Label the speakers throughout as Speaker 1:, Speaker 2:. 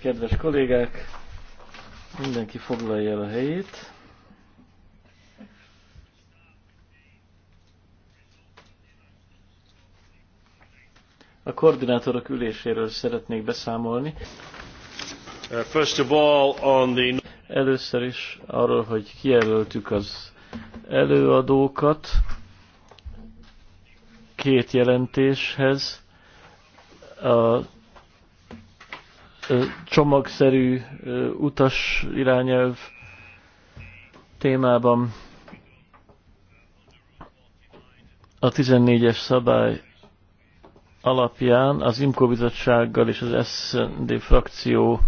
Speaker 1: Kedves kollégák,
Speaker 2: mindenki foglalja el a helyét. A koordinátorok üléséről szeretnék beszámolni. Uh, first of all, on the... Először is arról, hogy kijelöltük az előadókat két jelentéshez a csomagszerű utas irányelv témában a 14-es szabály alapján az IMCO bizottsággal és az SND frakció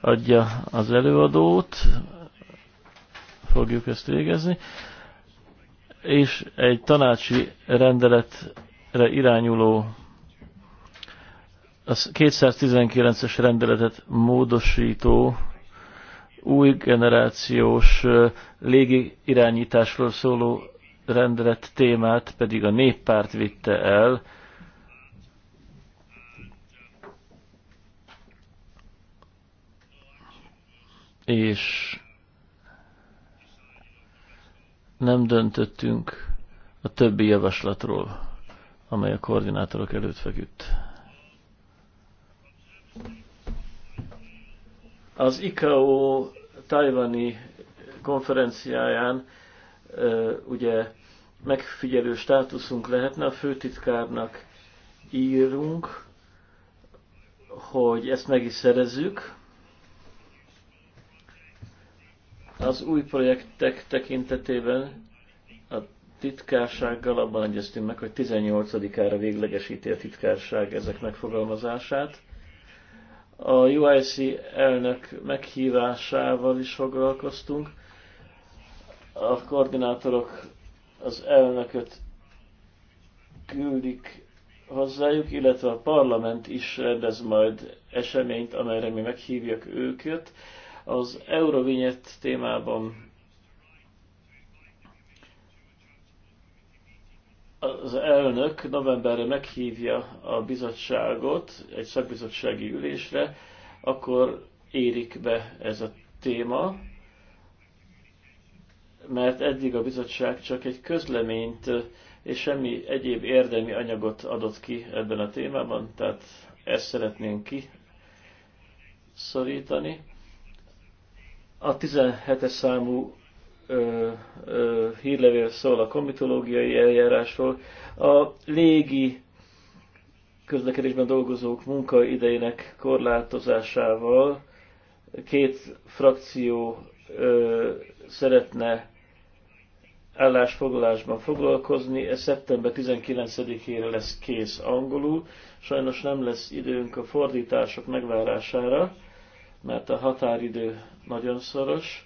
Speaker 2: adja az előadót, fogjuk ezt végezni, és egy tanácsi rendeletre irányuló a 219-es rendeletet módosító új generációs légi irányításról szóló rendelet témát pedig a néppárt vitte el. És nem döntöttünk a többi javaslatról, amely a koordinátorok előtt feküdt. Az ICAO tajvani konferenciáján ugye megfigyelő státuszunk lehetne, a főtitkárnak írunk, hogy ezt meg is szerezzük. Az új projektek tekintetében a titkársággal abban egyeztünk meg, hogy 18-ára véglegesíti a titkárság ezek megfogalmazását a UIC elnök meghívásával is foglalkoztunk. A koordinátorok az elnököt küldik hozzájuk, illetve a parlament is rendez majd eseményt, amelyre mi meghívjuk őket. Az Eurovinyet témában az elnök novemberre meghívja a bizottságot egy szakbizottsági ülésre, akkor érik be ez a téma, mert eddig a bizottság csak egy közleményt és semmi egyéb érdemi anyagot adott ki ebben a témában, tehát ezt szeretnénk kiszorítani. A 17-es számú ö, ö, hírlevél szól a komitológiai eljárásról. A légi közlekedésben dolgozók munkaidejének korlátozásával két frakció ö, szeretne állásfoglalásban foglalkozni. Ez szeptember 19-ére lesz kész angolul. Sajnos nem lesz időnk a fordítások megvárására, mert a határidő nagyon szoros.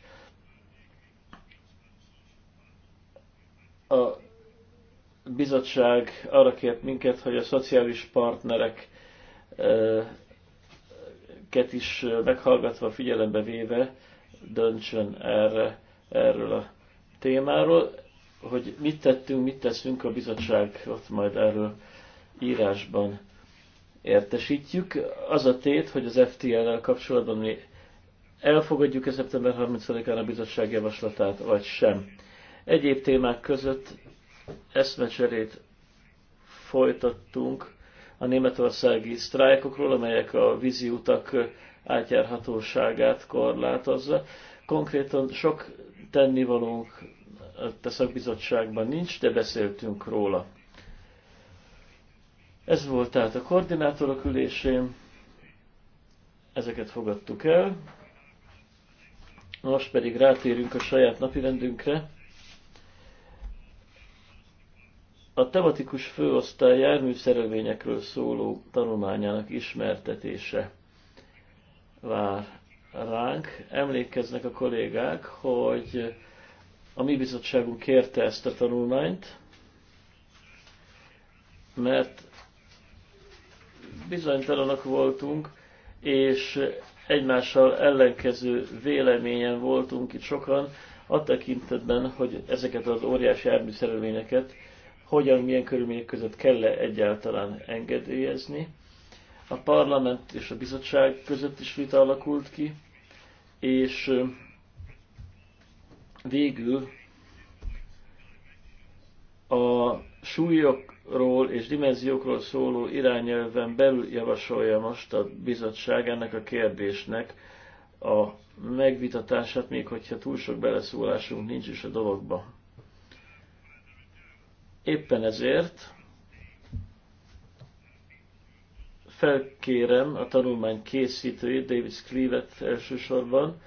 Speaker 2: A bizottság arra kért minket, hogy a szociális partnerek e, ket is meghallgatva, figyelembe véve döntsön erre, erről a témáról, hogy mit tettünk, mit teszünk, a bizottság ott majd erről írásban értesítjük. Az a tét, hogy az ftl el kapcsolatban mi elfogadjuk a szeptember 30-án a bizottság javaslatát, vagy sem. Egyéb témák között eszmecserét folytattunk a németországi sztrájkokról, amelyek a vízi utak átjárhatóságát korlátozza. Konkrétan sok tennivalónk a szakbizottságban nincs, de beszéltünk róla. Ez volt tehát a koordinátorok ülésén, ezeket fogadtuk el. Most pedig rátérünk a saját napirendünkre. a tematikus főosztály járműszerelvényekről szóló tanulmányának ismertetése vár ránk. Emlékeznek a kollégák, hogy a mi bizottságunk kérte ezt a tanulmányt, mert bizonytalanak voltunk, és egymással ellenkező véleményen voltunk itt sokan, a tekintetben, hogy ezeket az óriási járműszerelvényeket hogyan, milyen körülmények között kell-e egyáltalán engedélyezni. A parlament és a bizottság között is vita alakult ki, és végül a súlyokról és dimenziókról szóló irányelven belül javasolja most a bizottság ennek a kérdésnek a megvitatását, még hogyha túl sok beleszólásunk nincs is a dologba. Éppen ezért felkérem a tanulmány készítőjét, David Sclevet elsősorban,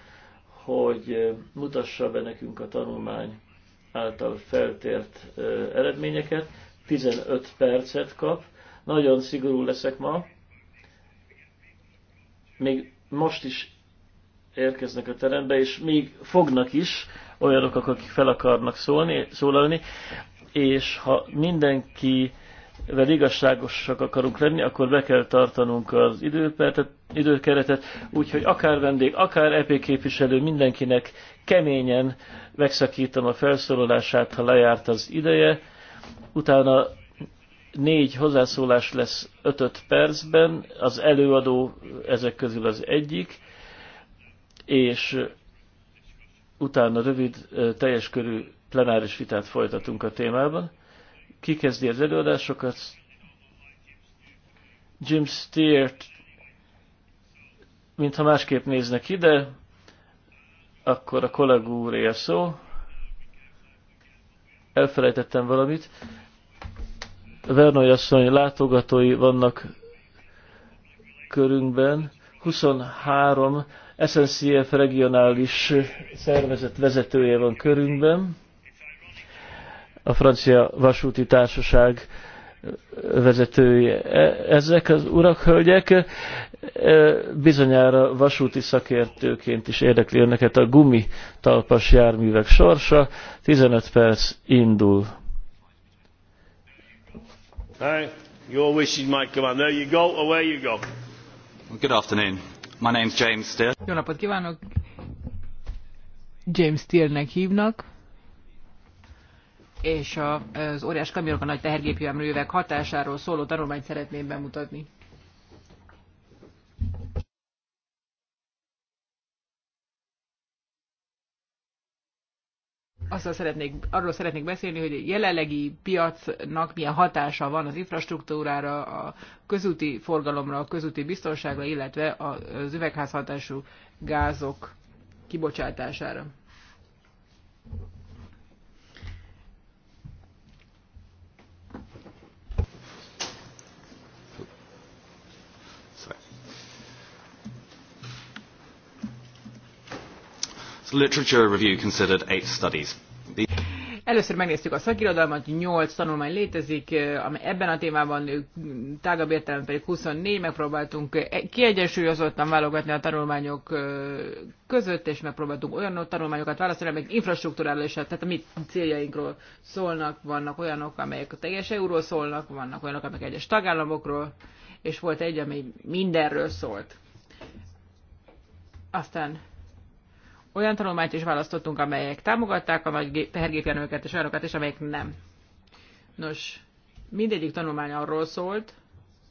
Speaker 2: hogy eh, mutassa be nekünk a tanulmány által feltért eh, eredményeket. 15 percet kap. Nagyon szigorú leszek ma. Még most is érkeznek a terembe, és még fognak is olyanok, akik fel akarnak szólni, szólalni és ha mindenki mivel igazságosak akarunk lenni, akkor be kell tartanunk az időpertet, időkeretet, úgyhogy akár vendég, akár EP képviselő, mindenkinek keményen megszakítom a felszólalását, ha lejárt az ideje. Utána négy hozzászólás lesz 5 percben, az előadó ezek közül az egyik, és utána rövid teljes körű plenáris vitát folytatunk a témában. Ki kezdi az előadásokat? Jim Steert, mintha másképp néznek ide, akkor a kollégúré a szó. Elfelejtettem valamit. Vernoy asszony látogatói vannak körünkben. 23 SNCF regionális szervezet vezetője van körünkben a francia vasúti társaság vezetői. E, ezek az urak, hölgyek e, bizonyára vasúti szakértőként is érdekli önöket a gumi talpas járművek sorsa. 15 perc indul.
Speaker 1: Hey, your wishes might come on. There you
Speaker 3: go, away you go. Good afternoon. My name's James Steele. Jó
Speaker 4: napot kívánok! James Steele-nek hívnak és az óriás kamionok a nagy tehergépjárművek hatásáról szóló tanulmányt szeretném bemutatni. Aztán szeretnék, arról szeretnék beszélni, hogy a jelenlegi piacnak milyen hatása van az infrastruktúrára, a közúti forgalomra, a közúti biztonságra, illetve az üvegházhatású gázok kibocsátására.
Speaker 3: literature review considered eight studies. The...
Speaker 4: Először megnéztük a szakirodalmat, 8 tanulmány létezik, eh, ebben a témában eh, tágabb értelemben pedig 24, megpróbáltunk eh, kiegyensúlyozottan válogatni a tanulmányok között, és megpróbáltunk olyan tanulmányokat választani, amelyek infrastruktúrálisan, tehát a mi céljainkról szólnak, vannak olyanok, amelyek a teljes euróról szólnak, vannak olyanok, amelyek egyes tagállamokról, és volt egy, ami mindenről szólt. Aztán olyan tanulmányt is választottunk, amelyek támogatták a nagy tehergépjárműket és olyanokat is, amelyek nem. Nos, mindegyik tanulmány arról szólt,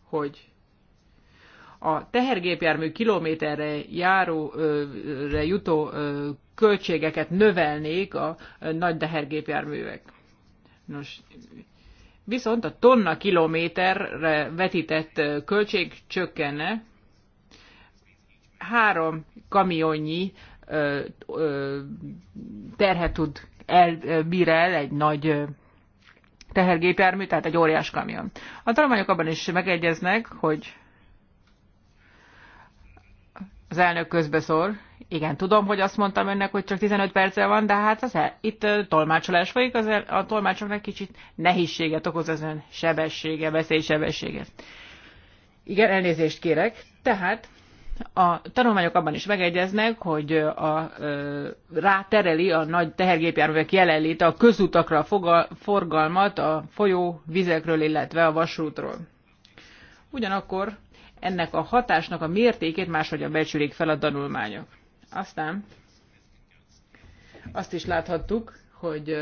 Speaker 4: hogy a tehergépjármű kilométerre járó, ö, jutó ö, költségeket növelnék a ö, nagy tehergépjárművek. Nos, viszont a tonna kilométerre vetített költség csökkenne, három kamionnyi terhet tud elbír el egy nagy tehergépjármű, tehát egy óriás kamion. A tanulmányok abban is megegyeznek, hogy az elnök közbeszól. Igen, tudom, hogy azt mondtam önnek, hogy csak 15 perce van, de hát az el, itt tolmácsolás folyik, az el, a tolmácsoknak kicsit nehézséget okoz az ön sebessége, veszélysebessége. Igen, elnézést kérek. Tehát a tanulmányok abban is megegyeznek, hogy a, a, rátereli a nagy tehergépjárművek jelenléte a közutakra a foga, forgalmat a folyó vizekről, illetve a vasútról. Ugyanakkor ennek a hatásnak a mértékét máshogyan becsülik fel a tanulmányok. Aztán azt is láthattuk, hogy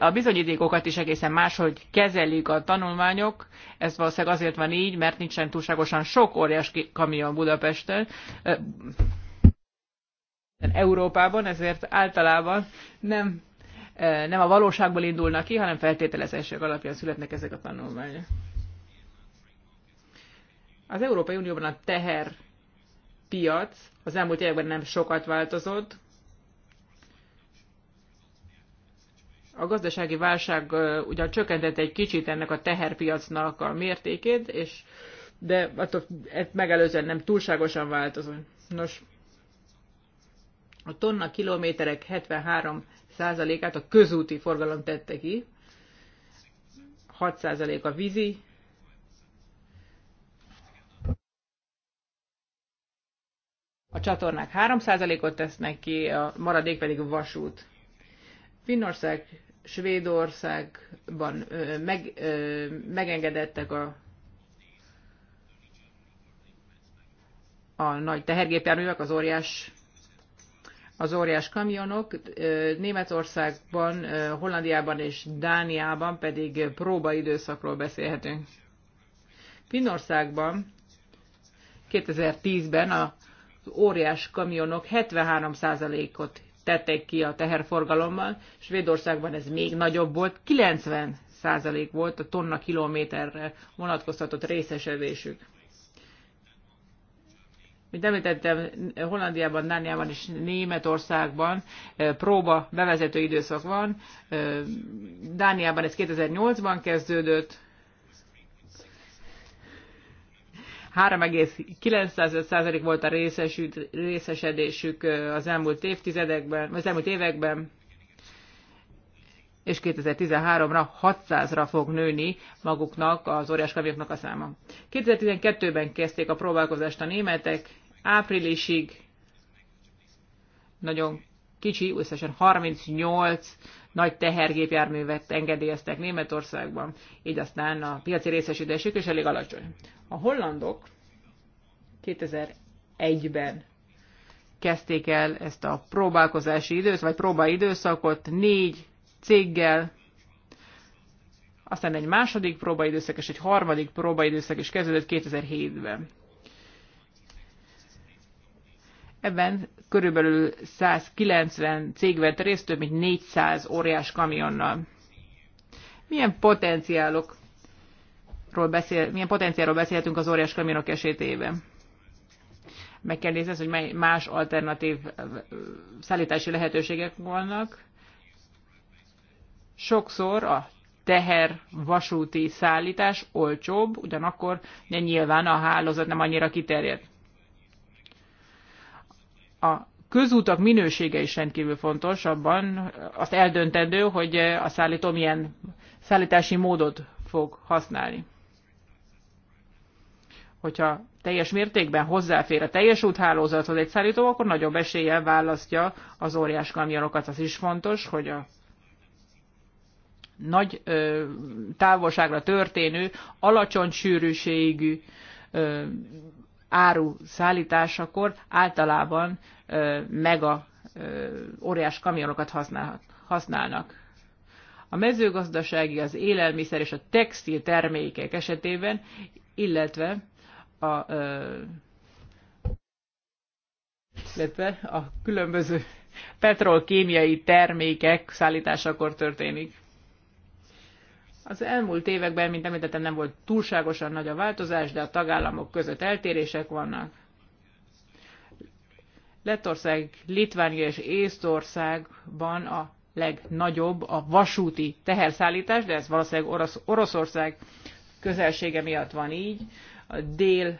Speaker 4: a bizonyítékokat is egészen máshogy kezelik a tanulmányok. Ez valószínűleg azért van így, mert nincsen túlságosan sok óriás kamion Budapesten. Európában, ezért általában nem, nem a valóságból indulnak ki, hanem feltételezések alapján születnek ezek a tanulmányok. Az Európai Unióban a teher piac az elmúlt években nem sokat változott, a gazdasági válság ugyan csökkentett egy kicsit ennek a teherpiacnak a mértékét, és, de attól megelőzően nem túlságosan változó. Nos, a tonna kilométerek 73%-át a közúti forgalom tette ki, 6% a vízi, a csatornák 3%-ot tesznek ki, a maradék pedig vasút. Finnország, Svédországban meg, megengedettek a, a nagy tehergépjárművek, az óriás az óriás kamionok, Németországban, Hollandiában és Dániában pedig próbaidőszakról beszélhetünk. Finnországban 2010-ben az óriás kamionok 73%-ot tették ki a teherforgalommal. Svédországban ez még nagyobb volt, 90 százalék volt a tonna kilométerre vonatkoztatott részesedésük. Mint említettem, Hollandiában, Dániában és Németországban eh, próba bevezető időszak van. Eh, Dániában ez 2008-ban kezdődött, 3,9% volt a részesedésük az elmúlt évtizedekben, az elmúlt években, és 2013-ra 600-ra fog nőni maguknak, az óriás kavioknak a száma. 2012-ben kezdték a próbálkozást a németek, áprilisig nagyon kicsi, összesen 38 nagy tehergépjárművet engedélyeztek Németországban, így aztán a piaci részesítésük is elég alacsony. A hollandok 2001-ben kezdték el ezt a próbálkozási időszakot, vagy próbaidőszakot négy céggel, aztán egy második próbaidőszak és egy harmadik próbaidőszak is kezdődött 2007-ben. Ebben körülbelül 190 cég vett részt, több mint 400 óriás kamionnal. Milyen potenciálok Beszél, milyen potenciálról beszélhetünk az óriás kamionok esetében. Meg kell nézni, hogy mely más alternatív szállítási lehetőségek vannak. Sokszor a teher vasúti szállítás olcsóbb, ugyanakkor de nyilván a hálózat nem annyira kiterjedt a közútak minősége is rendkívül fontos abban, azt eldöntendő, hogy a szállító milyen szállítási módot fog használni. Hogyha teljes mértékben hozzáfér a teljes úthálózathoz egy szállító, akkor nagyobb eséllyel választja az óriás kamionokat. Az is fontos, hogy a nagy ö, távolságra történő, alacsony sűrűségű ö, áru szállításakor általában mega óriás kamionokat használnak. A mezőgazdasági, az élelmiszer és a textil termékek esetében, illetve a, illetve a különböző petrolkémiai termékek szállításakor történik. Az elmúlt években, mint említettem, nem volt túlságosan nagy a változás, de a tagállamok között eltérések vannak. Lettország, Litvánia és Észtországban a legnagyobb a vasúti teherszállítás, de ez valószínűleg Orosz, Oroszország közelsége miatt van így. A dél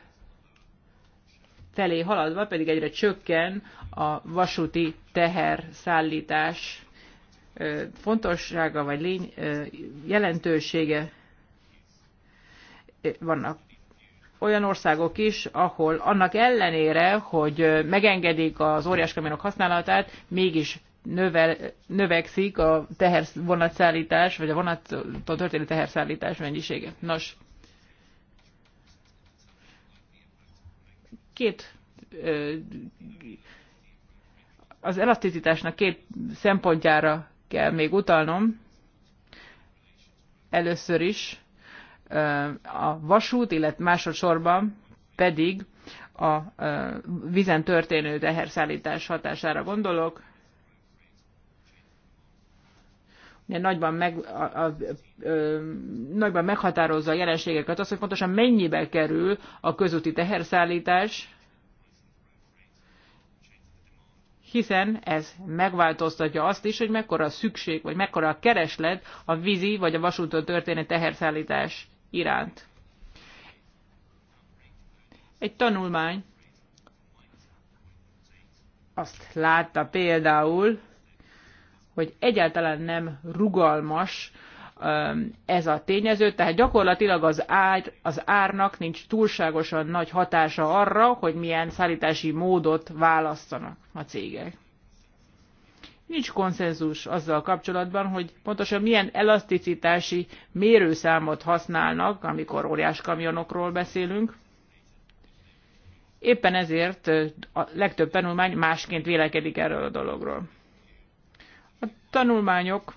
Speaker 4: felé haladva pedig egyre csökken a vasúti teherszállítás fontossága vagy lény, jelentősége vannak olyan országok is, ahol annak ellenére, hogy megengedik az óriás kamionok használatát, mégis növel, növekszik a teher vonatszállítás, vagy a vonattól történő teherszállítás mennyisége. Nos, két az elaszticitásnak két szempontjára kell még utalnom. Először is a vasút, illetve másodszorban pedig a vízen történő teherszállítás hatására gondolok. nagyban, meg, a, a, a, nagyban meghatározza a jelenségeket az, hogy pontosan mennyibe kerül a közúti teherszállítás, hiszen ez megváltoztatja azt is, hogy mekkora a szükség, vagy mekkora a kereslet a vízi vagy a vasúton történő teherszállítás iránt. Egy tanulmány azt látta például, hogy egyáltalán nem rugalmas ez a tényező, tehát gyakorlatilag az, ár, az árnak nincs túlságosan nagy hatása arra, hogy milyen szállítási módot választanak a cégek. Nincs konszenzus azzal kapcsolatban, hogy pontosan milyen elaszticitási mérőszámot használnak, amikor óriás kamionokról beszélünk. Éppen ezért a legtöbb tanulmány másként vélekedik erről a dologról. A tanulmányok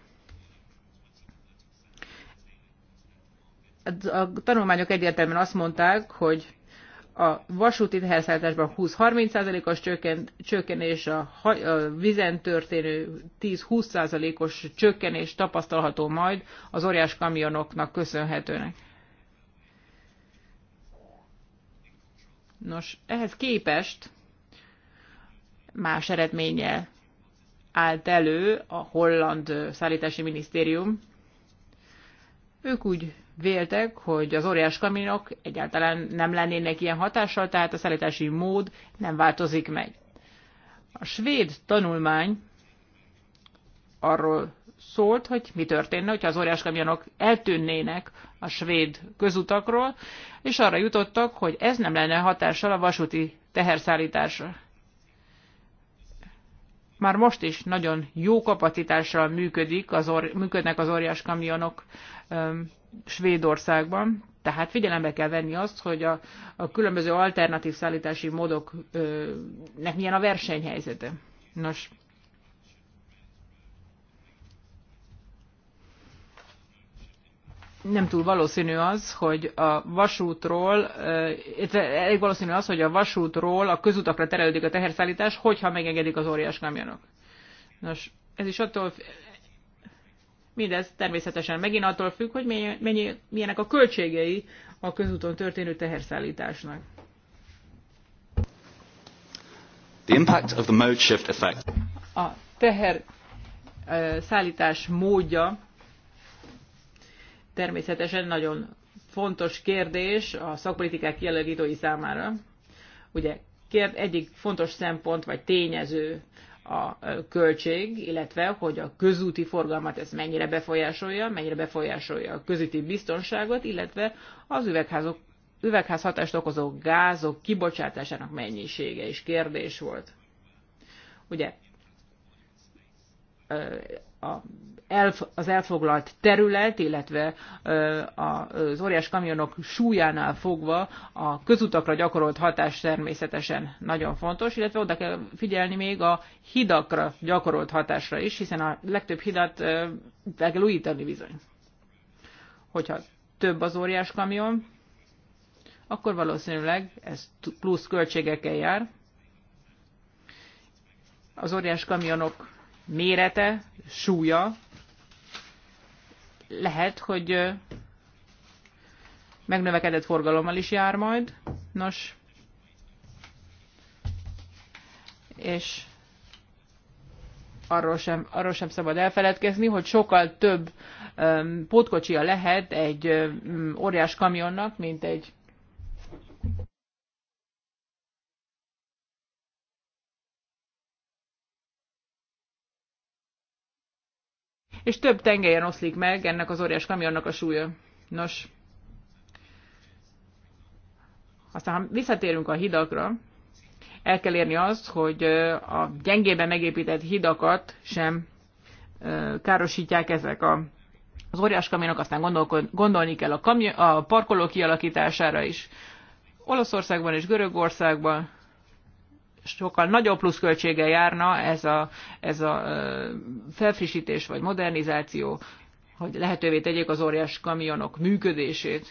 Speaker 4: Hát a tanulmányok egyértelműen azt mondták, hogy a vasúti teherszállításban 20-30%-os csökkenés, a, a vizen történő 10-20%-os csökkenés tapasztalható majd az óriás kamionoknak köszönhetőnek. Nos, ehhez képest más eredménnyel állt elő a holland szállítási minisztérium. Ők úgy véltek, hogy az óriás kamionok egyáltalán nem lennének ilyen hatással, tehát a szállítási mód nem változik meg. A svéd tanulmány arról szólt, hogy mi történne, hogyha az óriás kamionok eltűnnének a svéd közutakról, és arra jutottak, hogy ez nem lenne hatással a vasúti teherszállításra már most is nagyon jó kapacitással működik az or, működnek az óriás kamionok um, Svédországban, tehát figyelembe kell venni azt, hogy a, a különböző alternatív szállítási módoknak milyen a versenyhelyzete. Nos, nem túl valószínű az, hogy a vasútról, elég valószínű az, hogy a vasútról a közutakra terelődik a teherszállítás, hogyha megengedik az óriás kamionok. Nos, ez is attól, mindez természetesen megint attól függ, hogy mennyi, mennyi, milyenek a költségei a közúton történő teherszállításnak.
Speaker 3: The impact of the mode shift effect.
Speaker 4: A teher szállítás módja természetesen nagyon fontos kérdés a szakpolitikák kialakítói számára. Ugye kérd, egyik fontos szempont vagy tényező a költség, illetve hogy a közúti forgalmat ez mennyire befolyásolja, mennyire befolyásolja a közúti biztonságot, illetve az üvegházok, üvegházhatást okozó gázok kibocsátásának mennyisége is kérdés volt. Ugye a az elfoglalt terület, illetve az óriás kamionok súlyánál fogva a közutakra gyakorolt hatás természetesen nagyon fontos, illetve oda kell figyelni még a hidakra gyakorolt hatásra is, hiszen a legtöbb hidat fel kell újítani bizony. Hogyha több az óriás kamion, akkor valószínűleg ez plusz költségekkel jár. Az óriás kamionok mérete, súlya lehet, hogy megnövekedett forgalommal is jár majd. Nos, és arról sem, arról sem szabad elfeledkezni, hogy sokkal több pótkocsia lehet egy óriás kamionnak, mint egy és több tengelyen oszlik meg ennek az óriás kamionnak a súlya. Nos, aztán ha visszatérünk a hidakra, el kell érni azt, hogy a gyengében megépített hidakat sem károsítják ezek a, az óriás kamionok, aztán gondolni kell a, kamion, a parkoló kialakítására is. Olaszországban és Görögországban sokkal nagyobb pluszköltsége járna ez a, ez a felfrissítés vagy modernizáció, hogy lehetővé tegyék az óriás kamionok működését.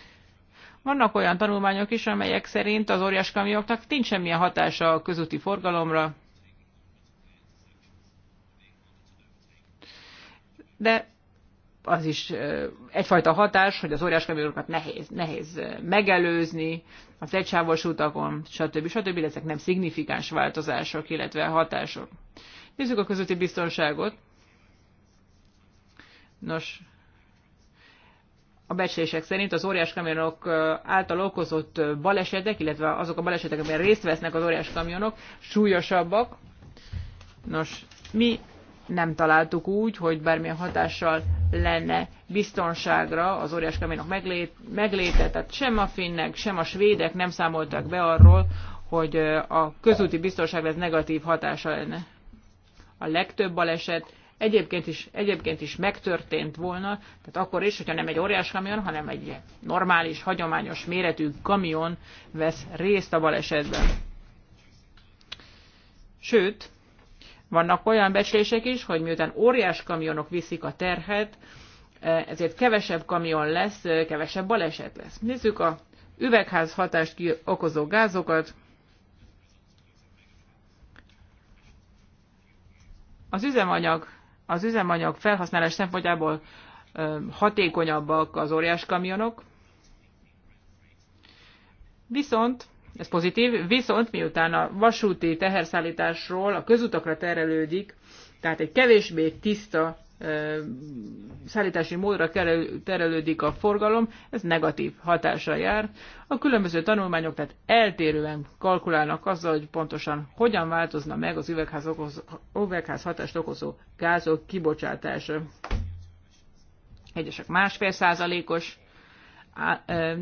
Speaker 4: Vannak olyan tanulmányok is, amelyek szerint az óriás kamionoknak nincs semmilyen hatása a közúti forgalomra, de az is egyfajta hatás, hogy az óriás kamionokat nehéz, nehéz megelőzni, az egysávos utakon, stb. stb. De ezek nem szignifikáns változások, illetve hatások. Nézzük a közötti biztonságot. Nos, a becslések szerint az óriás kamionok által okozott balesetek, illetve azok a balesetek, amelyen részt vesznek az óriás kamionok, súlyosabbak. Nos, mi nem találtuk úgy, hogy bármilyen hatással lenne biztonságra az óriás kaminok meglét, megléte, tehát sem a finnek, sem a svédek nem számoltak be arról, hogy a közúti biztonságra ez negatív hatása lenne. A legtöbb baleset egyébként is, egyébként is megtörtént volna, tehát akkor is, hogyha nem egy óriás kamion, hanem egy normális, hagyományos méretű kamion vesz részt a balesetben. Sőt, vannak olyan becslések is, hogy miután óriás kamionok viszik a terhet, e, ezért kevesebb kamion lesz, e, kevesebb baleset lesz. Nézzük a üvegház hatást ki okozó gázokat. Az üzemanyag, az üzemanyag felhasználás szempontjából e, hatékonyabbak az óriás kamionok, viszont ez pozitív, viszont miután a vasúti teherszállításról a közutakra terelődik, tehát egy kevésbé tiszta szállítási módra terelődik a forgalom, ez negatív hatással jár. A különböző tanulmányok tehát eltérően kalkulálnak azzal, hogy pontosan hogyan változna meg az üvegház, okoz, üvegház hatást okozó gázok kibocsátása. Egyesek másfél százalékos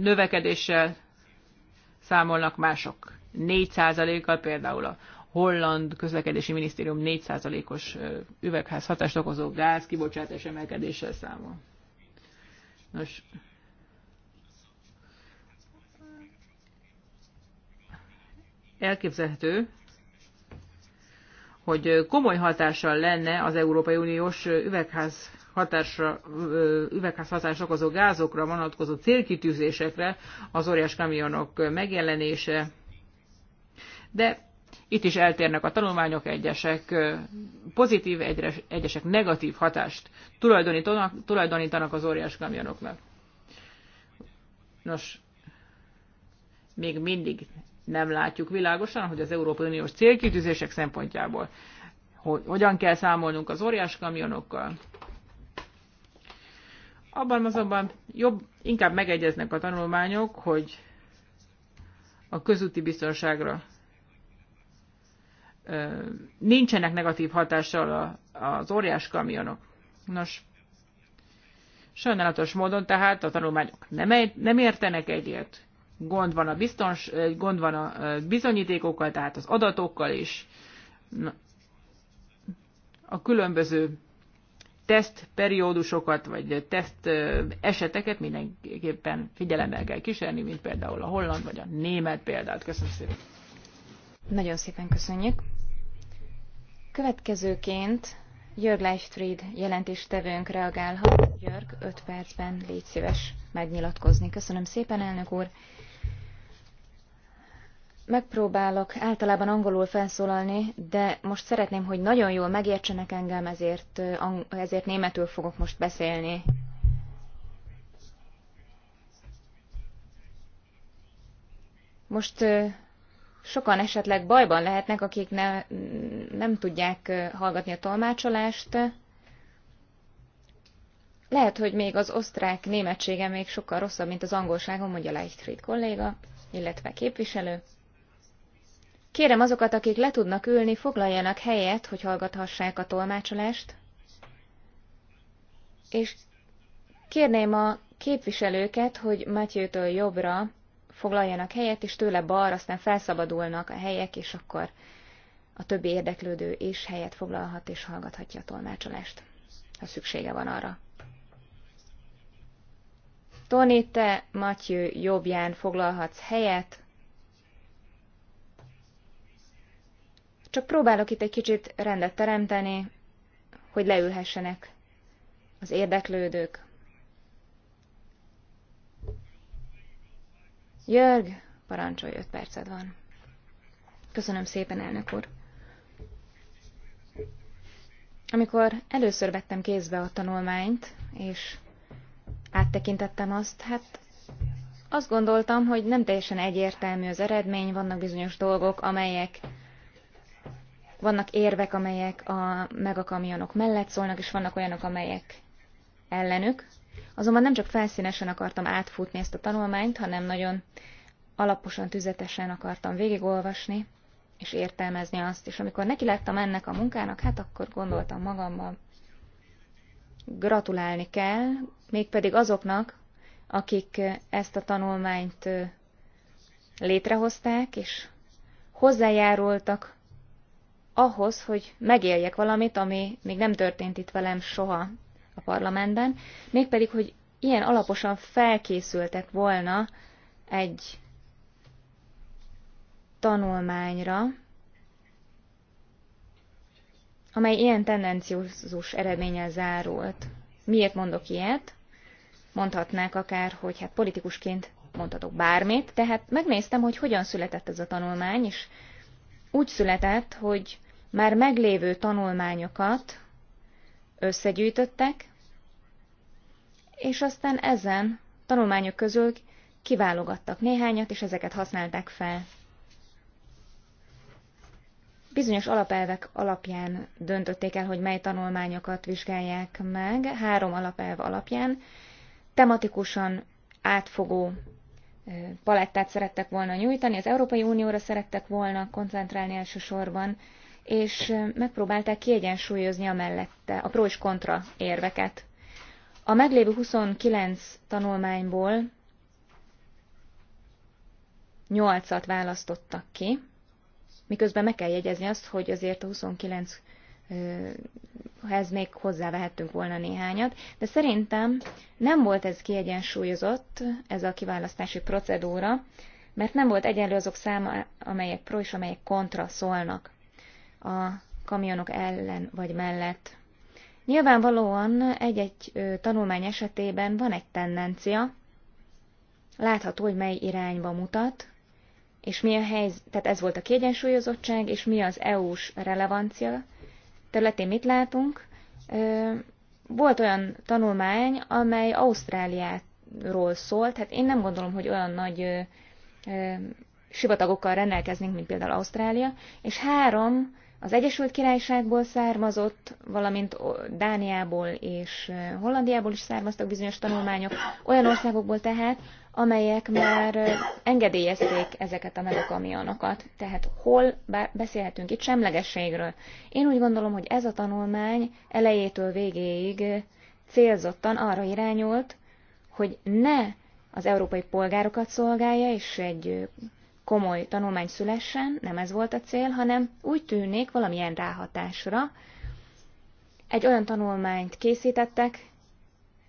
Speaker 4: növekedéssel számolnak mások. 4%-kal például a holland közlekedési minisztérium 4%-os üvegház hatást okozó gáz kibocsátás emelkedéssel számol. Nos, elképzelhető, hogy komoly hatással lenne az Európai Uniós üvegház hatásra, üvegházhatás okozó gázokra vonatkozó célkitűzésekre az óriás kamionok megjelenése, de itt is eltérnek a tanulmányok, egyesek pozitív, egyesek negatív hatást tulajdonítanak, tulajdonítanak az óriás kamionoknak. Nos, még mindig nem látjuk világosan, hogy az Európai Uniós célkitűzések szempontjából hogy hogyan kell számolnunk az óriás kamionokkal, abban azonban jobb, inkább megegyeznek a tanulmányok, hogy a közúti biztonságra nincsenek negatív hatással az óriás kamionok. Nos, sajnálatos módon tehát a tanulmányok nem értenek egyet. Gond van a, biztons, gond van a bizonyítékokkal, tehát az adatokkal is. A különböző tesztperiódusokat, vagy teszt eseteket mindenképpen figyelemmel kell kísérni, mint például a holland vagy a német példát. Köszönöm
Speaker 5: szépen. Nagyon szépen köszönjük. Következőként Jörg Leichtfried jelentéstevőnk reagálhat. Jörg, 5 percben légy szíves megnyilatkozni. Köszönöm szépen, elnök úr megpróbálok általában angolul felszólalni, de most szeretném, hogy nagyon jól megértsenek engem, ezért, ezért németül fogok most beszélni. Most sokan esetleg bajban lehetnek, akik ne, nem tudják hallgatni a tolmácsolást. Lehet, hogy még az osztrák németsége még sokkal rosszabb, mint az angolságon, mondja Leichtfried kolléga, illetve képviselő. Kérem azokat, akik le tudnak ülni, foglaljanak helyet, hogy hallgathassák a tolmácsolást. És kérném a képviselőket, hogy Matyőtől jobbra foglaljanak helyet, és tőle balra, aztán felszabadulnak a helyek, és akkor a többi érdeklődő is helyet foglalhat és hallgathatja a tolmácsolást, ha szüksége van arra. Tony, te Matyő jobbján foglalhatsz helyet, Csak próbálok itt egy kicsit rendet teremteni, hogy leülhessenek az érdeklődők. Jörg, parancsolj, öt perced van. Köszönöm szépen, elnök úr. Amikor először vettem kézbe a tanulmányt, és áttekintettem azt, hát azt gondoltam, hogy nem teljesen egyértelmű az eredmény, vannak bizonyos dolgok, amelyek vannak érvek, amelyek a megakamionok mellett szólnak, és vannak olyanok, amelyek ellenük. Azonban nem csak felszínesen akartam átfutni ezt a tanulmányt, hanem nagyon alaposan, tüzetesen akartam végigolvasni, és értelmezni azt. És amikor neki láttam ennek a munkának, hát akkor gondoltam magamban, gratulálni kell, mégpedig azoknak, akik ezt a tanulmányt létrehozták, és hozzájárultak ahhoz, hogy megéljek valamit, ami még nem történt itt velem soha a parlamentben, mégpedig, hogy ilyen alaposan felkészültek volna egy tanulmányra, amely ilyen tendenciózus eredménnyel zárult. Miért mondok ilyet? Mondhatnák akár, hogy hát politikusként mondhatok bármit, tehát megnéztem, hogy hogyan született ez a tanulmány, és úgy született, hogy már meglévő tanulmányokat összegyűjtöttek, és aztán ezen tanulmányok közül kiválogattak néhányat, és ezeket használták fel. Bizonyos alapelvek alapján döntötték el, hogy mely tanulmányokat vizsgálják meg, három alapelv alapján, tematikusan átfogó palettát szerettek volna nyújtani, az Európai Unióra szerettek volna koncentrálni elsősorban, és megpróbálták kiegyensúlyozni a mellette a pro és kontra érveket. A meglévő 29 tanulmányból 8-at választottak ki, miközben meg kell jegyezni azt, hogy azért a 29 ez még hozzávehettünk volna néhányat, de szerintem nem volt ez kiegyensúlyozott, ez a kiválasztási procedúra, mert nem volt egyenlő azok száma, amelyek pro és amelyek kontra szólnak a kamionok ellen vagy mellett. Nyilvánvalóan egy-egy tanulmány esetében van egy tendencia, látható, hogy mely irányba mutat, és mi a helyzet, tehát ez volt a kiegyensúlyozottság, és mi az EU-s relevancia, területén mit látunk? Volt olyan tanulmány, amely Ausztráliáról szólt, hát én nem gondolom, hogy olyan nagy sivatagokkal rendelkeznénk, mint például Ausztrália, és három az Egyesült Királyságból származott, valamint Dániából és Hollandiából is származtak bizonyos tanulmányok, olyan országokból tehát, amelyek már engedélyezték ezeket a megakamionokat. Tehát hol bár beszélhetünk itt semlegességről. Én úgy gondolom, hogy ez a tanulmány elejétől végéig célzottan arra irányult, hogy ne az európai polgárokat szolgálja, és egy komoly tanulmány szülessen, nem ez volt a cél, hanem úgy tűnik valamilyen ráhatásra. Egy olyan tanulmányt készítettek,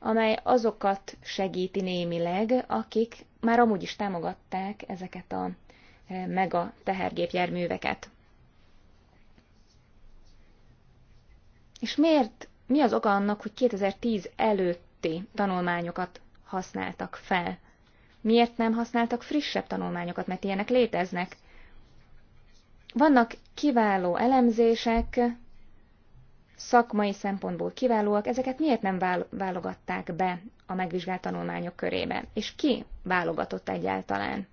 Speaker 5: amely azokat segíti némileg, akik már amúgy is támogatták ezeket a e, mega tehergépjárműveket. És miért, mi az oka annak, hogy 2010 előtti tanulmányokat használtak fel? Miért nem használtak frissebb tanulmányokat, mert ilyenek léteznek? Vannak kiváló elemzések, szakmai szempontból kiválóak, ezeket miért nem válogatták be a megvizsgált tanulmányok körébe? És ki válogatott egyáltalán?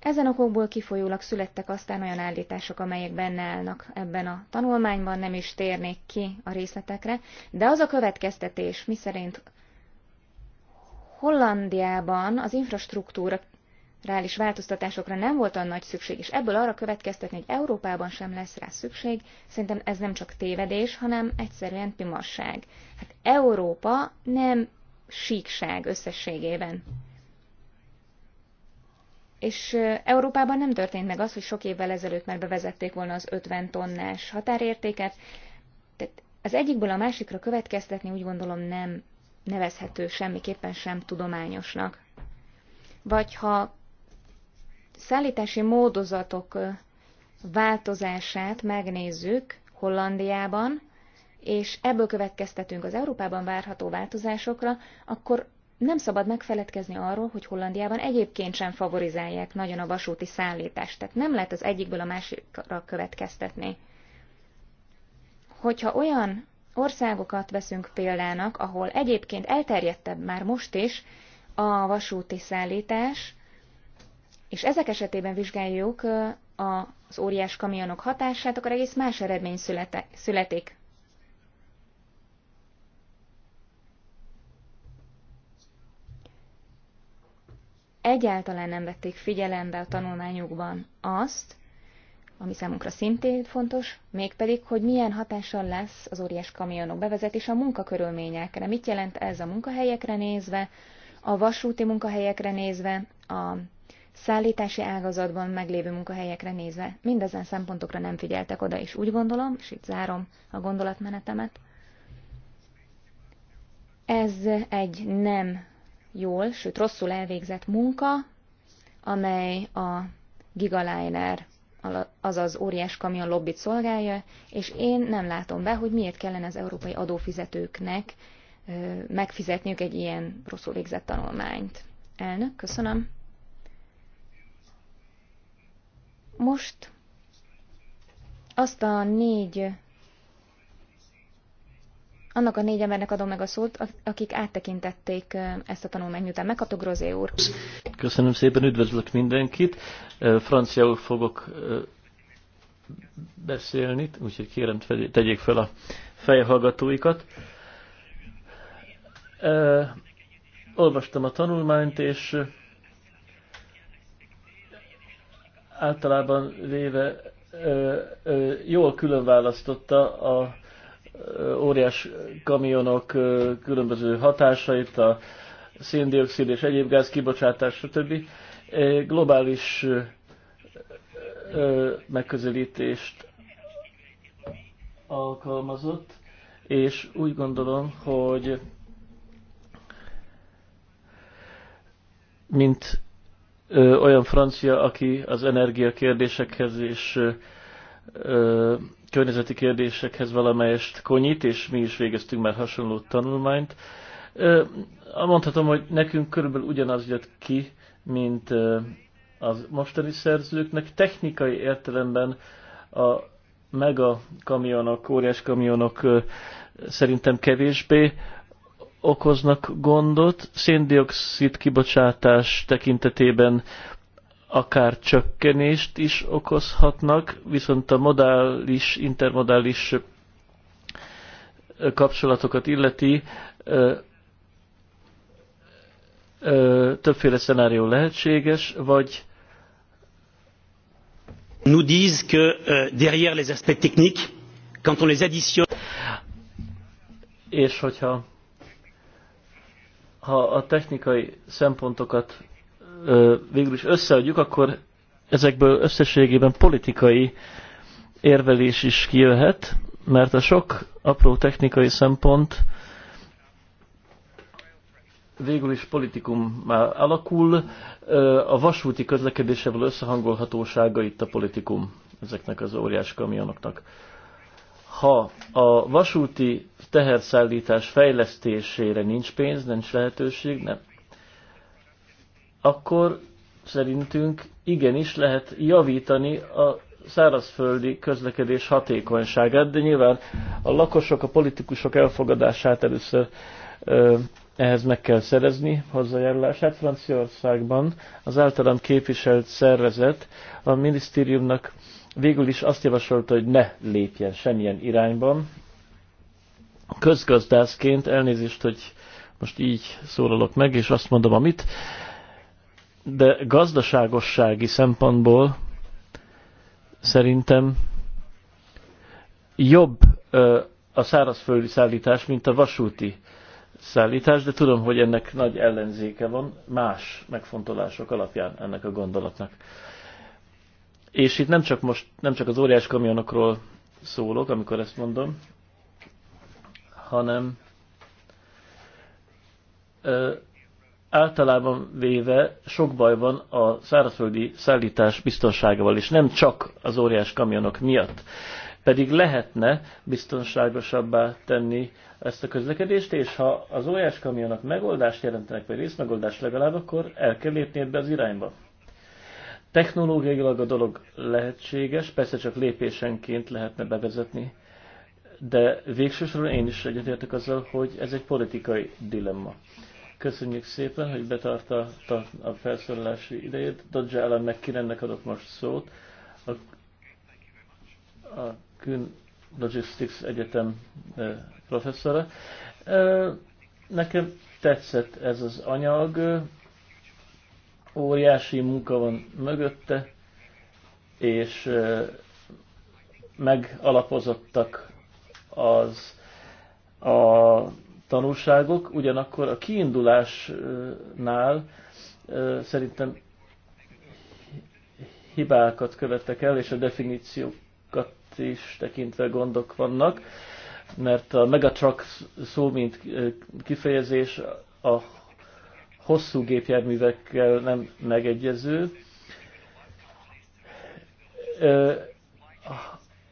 Speaker 5: Ezen okokból kifolyólag születtek aztán olyan állítások, amelyek benne állnak ebben a tanulmányban, nem is térnék ki a részletekre, de az a következtetés, miszerint Hollandiában az infrastruktúra strukturális változtatásokra nem volt olyan nagy szükség, és ebből arra következtetni, hogy Európában sem lesz rá szükség, szerintem ez nem csak tévedés, hanem egyszerűen pimasság. Hát Európa nem síkság összességében. És Európában nem történt meg az, hogy sok évvel ezelőtt már bevezették volna az 50 tonnás határértéket. Tehát az egyikből a másikra következtetni úgy gondolom nem nevezhető semmiképpen sem tudományosnak. Vagy ha szállítási módozatok változását megnézzük Hollandiában, és ebből következtetünk az Európában várható változásokra, akkor nem szabad megfeledkezni arról, hogy Hollandiában egyébként sem favorizálják nagyon a vasúti szállítást, tehát nem lehet az egyikből a másikra következtetni. Hogyha olyan országokat veszünk példának, ahol egyébként elterjedtebb már most is a vasúti szállítás, és ezek esetében vizsgáljuk az óriás kamionok hatását, akkor egész más eredmény születe, születik. Egyáltalán nem vették figyelembe a tanulmányukban azt, ami számunkra szintén fontos, mégpedig, hogy milyen hatással lesz az óriás kamionok bevezetése a munkakörülményekre. Mit jelent ez a munkahelyekre nézve, a vasúti munkahelyekre nézve, a szállítási ágazatban meglévő munkahelyekre nézve mindezen szempontokra nem figyeltek oda, és úgy gondolom, és itt zárom a gondolatmenetemet, ez egy nem jól, sőt rosszul elvégzett munka, amely a gigaliner, azaz óriás kamion lobbit szolgálja, és én nem látom be, hogy miért kellene az európai adófizetőknek megfizetniük egy ilyen rosszul végzett tanulmányt. Elnök, köszönöm. Most azt a négy, annak a négy embernek adom meg a szót, akik áttekintették ezt a tanulmányt, miután megkaptuk Grozé úr.
Speaker 2: Köszönöm szépen, üdvözlök mindenkit. Franciául fogok beszélni, úgyhogy kérem, tegyék fel a fejhallgatóikat. Olvastam a tanulmányt, és általában véve ö, ö, jól különválasztotta a óriás kamionok ö, különböző hatásait, a széndiokszid és egyéb gáz kibocsátás, stb. Globális ö, ö, megközelítést alkalmazott, és úgy gondolom, hogy mint ö, olyan francia, aki az energiakérdésekhez és ö, ö, környezeti kérdésekhez valamelyest konyít, és mi is végeztünk már hasonló tanulmányt. Ö, mondhatom, hogy nekünk körülbelül ugyanaz jött ki, mint ö, az mostani szerzőknek. Technikai értelemben a mega kamionok, óriás kamionok ö, szerintem kevésbé okoznak gondot, széndiokszid kibocsátás tekintetében akár csökkenést is okozhatnak, viszont a modális, intermodális kapcsolatokat illeti ö, ö, többféle szenárió lehetséges, vagy nous disent que euh, derrière les aspects techniques, quand on les additionne, és hogyha ha a technikai szempontokat végül is összeadjuk, akkor ezekből összességében politikai érvelés is kijöhet, mert a sok apró technikai szempont végül is politikum már alakul, a vasúti közlekedésevel összehangolhatósága itt a politikum ezeknek az óriás kamionoknak. Ha a vasúti teherszállítás fejlesztésére nincs pénz, nincs lehetőség, nem. Akkor szerintünk igenis lehet javítani a szárazföldi közlekedés hatékonyságát, de nyilván a lakosok, a politikusok elfogadását először ehhez meg kell szerezni hozzájárulását. Franciaországban az általam képviselt szervezet a minisztériumnak végül is azt javasolta, hogy ne lépjen semmilyen irányban, közgazdászként, elnézést, hogy most így szólalok meg, és azt mondom, amit, de gazdaságossági szempontból szerintem jobb a szárazföldi szállítás, mint a vasúti szállítás, de tudom, hogy ennek nagy ellenzéke van más megfontolások alapján ennek a gondolatnak. És itt nem csak most, nem csak az óriás kamionokról szólok, amikor ezt mondom, hanem ö, általában véve sok baj van a szárazföldi szállítás biztonságával, és nem csak az óriás kamionok miatt. Pedig lehetne biztonságosabbá tenni ezt a közlekedést, és ha az óriás kamionok megoldást jelentenek, vagy részmegoldást legalább, akkor el kell lépni ebbe az irányba. Technológiailag a dolog lehetséges, persze csak lépésenként lehetne bevezetni de végsősorban én is egyetértek azzal, hogy ez egy politikai dilemma. Köszönjük szépen, hogy betartta a felszólalási idejét. Dodge meg kirennek adok most szót. A, a Kün Logistics Egyetem professzora. Nekem tetszett ez az anyag, óriási munka van mögötte, és megalapozottak az a tanulságok, ugyanakkor a kiindulásnál szerintem hibákat követtek el, és a definíciókat is tekintve gondok vannak, mert a megatruck szó, mint kifejezés a hosszú gépjárművekkel nem megegyező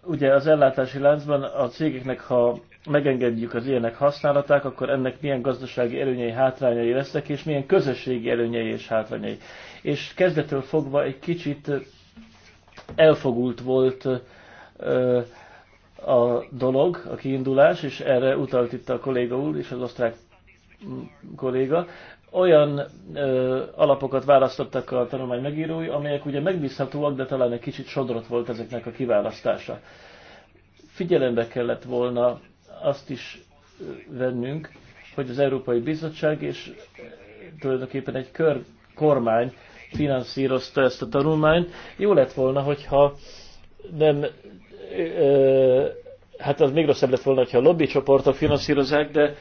Speaker 2: ugye az ellátási láncban a cégeknek, ha megengedjük az ilyenek használatát, akkor ennek milyen gazdasági előnyei, hátrányai lesznek, és milyen közösségi előnyei és hátrányai. És kezdetől fogva egy kicsit elfogult volt ö, a dolog, a kiindulás, és erre utalt itt a kolléga úr és az osztrák kolléga, olyan ö, alapokat választottak a tanulmány megírói, amelyek ugye megbízhatóak, de talán egy kicsit sodrot volt ezeknek a kiválasztása. Figyelembe kellett volna azt is vennünk, hogy az Európai Bizottság és tulajdonképpen egy kör, kormány finanszírozta ezt a tanulmányt. Jó lett volna, hogyha nem, ö, hát az még rosszabb lett volna, hogyha a lobbycsoportok csoportok finanszírozzák, de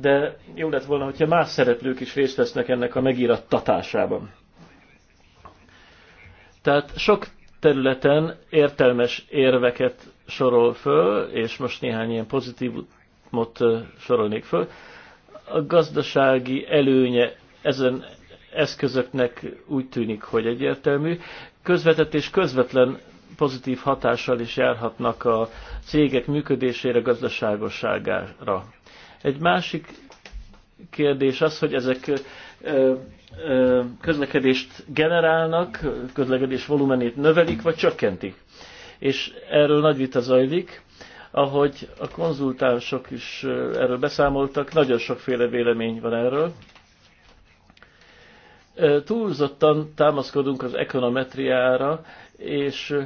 Speaker 2: de jó lett volna, hogyha más szereplők is részt vesznek ennek a megírattatásában. Tehát sok területen értelmes érveket sorol föl, és most néhány ilyen pozitívumot sorolnék föl. A gazdasági előnye ezen eszközöknek úgy tűnik, hogy egyértelmű. Közvetett és közvetlen pozitív hatással is járhatnak a cégek működésére, gazdaságosságára. Egy másik kérdés az, hogy ezek közlekedést generálnak, közlekedés volumenét növelik, vagy csökkentik. És erről nagy vita zajlik, ahogy a konzultánsok is erről beszámoltak, nagyon sokféle vélemény van erről. Túlzottan támaszkodunk az ekonometriára, és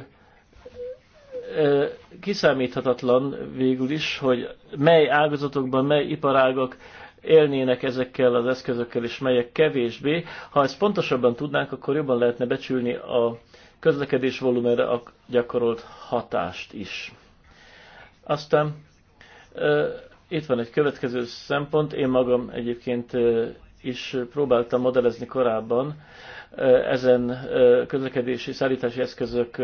Speaker 2: kiszámíthatatlan végül is, hogy mely ágazatokban, mely iparágak élnének ezekkel az eszközökkel, és melyek kevésbé. Ha ezt pontosabban tudnánk, akkor jobban lehetne becsülni a közlekedés volumenre a gyakorolt hatást is. Aztán itt van egy következő szempont, én magam egyébként is próbáltam modellezni korábban ezen közlekedési szállítási eszközök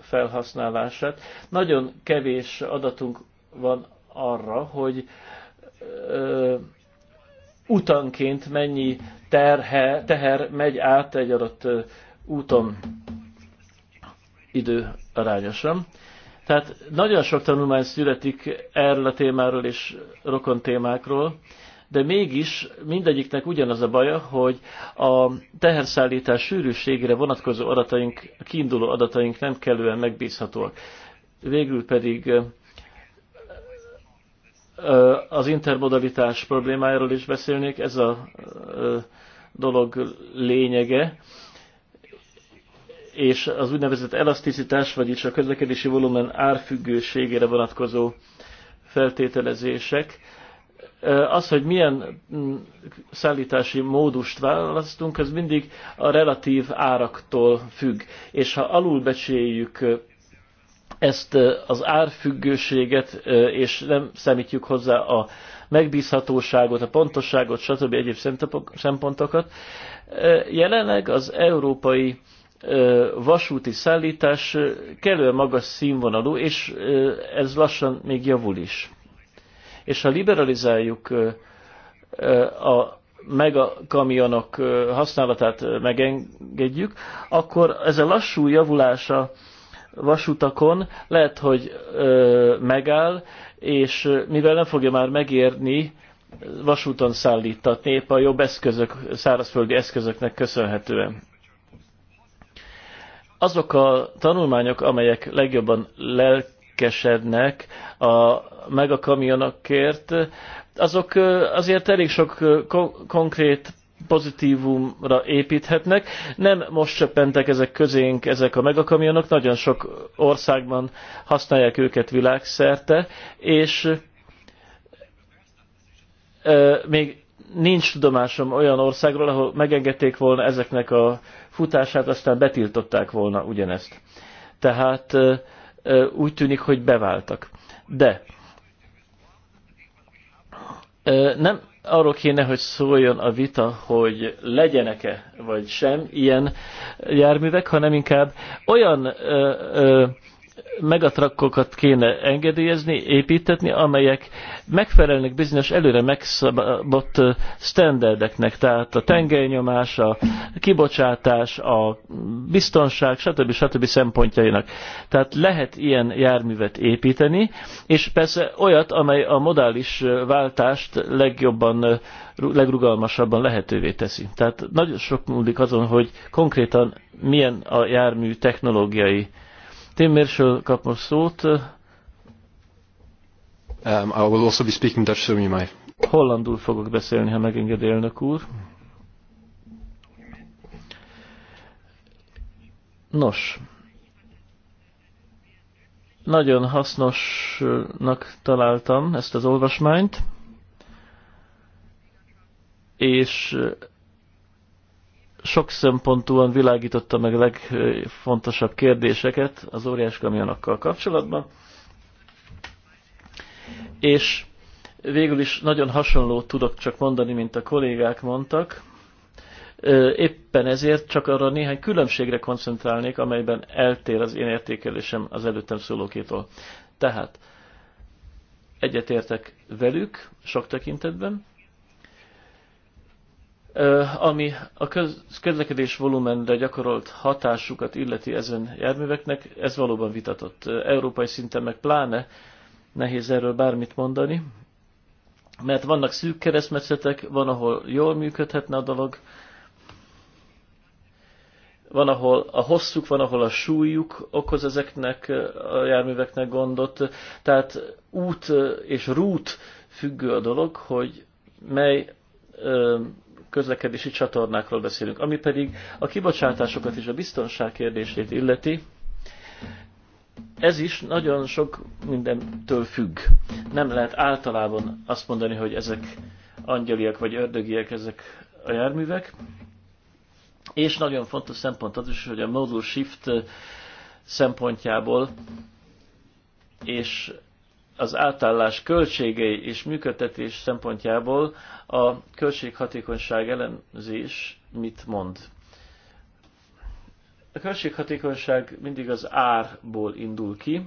Speaker 2: felhasználását. Nagyon kevés adatunk van arra, hogy ö, utanként mennyi terhe, teher megy át egy adott úton idő arányosan. Tehát nagyon sok tanulmány születik erről a témáról és rokon témákról, de mégis mindegyiknek ugyanaz a baja, hogy a teherszállítás sűrűségére vonatkozó adataink, a kiinduló adataink nem kellően megbízhatóak. Végül pedig az intermodalitás problémájáról is beszélnék, ez a dolog lényege, és az úgynevezett elaszticitás, vagyis a közlekedési volumen árfüggőségére vonatkozó feltételezések az, hogy milyen mm, szállítási módust választunk, ez mindig a relatív áraktól függ. És ha alulbecséljük ezt az árfüggőséget, és nem számítjuk hozzá a megbízhatóságot, a pontosságot, stb. egyéb szempontokat, jelenleg az európai vasúti szállítás kellően magas színvonalú, és ez lassan még javul is és ha liberalizáljuk a meg a kamionok használatát megengedjük, akkor ez a lassú javulása vasutakon lehet, hogy megáll, és mivel nem fogja már megérni vasúton szállítatni, épp a jobb eszközök, szárazföldi eszközöknek köszönhetően. Azok a tanulmányok, amelyek legjobban lelk lelkesednek a, megakamionokért, kamionokért, azok azért elég sok konkrét pozitívumra építhetnek. Nem most csöppentek ezek közénk ezek a megakamionok, nagyon sok országban használják őket világszerte, és még nincs tudomásom olyan országról, ahol megengedték volna ezeknek a futását, aztán betiltották volna ugyanezt. Tehát uh, úgy tűnik, hogy beváltak. De nem arról kéne, hogy szóljon a vita, hogy legyenek-e vagy sem ilyen járművek, hanem inkább olyan ö, ö, megatrakkokat kéne engedélyezni, építetni, amelyek megfelelnek bizonyos előre megszabott standardeknek, tehát a tengelynyomás, a kibocsátás, a biztonság, stb. stb. szempontjainak. Tehát lehet ilyen járművet építeni, és persze olyat, amely a modális váltást legjobban, legrugalmasabban lehetővé teszi. Tehát nagyon sok múlik azon, hogy konkrétan milyen a jármű technológiai Tim Mirsel kap most szót. Um, I will also be speaking Dutch, so you might. Hollandul fogok beszélni, ha megenged élnök úr. Nos, nagyon hasznosnak találtam ezt az olvasmányt, és sok szempontúan világította meg a legfontosabb kérdéseket az óriás kamionokkal kapcsolatban, és végül is nagyon hasonló tudok csak mondani, mint a kollégák mondtak. Éppen ezért csak arra néhány különbségre koncentrálnék, amelyben eltér az én értékelésem az előttem szólókétól. Tehát egyetértek velük sok tekintetben, ami a köz, közlekedés volumenre gyakorolt hatásukat illeti ezen járműveknek, ez valóban vitatott. Európai szinten meg pláne nehéz erről bármit mondani, mert vannak szűk keresztmetszetek, van, ahol jól működhetne a dolog, van, ahol a hosszuk, van, ahol a súlyuk okoz ezeknek a járműveknek gondot. Tehát út és rút függő a dolog, hogy mely közlekedési csatornákról beszélünk. Ami pedig a kibocsátásokat és a biztonság kérdését illeti, ez is nagyon sok mindentől függ. Nem lehet általában azt mondani, hogy ezek angyaliak vagy ördögiek, ezek a járművek. És nagyon fontos szempont az is, hogy a modul shift szempontjából és az átállás költségei és működtetés szempontjából a költséghatékonyság elemzés mit mond? A költséghatékonyság mindig az árból indul ki,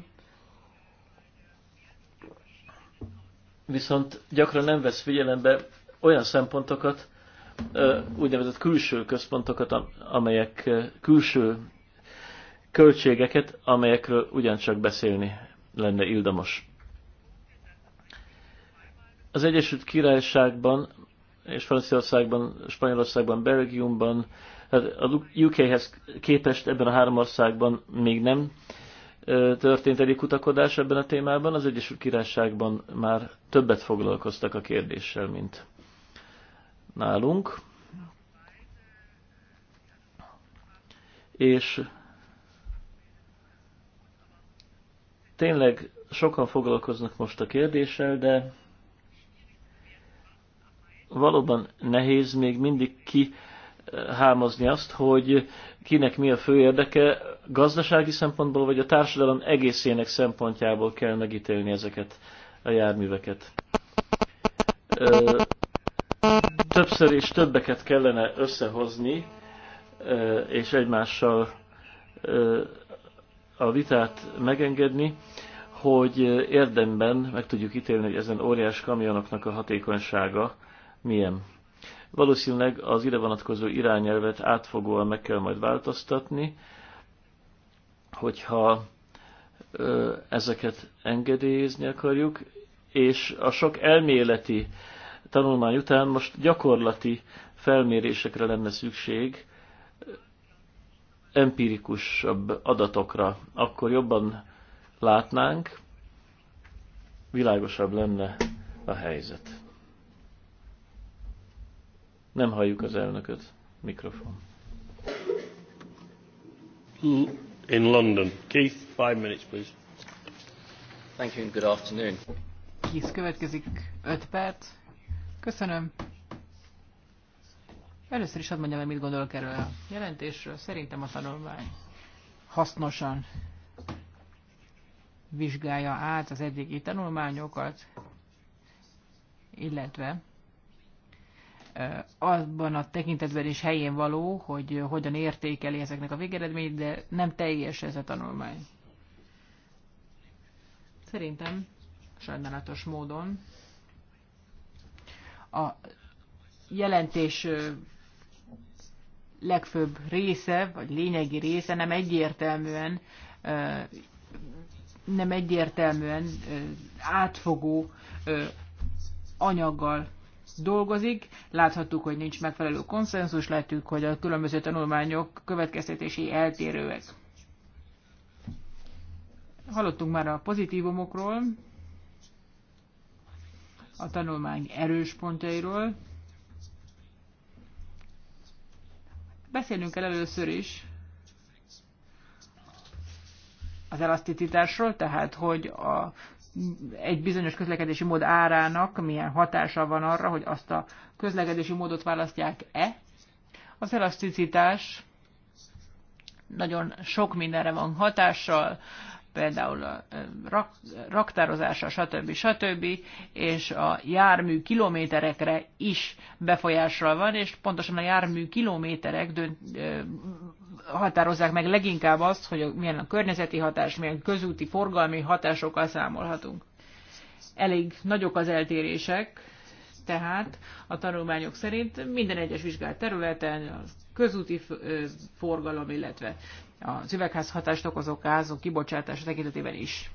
Speaker 2: viszont gyakran nem vesz figyelembe olyan szempontokat, úgynevezett külső központokat, amelyek külső költségeket, amelyekről ugyancsak beszélni lenne ildamos. Az Egyesült Királyságban és Franciaországban, Spanyolországban, Belgiumban, hát a UK-hez képest ebben a három országban még nem történt elég kutakodás ebben a témában. Az Egyesült Királyságban már többet foglalkoztak a kérdéssel, mint nálunk. És tényleg sokan foglalkoznak most a kérdéssel, de valóban nehéz még mindig ki hámozni azt, hogy kinek mi a fő érdeke, gazdasági szempontból, vagy a társadalom egészének szempontjából kell megítélni ezeket a járműveket. Többször és többeket kellene összehozni, és egymással a vitát megengedni, hogy érdemben meg tudjuk ítélni, hogy ezen óriás kamionoknak a hatékonysága milyen. Valószínűleg az ide vonatkozó irányelvet átfogóan meg kell majd változtatni, hogyha ö, ezeket engedélyezni akarjuk, és a sok elméleti tanulmány után most gyakorlati felmérésekre lenne szükség, empirikusabb adatokra, akkor jobban látnánk, világosabb lenne a helyzet. Nem halljuk az elnököt. Mikrofon. In London.
Speaker 1: Keith, five minutes, please. Thank you and good afternoon.
Speaker 3: Keith, következik öt
Speaker 4: perc. Köszönöm. Először is hadd mondjam hogy mit gondolok erről a jelentésről. Szerintem a tanulmány hasznosan vizsgálja át az eddigi tanulmányokat, illetve abban a tekintetben is helyén való, hogy hogyan értékeli ezeknek a végeredményt, de nem teljes ez a tanulmány. Szerintem sajnálatos módon a jelentés legfőbb része, vagy lényegi része nem egyértelműen nem egyértelműen átfogó anyaggal dolgozik. Láthattuk, hogy nincs megfelelő konszenzus, látjuk, hogy a különböző tanulmányok következtetési eltérőek. Hallottunk már a pozitívumokról, a tanulmány erős pontjairól. Beszélnünk el először is az elaszticitásról, tehát hogy a egy bizonyos közlekedési mód árának milyen hatása van arra, hogy azt a közlekedési módot választják-e. Az elaszticitás nagyon sok mindenre van hatással, például a rak, raktározása, stb. stb. és a jármű kilométerekre is befolyással van, és pontosan a jármű kilométerek dönt, határozzák meg leginkább azt, hogy milyen a környezeti hatás, milyen közúti, forgalmi hatásokkal számolhatunk. Elég nagyok az eltérések, tehát a tanulmányok szerint minden egyes vizsgált területen a közúti forgalom, illetve az hatást okozó gázok kibocsátása tekintetében is.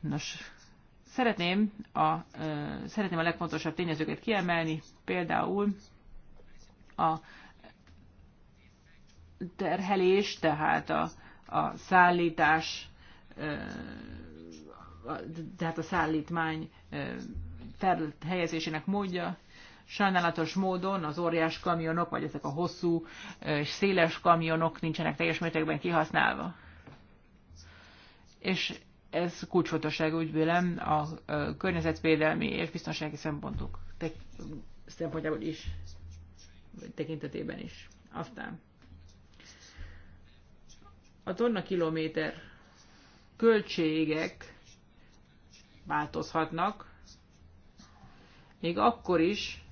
Speaker 4: Nos, szeretném a, szeretném a legfontosabb tényezőket kiemelni, például a terhelés, tehát a, a szállítás, tehát a szállítmány helyezésének módja. Sajnálatos módon az óriás kamionok, vagy ezek a hosszú és széles kamionok nincsenek teljes mértékben kihasználva. És ez kulcsfontosság, úgy vélem, a környezetvédelmi és biztonsági szempontok szempontjából is, tekintetében is. Aztán a tonna kilométer költségek változhatnak, még akkor is,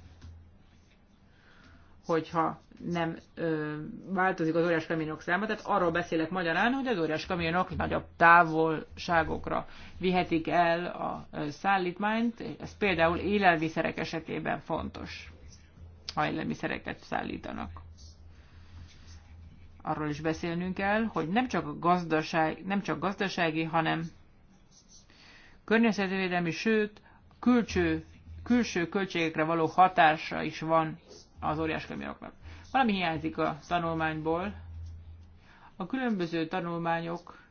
Speaker 4: hogyha nem ö, változik az óriás kamionok száma. Tehát arról beszélek magyarán, hogy az óriás kamionok nagyobb távolságokra vihetik el a szállítmányt. Ez például élelmiszerek esetében fontos, ha élelmiszereket szállítanak arról is beszélnünk kell, hogy nem csak, gazdaság, nem csak gazdasági, hanem környezetvédelmi, sőt, külső, külső költségekre való hatása is van az óriás kamionoknak. Valami hiányzik a tanulmányból. A különböző tanulmányok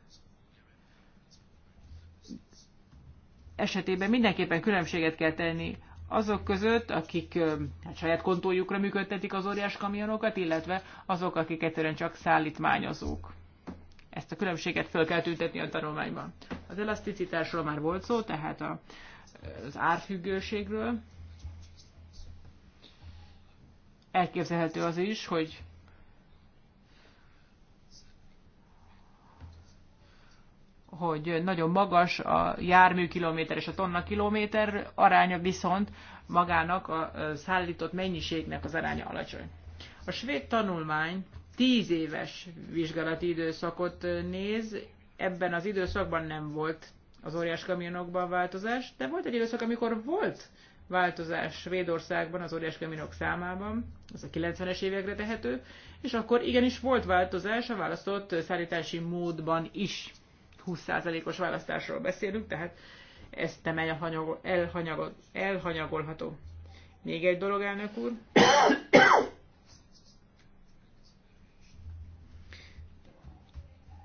Speaker 4: esetében mindenképpen különbséget kell tenni azok között, akik hát saját kontójukra működtetik az óriás kamionokat, illetve azok, akik egyszerűen csak szállítmányozók. Ezt a különbséget fel kell tüntetni a tanulmányban. Az elaszticitásról már volt szó, tehát a, az árfüggőségről. Elképzelhető az is, hogy hogy nagyon magas a jármű kilométer és a tonna kilométer aránya, viszont magának a szállított mennyiségnek az aránya alacsony. A svéd tanulmány 10 éves vizsgálati időszakot néz, ebben az időszakban nem volt az óriás kamionokban változás, de volt egy időszak, amikor volt változás Svédországban az óriás kamionok számában, az a 90-es évekre tehető, és akkor igenis volt változás a választott szállítási módban is. 20%-os választásról beszélünk, tehát ez nem elhanyagol, elhanyagol, elhanyagolható. Még egy dolog, elnök úr.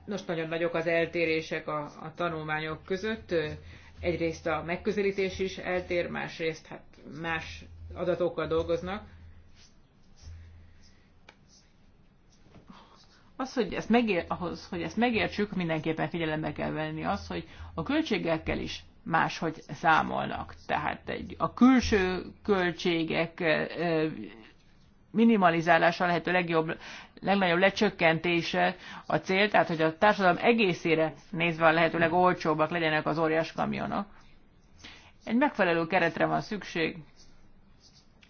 Speaker 4: Nos, nagyon nagyok az eltérések a, a tanulmányok között. Egyrészt a megközelítés is eltér, másrészt hát más adatokkal dolgoznak. az, hogy ezt megér, ahhoz, hogy ezt megértsük, mindenképpen figyelembe kell venni az, hogy a költségekkel is máshogy számolnak. Tehát egy, a külső költségek minimalizálása lehető legjobb, legnagyobb lecsökkentése a cél, tehát hogy a társadalom egészére nézve a lehető legolcsóbbak legyenek az óriás kamionok. Egy megfelelő keretre van szükség,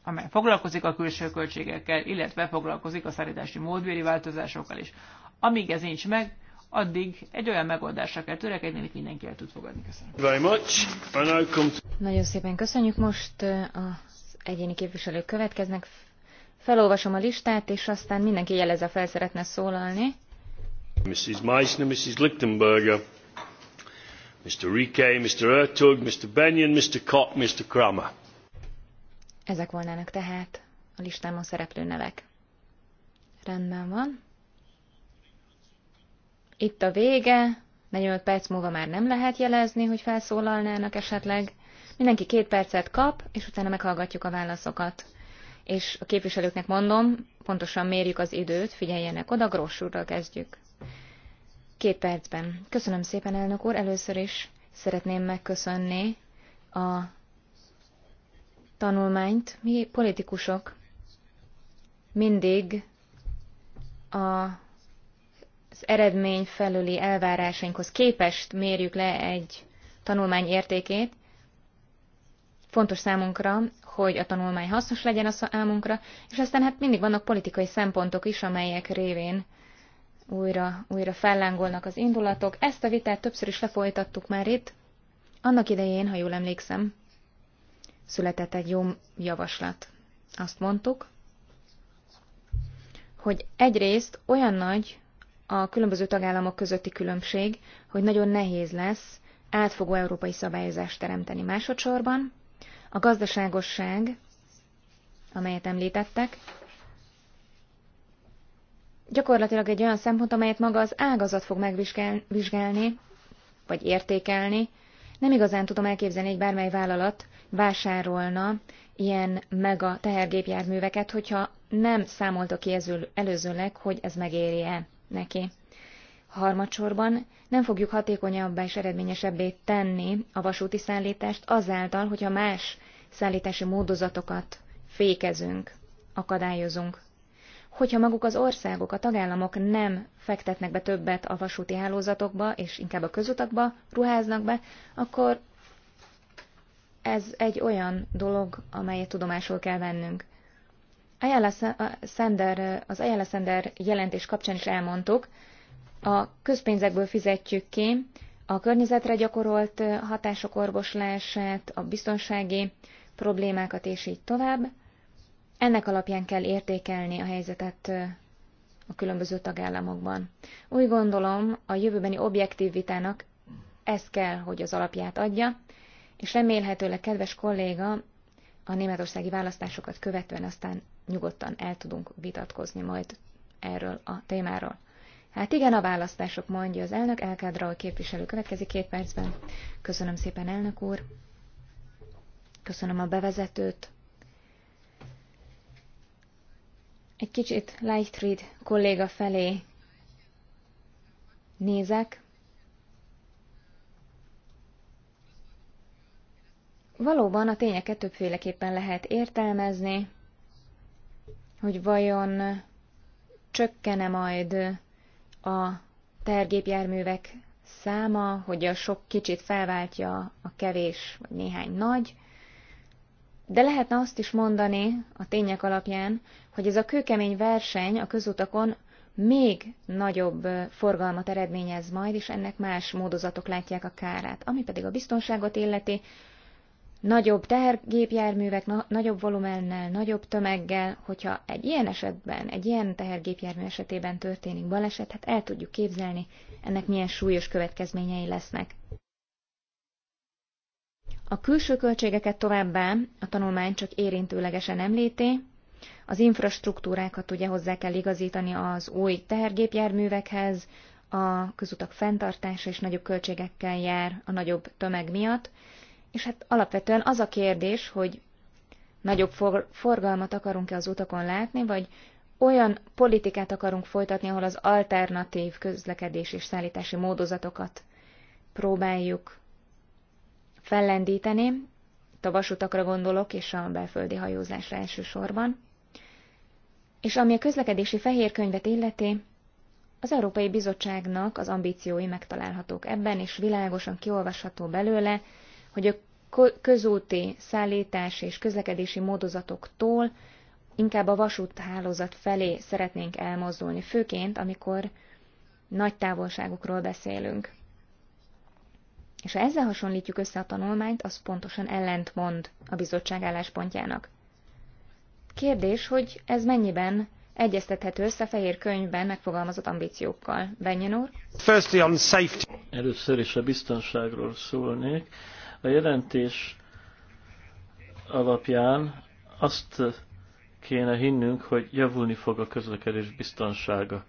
Speaker 4: amely foglalkozik a külső költségekkel, illetve foglalkozik a szállítási módbéli változásokkal is. Amíg ez nincs meg, addig egy olyan megoldásra kell törekedni, amit mindenki el
Speaker 1: tud fogadni. Köszönöm.
Speaker 5: Nagyon szépen köszönjük. Most az egyéni képviselők következnek. Felolvasom a listát, és aztán mindenki jelezze, fel szeretne szólalni.
Speaker 1: Mrs. Meissner, Mrs. Lichtenberger, Mr. Rike, Mr. Ertug, Mr. Benyon, Mr. Koch, Mr. Kramer.
Speaker 5: Ezek volnának tehát a listámon szereplő nevek. Rendben van. Itt a vége. 45 perc múlva már nem lehet jelezni, hogy felszólalnának esetleg. Mindenki két percet kap, és utána meghallgatjuk a válaszokat. És a képviselőknek mondom, pontosan mérjük az időt, figyeljenek oda, grossúrral kezdjük. Két percben. Köszönöm szépen, elnök úr. Először is szeretném megköszönni a tanulmányt, mi politikusok mindig a, az eredmény felüli elvárásainkhoz képest mérjük le egy tanulmány értékét. Fontos számunkra, hogy a tanulmány hasznos legyen a számunkra, és aztán hát mindig vannak politikai szempontok is, amelyek révén újra, újra fellángolnak az indulatok. Ezt a vitát többször is lefolytattuk már itt, annak idején, ha jól emlékszem, született egy jó javaslat. Azt mondtuk, hogy egyrészt olyan nagy a különböző tagállamok közötti különbség, hogy nagyon nehéz lesz átfogó európai szabályozást teremteni. Másodszorban a gazdaságosság, amelyet említettek, gyakorlatilag egy olyan szempont, amelyet maga az ágazat fog megvizsgálni, vagy értékelni, nem igazán tudom elképzelni, hogy bármely vállalat vásárolna ilyen mega tehergépjárműveket, hogyha nem számolta ki ezül, előzőleg, hogy ez megéri-e neki. Harmadsorban nem fogjuk hatékonyabbá és eredményesebbé tenni a vasúti szállítást azáltal, hogyha más szállítási módozatokat fékezünk, akadályozunk hogyha maguk az országok, a tagállamok nem fektetnek be többet a vasúti hálózatokba, és inkább a közutakba ruháznak be, akkor ez egy olyan dolog, amelyet tudomásul kell vennünk. Ayala Sender, az Ayala Sender jelentés kapcsán is elmondtuk, a közpénzekből fizetjük ki a környezetre gyakorolt eh, hatások orvoslását, a biztonsági problémákat és így tovább, ennek alapján kell értékelni a helyzetet a különböző tagállamokban. Úgy gondolom, a jövőbeni objektív vitának ez kell, hogy az alapját adja, és remélhetőleg, kedves kolléga, a németországi választásokat követően aztán nyugodtan el tudunk vitatkozni majd erről a témáról. Hát igen, a választások, mondja az elnök, Elkádra a képviselő következik két percben. Köszönöm szépen, elnök úr. Köszönöm a bevezetőt. egy kicsit Lightread kolléga felé nézek. Valóban a tényeket többféleképpen lehet értelmezni, hogy vajon csökkene majd a tergépjárművek száma, hogy a sok kicsit felváltja a kevés vagy néhány nagy, de lehetne azt is mondani a tények alapján, hogy ez a kőkemény verseny a közutakon még nagyobb forgalmat eredményez majd, és ennek más módozatok látják a kárát. Ami pedig a biztonságot illeti, nagyobb tehergépjárművek, na- nagyobb volumennel, nagyobb tömeggel, hogyha egy ilyen esetben, egy ilyen tehergépjármű esetében történik baleset, hát el tudjuk képzelni, ennek milyen súlyos következményei lesznek. A külső költségeket továbbá a tanulmány csak érintőlegesen említi, az infrastruktúrákat ugye hozzá kell igazítani az új tehergépjárművekhez, a közutak fenntartása és nagyobb költségekkel jár a nagyobb tömeg miatt, és hát alapvetően az a kérdés, hogy nagyobb for- forgalmat akarunk-e az utakon látni, vagy olyan politikát akarunk folytatni, ahol az alternatív közlekedés és szállítási módozatokat próbáljuk fellendíteni, itt a vasutakra gondolok, és a belföldi hajózásra elsősorban. És ami a közlekedési fehér könyvet illeti, az Európai Bizottságnak az ambíciói megtalálhatók ebben, és világosan kiolvasható belőle, hogy a közúti szállítás és közlekedési módozatoktól inkább a vasúthálózat felé szeretnénk elmozdulni, főként amikor nagy távolságokról beszélünk. És ha ezzel hasonlítjuk össze a tanulmányt, az pontosan ellentmond a bizottság álláspontjának. Kérdés, hogy ez mennyiben egyeztethető össze a fehér könyvben megfogalmazott ambíciókkal. Benyen úr?
Speaker 2: Először is a biztonságról szólnék. A jelentés alapján azt kéne hinnünk, hogy javulni fog a közlekedés biztonsága.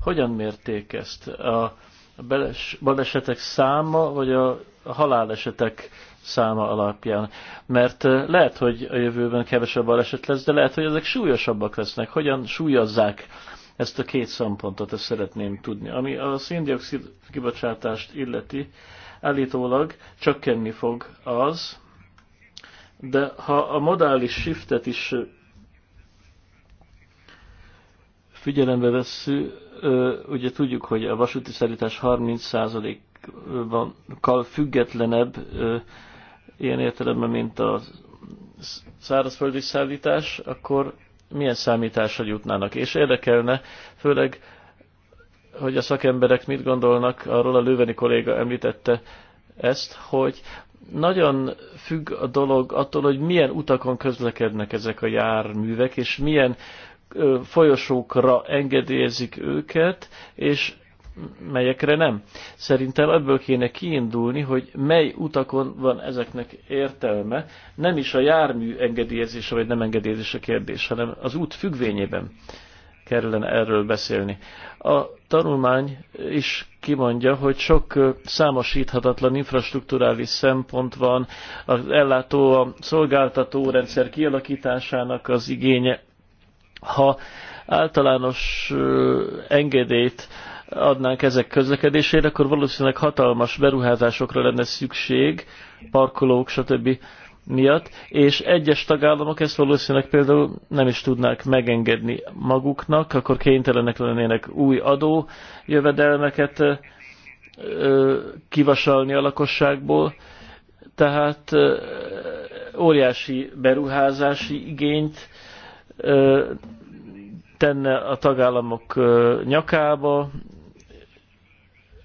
Speaker 2: Hogyan mérték ezt? A a balesetek száma, vagy a halálesetek száma alapján. Mert lehet, hogy a jövőben kevesebb baleset lesz, de lehet, hogy ezek súlyosabbak lesznek. Hogyan súlyozzák ezt a két szempontot, ezt szeretném tudni. Ami a széndiokszid kibocsátást illeti, állítólag csökkenni fog az, de ha a modális shiftet is figyelembe vesszük, ugye tudjuk, hogy a vasúti szállítás 30%-kal függetlenebb ilyen értelemben, mint a szárazföldi szállítás, akkor milyen számításra jutnának. És érdekelne, főleg, hogy a szakemberek mit gondolnak, arról a lőveni kolléga említette ezt, hogy nagyon függ a dolog attól, hogy milyen utakon közlekednek ezek a járművek, és milyen uh, folyosókra engedélyezik őket, és melyekre nem. Szerintem ebből kéne kiindulni, hogy mely utakon van ezeknek értelme, nem is a jármű engedélyezése vagy nem engedélyezése kérdés, hanem az út függvényében kellene erről beszélni. A tanulmány is kimondja, hogy sok számosíthatatlan infrastruktúrális szempont van, az ellátó, a szolgáltató rendszer kialakításának az igénye, ha általános engedélyt adnánk ezek közlekedésére, akkor valószínűleg hatalmas beruházásokra lenne szükség, parkolók, stb. miatt, és egyes tagállamok ezt valószínűleg például nem is tudnák megengedni maguknak, akkor kénytelenek lennének új adó jövedelmeket kivasalni a lakosságból, tehát óriási beruházási igényt tenne a tagállamok nyakába.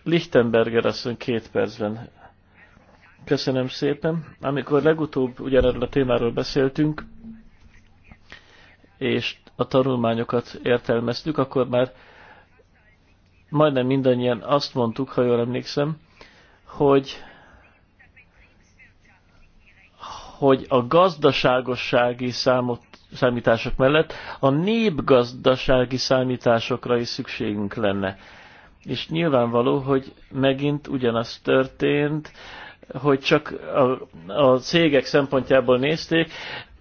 Speaker 2: Lichtenberger asszony két percben. Köszönöm szépen. Amikor legutóbb ugyanerről a témáról beszéltünk, és a tanulmányokat értelmeztük, akkor már majdnem mindannyian azt mondtuk, ha jól emlékszem, hogy hogy a gazdaságossági számot számítások mellett a népgazdasági számításokra is szükségünk lenne. És nyilvánvaló, hogy megint ugyanaz történt, hogy csak a, a cégek szempontjából nézték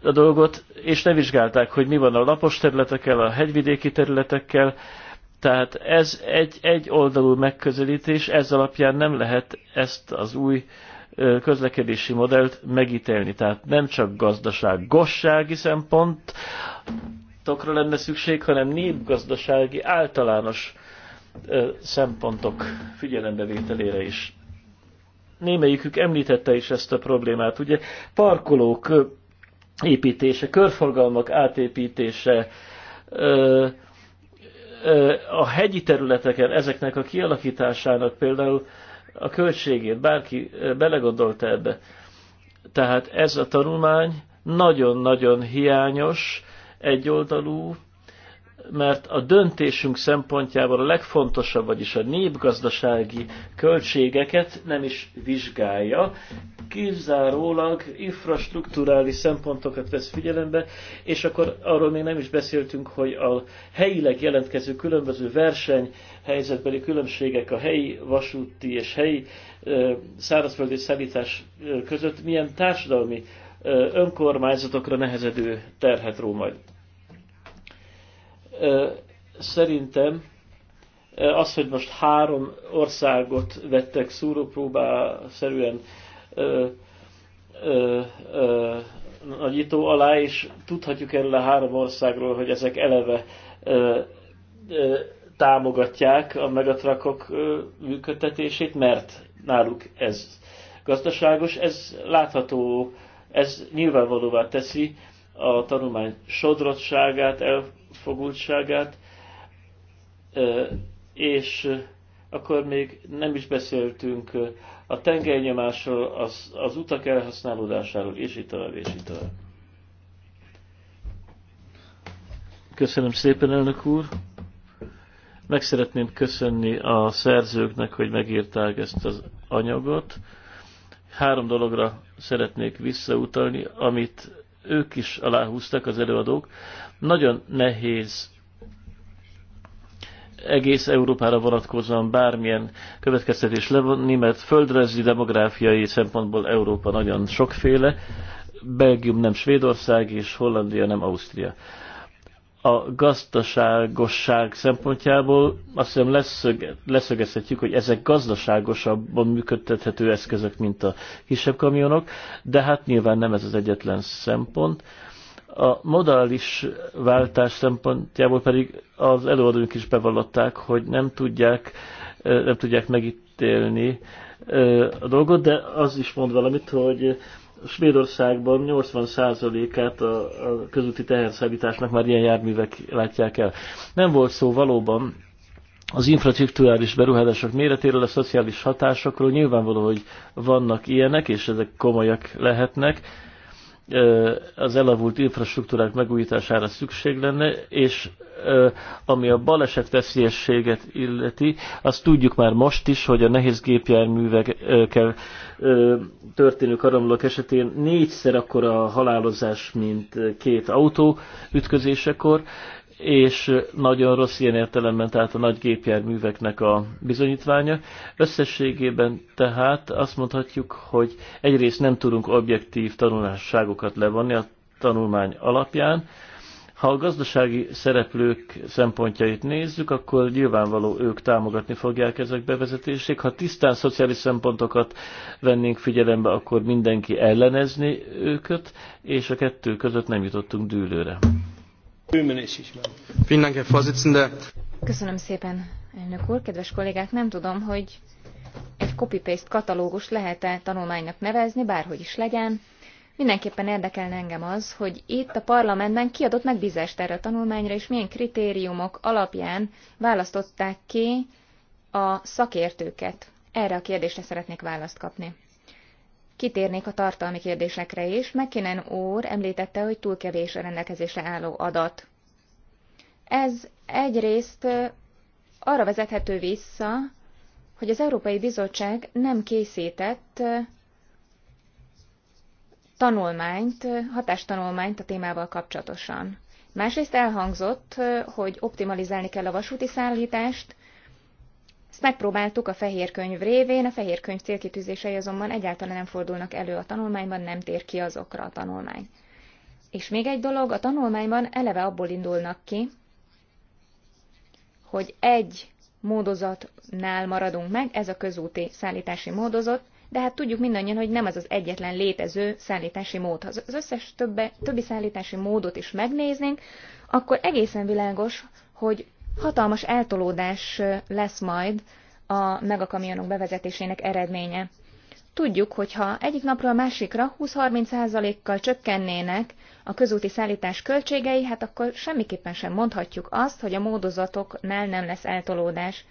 Speaker 2: a dolgot, és ne vizsgálták, hogy mi van a lapos területekkel, a hegyvidéki területekkel. Tehát ez egy, egy oldalú megközelítés, ez alapján nem lehet ezt az új uh, közlekedési modellt megítélni. Tehát nem csak szempont, szempontokra lenne szükség, hanem népgazdasági általános szempontok figyelembevételére is. Némelyikük említette is ezt a problémát. Ugye parkolók építése, körforgalmak átépítése, a hegyi területeken ezeknek a kialakításának például a költségét, bárki belegondolt ebbe. Tehát ez a tanulmány nagyon-nagyon hiányos, egyoldalú, mert a döntésünk szempontjából a legfontosabb, vagyis a népgazdasági költségeket nem is vizsgálja, kizárólag infrastruktúrális szempontokat vesz figyelembe, és akkor arról még nem is beszéltünk, hogy a helyileg jelentkező különböző verseny helyzetbeli különbségek a helyi vasúti és helyi szárazföldi szállítás között milyen társadalmi önkormányzatokra nehezedő terhet ró majd. Szerintem az, hogy most három országot vettek szúrópróbászerűen nagyító alá, és tudhatjuk erről a három országról, hogy ezek eleve ö, ö, támogatják a megatrakok működtetését, mert náluk ez gazdaságos, ez látható, ez nyilvánvalóvá teszi a tanulmány sodrottságát, el, fogultságát, és akkor még nem is beszéltünk a tengernyomásról, az, az utak elhasználódásáról, és itt tovább, és itt tovább. Köszönöm szépen, elnök úr! Meg szeretném köszönni a szerzőknek, hogy megírták ezt az anyagot. Három dologra szeretnék visszautalni, amit ők is aláhúztak, az előadók. Nagyon nehéz egész Európára vonatkozóan bármilyen következtetés levonni, mert földrajzi demográfiai szempontból Európa nagyon sokféle, Belgium nem Svédország, és Hollandia nem Ausztria. A gazdaságosság szempontjából azt hiszem leszög, leszögezhetjük, hogy ezek gazdaságosabban működtethető eszközök, mint a kisebb kamionok, de hát nyilván nem ez az egyetlen szempont. A modális váltás szempontjából pedig az előadók is bevallották, hogy nem tudják, nem tudják megítélni a dolgot, de az is mond valamit, hogy Svédországban 80%-át a, a közúti teherszállításnak már ilyen járművek látják el. Nem volt szó valóban az infrastruktúrális beruházások méretéről, a szociális hatásokról. Nyilvánvaló, hogy vannak ilyenek, és ezek komolyak lehetnek, az elavult infrastruktúrák megújítására szükség lenne, és ami a baleset veszélyességet illeti, azt tudjuk már most is, hogy a nehéz gépjárművekkel történő karamlók esetén négyszer akkora a halálozás, mint két autó ütközésekor, és nagyon rossz ilyen értelemben, tehát a nagy gépjárműveknek a bizonyítványa. Összességében tehát azt mondhatjuk, hogy egyrészt nem tudunk objektív tanulásságokat levonni a tanulmány alapján. Ha a gazdasági szereplők szempontjait nézzük, akkor nyilvánvaló ők támogatni fogják ezek bevezetését. Ha tisztán szociális szempontokat vennénk figyelembe, akkor mindenki ellenezni őket, és a kettő között nem jutottunk dűlőre.
Speaker 5: Köszönöm szépen, elnök úr. Kedves kollégák, nem tudom, hogy egy copy-paste katalógus lehet-e tanulmánynak nevezni, bárhogy is legyen. Mindenképpen érdekelne engem az, hogy itt a parlamentben kiadott megbízást erre a tanulmányra, és milyen kritériumok alapján választották ki a szakértőket. Erre a kérdésre szeretnék választ kapni. Kitérnék a tartalmi kérdésekre is. McKinnon úr említette, hogy túl kevés a rendelkezésre álló adat. Ez egyrészt arra vezethető vissza, hogy az Európai Bizottság nem készített tanulmányt, hatástanulmányt a témával kapcsolatosan. Másrészt elhangzott, hogy optimalizálni kell a vasúti szállítást, ezt megpróbáltuk a fehér könyv révén, a fehér könyv célkitűzései azonban egyáltalán nem fordulnak elő a tanulmányban, nem tér ki azokra a tanulmány. És még egy dolog, a tanulmányban eleve abból indulnak ki, hogy egy módozatnál maradunk meg, ez a közúti szállítási módozat, de hát tudjuk mindannyian, hogy nem ez az egyetlen létező szállítási mód. Ha az összes többe, többi szállítási módot is megnéznénk, akkor egészen világos, hogy hatalmas eltolódás lesz majd a megakamionok bevezetésének eredménye. Tudjuk, hogy ha egyik napról a másikra 20-30%-kal csökkennének a közúti szállítás költségei, hát akkor semmiképpen sem mondhatjuk azt, hogy a módozatoknál nem lesz eltolódás.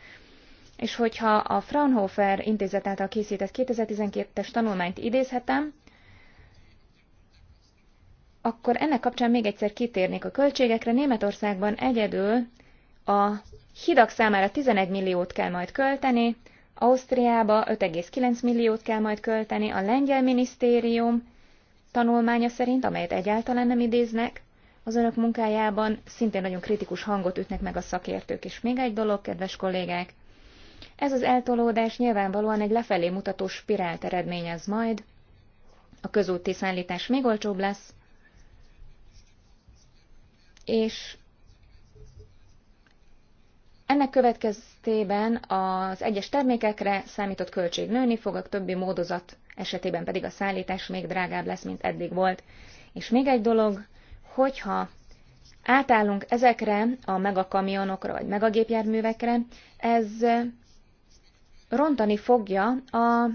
Speaker 5: És hogyha a Fraunhofer intézet által készített 2012-es tanulmányt idézhetem, akkor ennek kapcsán még egyszer kitérnék a költségekre. Németországban egyedül a hidak számára 11 milliót kell majd költeni, Ausztriába 5,9 milliót kell majd költeni, a lengyel minisztérium tanulmánya szerint, amelyet egyáltalán nem idéznek, az önök munkájában szintén nagyon kritikus hangot ütnek meg a szakértők. És még egy dolog, kedves kollégák, ez az eltolódás nyilvánvalóan egy lefelé mutató spirált eredményez majd, a közúti szállítás még olcsóbb lesz, és ennek következtében az egyes termékekre számított költség nőni fog, a többi módozat esetében pedig a szállítás még drágább lesz, mint eddig volt. És még egy dolog, hogyha átállunk ezekre a megakamionokra vagy megagépjárművekre, ez rontani fogja a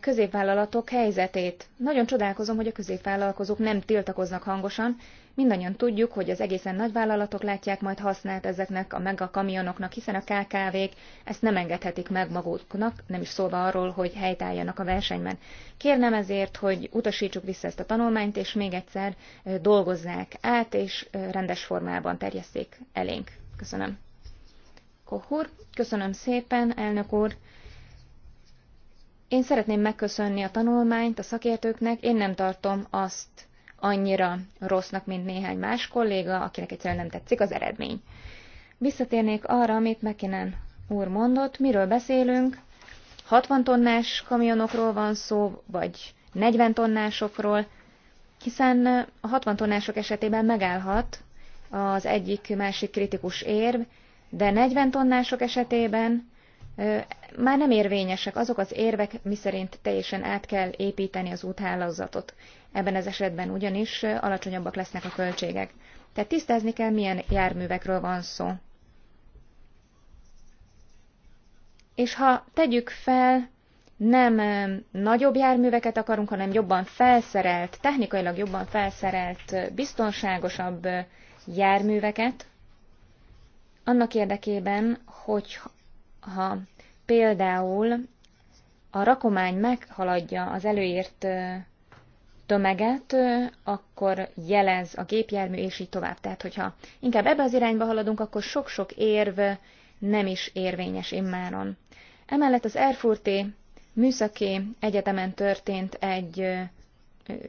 Speaker 5: középvállalatok helyzetét. Nagyon csodálkozom, hogy a középvállalkozók nem tiltakoznak hangosan. Mindannyian tudjuk, hogy az egészen nagy vállalatok látják majd használt ezeknek a meg a kamionoknak, hiszen a KKV-k ezt nem engedhetik meg maguknak, nem is szólva arról, hogy helytálljanak a versenyben. Kérnem ezért, hogy utasítsuk vissza ezt a tanulmányt, és még egyszer dolgozzák át, és rendes formában terjesszék elénk. Köszönöm. Kohur, köszönöm szépen, elnök úr. Én szeretném megköszönni a tanulmányt a szakértőknek, én nem tartom azt annyira rossznak, mint néhány más kolléga, akinek egyszerűen nem tetszik az eredmény. Visszatérnék arra, amit Mekinen úr mondott, miről beszélünk. 60 tonnás kamionokról van szó, vagy 40 tonnásokról, hiszen a 60 tonnások esetében megállhat az egyik-másik kritikus érv, de 40 tonnások esetében már nem érvényesek azok az érvek, miszerint teljesen át kell építeni az úthálózatot. Ebben az esetben ugyanis alacsonyabbak lesznek a költségek. Tehát tisztázni kell, milyen járművekről van szó. És ha tegyük fel, nem nagyobb járműveket akarunk, hanem jobban felszerelt, technikailag jobban felszerelt, biztonságosabb járműveket, annak érdekében, hogy ha például a rakomány meghaladja az előírt tömeget, akkor jelez a gépjármű, és így tovább. Tehát, hogyha inkább ebbe az irányba haladunk, akkor sok-sok érv nem is érvényes immáron. Emellett az Erfurti Műszaki Egyetemen történt egy,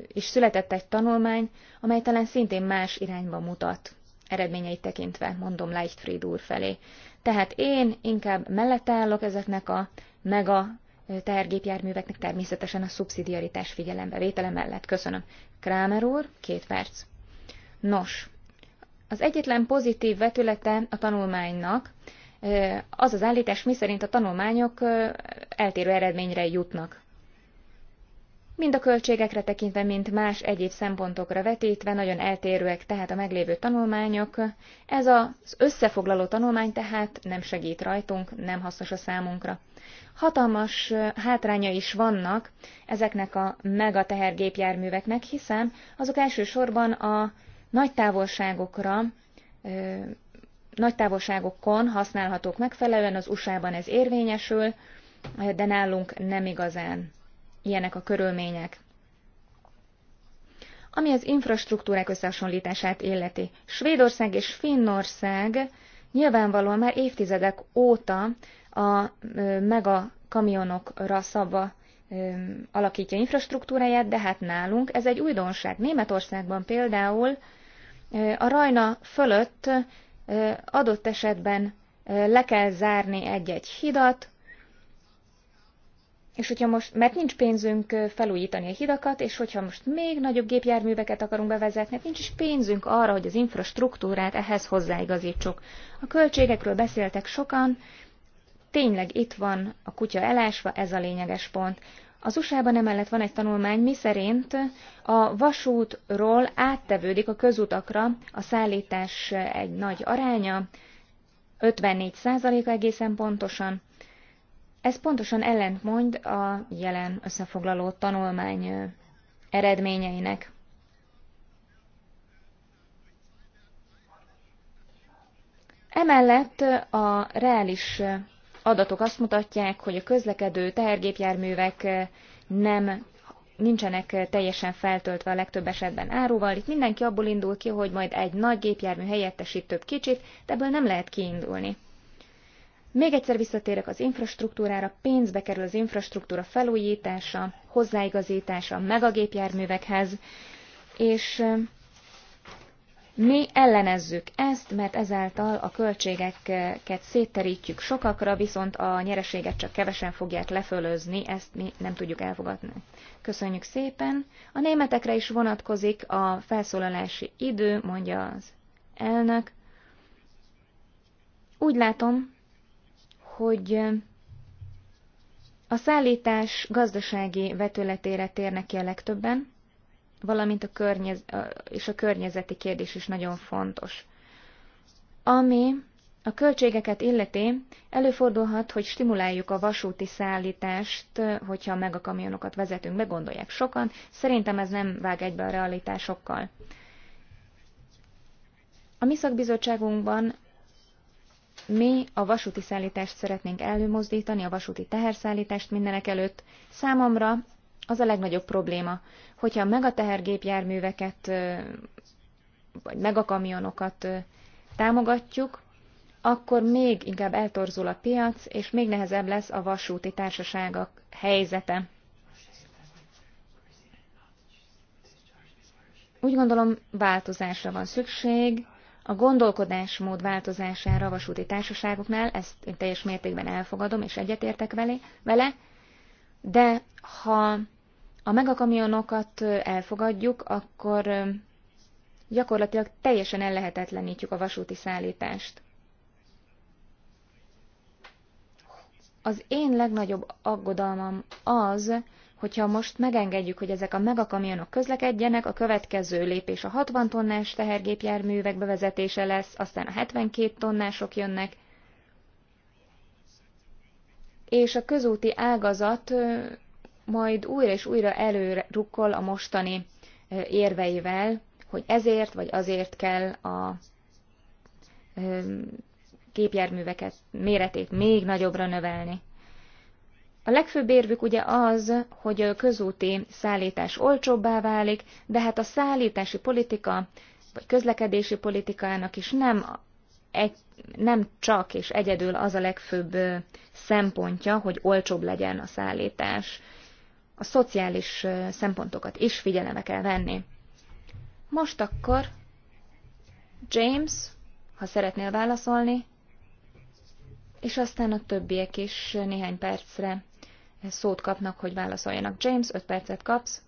Speaker 5: és született egy tanulmány, amely talán szintén más irányba mutat, eredményeit tekintve, mondom Leichtfried úr felé. Tehát én inkább mellett állok ezeknek a mega tehergépjárműveknek természetesen a szubszidiaritás figyelembevétele mellett. Köszönöm. Krámer úr, két perc. Nos, az egyetlen pozitív vetülete a tanulmánynak az az állítás, miszerint a tanulmányok eltérő eredményre jutnak. Mind a költségekre tekintve, mint más egyéb szempontokra vetítve, nagyon eltérőek tehát a meglévő tanulmányok. Ez az összefoglaló tanulmány tehát nem segít rajtunk, nem hasznos a számunkra. Hatalmas hátránya is vannak ezeknek a megatehergépjárműveknek, hiszen azok elsősorban a nagy távolságokra, nagy távolságokon használhatók megfelelően, az USA-ban ez érvényesül, de nálunk nem igazán ilyenek a körülmények. Ami az infrastruktúrák összehasonlítását illeti, Svédország és Finnország nyilvánvalóan már évtizedek óta a mega kamionokra szabva alakítja infrastruktúráját, de hát nálunk ez egy újdonság. Németországban például a Rajna fölött adott esetben le kell zárni egy-egy hidat, és hogyha most, mert nincs pénzünk felújítani a hidakat, és hogyha most még nagyobb gépjárműveket akarunk bevezetni, hát nincs is pénzünk arra, hogy az infrastruktúrát ehhez hozzáigazítsuk. A költségekről beszéltek sokan, tényleg itt van a kutya elásva, ez a lényeges pont. Az USA-ban emellett van egy tanulmány, miszerint a vasútról áttevődik a közutakra a szállítás egy nagy aránya, 54%-a egészen pontosan, ez pontosan ellentmond a jelen összefoglaló tanulmány eredményeinek. Emellett a reális adatok azt mutatják, hogy a közlekedő tehergépjárművek nem nincsenek teljesen feltöltve a legtöbb esetben áruval. Itt mindenki abból indul ki, hogy majd egy nagy gépjármű helyettesít több kicsit, de ebből nem lehet kiindulni. Még egyszer visszatérek az infrastruktúrára, pénzbe kerül az infrastruktúra felújítása, hozzáigazítása meg a gépjárművekhez, és mi ellenezzük ezt, mert ezáltal a költségeket szétterítjük sokakra, viszont a nyereséget csak kevesen fogják lefölözni, ezt mi nem tudjuk elfogadni. Köszönjük szépen. A németekre is vonatkozik a felszólalási idő, mondja az elnök. Úgy látom, hogy a szállítás gazdasági vetületére térnek ki a legtöbben, valamint a környez és a környezeti kérdés is nagyon fontos. Ami a költségeket illeti, előfordulhat, hogy stimuláljuk a vasúti szállítást, hogyha meg a kamionokat vezetünk be, gondolják sokan. Szerintem ez nem vág egybe a realitásokkal. A mi szakbizottságunkban mi a vasúti szállítást szeretnénk előmozdítani, a vasúti teherszállítást mindenek előtt. Számomra az a legnagyobb probléma, hogyha meg a tehergépjárműveket, vagy meg a kamionokat támogatjuk, akkor még inkább eltorzul a piac, és még nehezebb lesz a vasúti társaságok helyzete. Úgy gondolom, változásra van szükség, a gondolkodásmód változására a vasúti társaságoknál, ezt én teljes mértékben elfogadom, és egyetértek vele, de ha a megakamionokat elfogadjuk, akkor gyakorlatilag teljesen ellehetetlenítjük a vasúti szállítást. Az én legnagyobb aggodalmam az, Hogyha most megengedjük, hogy ezek a megakamionok közlekedjenek, a következő lépés a 60 tonnás tehergépjárművek bevezetése lesz, aztán a 72 tonnások jönnek, és a közúti ágazat majd újra és újra előrukkol a mostani érveivel, hogy ezért vagy azért kell a képjárműveket méretét még nagyobbra növelni. A legfőbb érvük ugye az, hogy a közúti szállítás olcsóbbá válik, de hát a szállítási politika, vagy közlekedési politikának is nem, egy, nem csak és egyedül az a legfőbb szempontja, hogy olcsóbb legyen a szállítás. A szociális szempontokat is figyelembe kell venni. Most akkor, James, ha szeretnél válaszolni, és aztán a többiek is néhány percre szót kapnak, hogy válaszoljanak. James, öt percet kapsz,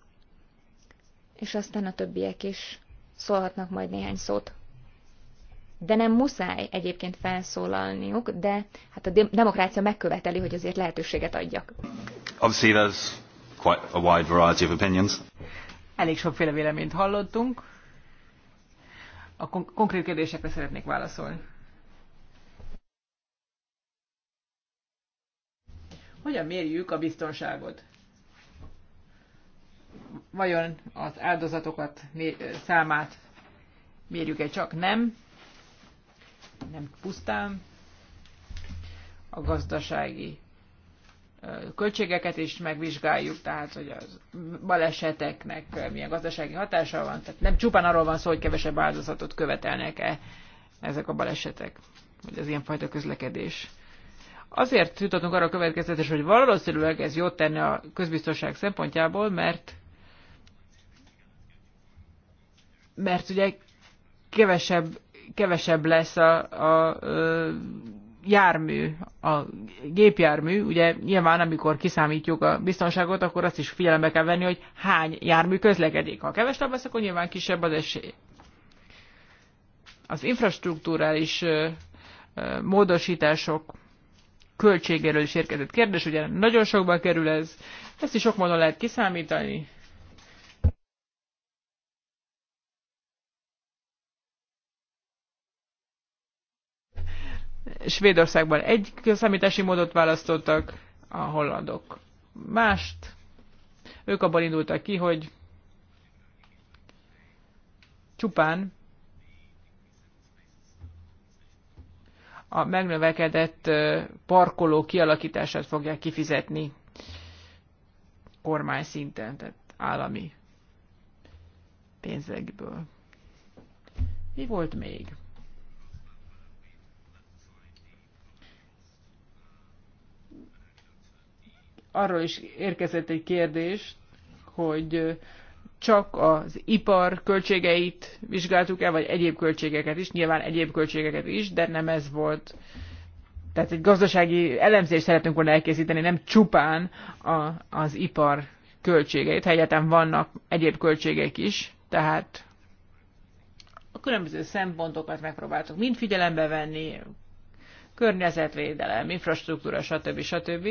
Speaker 5: és aztán a többiek is szólhatnak majd néhány szót. De nem muszáj egyébként felszólalniuk, de hát a demokrácia megköveteli, hogy azért lehetőséget adjak.
Speaker 3: Obviously there's quite a wide variety of opinions.
Speaker 5: Elég sokféle véleményt hallottunk.
Speaker 4: A kon- konkrét kérdésekre szeretnék válaszolni. Hogyan mérjük a biztonságot? Vajon az áldozatokat számát mérjük-e csak? Nem. Nem pusztán. A gazdasági költségeket is megvizsgáljuk, tehát hogy az baleseteknek milyen gazdasági hatása van. Tehát nem csupán arról van szó, hogy kevesebb áldozatot követelnek-e ezek a balesetek, vagy az ilyenfajta közlekedés. Azért jutottunk arra a következetes, hogy valószínűleg ez jót tenne a közbiztonság szempontjából, mert mert ugye kevesebb, kevesebb lesz a, a, a jármű, a gépjármű, ugye nyilván amikor kiszámítjuk a biztonságot, akkor azt is figyelembe kell venni, hogy hány jármű közlekedik. Ha kevesebb lesz, akkor nyilván kisebb az esély. Az infrastruktúrális módosítások költségéről is érkezett kérdés, ugye nagyon sokba kerül ez, ezt is sok módon lehet kiszámítani. Svédországban egy számítási módot választottak, a hollandok mást. Ők abban indultak ki, hogy csupán a megnövekedett parkoló kialakítását fogják kifizetni kormány szinten, tehát állami pénzekből. Mi volt még? Arról is érkezett egy kérdés, hogy csak az ipar költségeit vizsgáltuk el, vagy egyéb költségeket is, nyilván egyéb költségeket is, de nem ez volt. Tehát egy gazdasági elemzést szeretünk volna elkészíteni, nem csupán a, az ipar költségeit, ha egyáltalán vannak egyéb költségek is, tehát a különböző szempontokat megpróbáltuk mind figyelembe venni, környezetvédelem, infrastruktúra, stb. stb.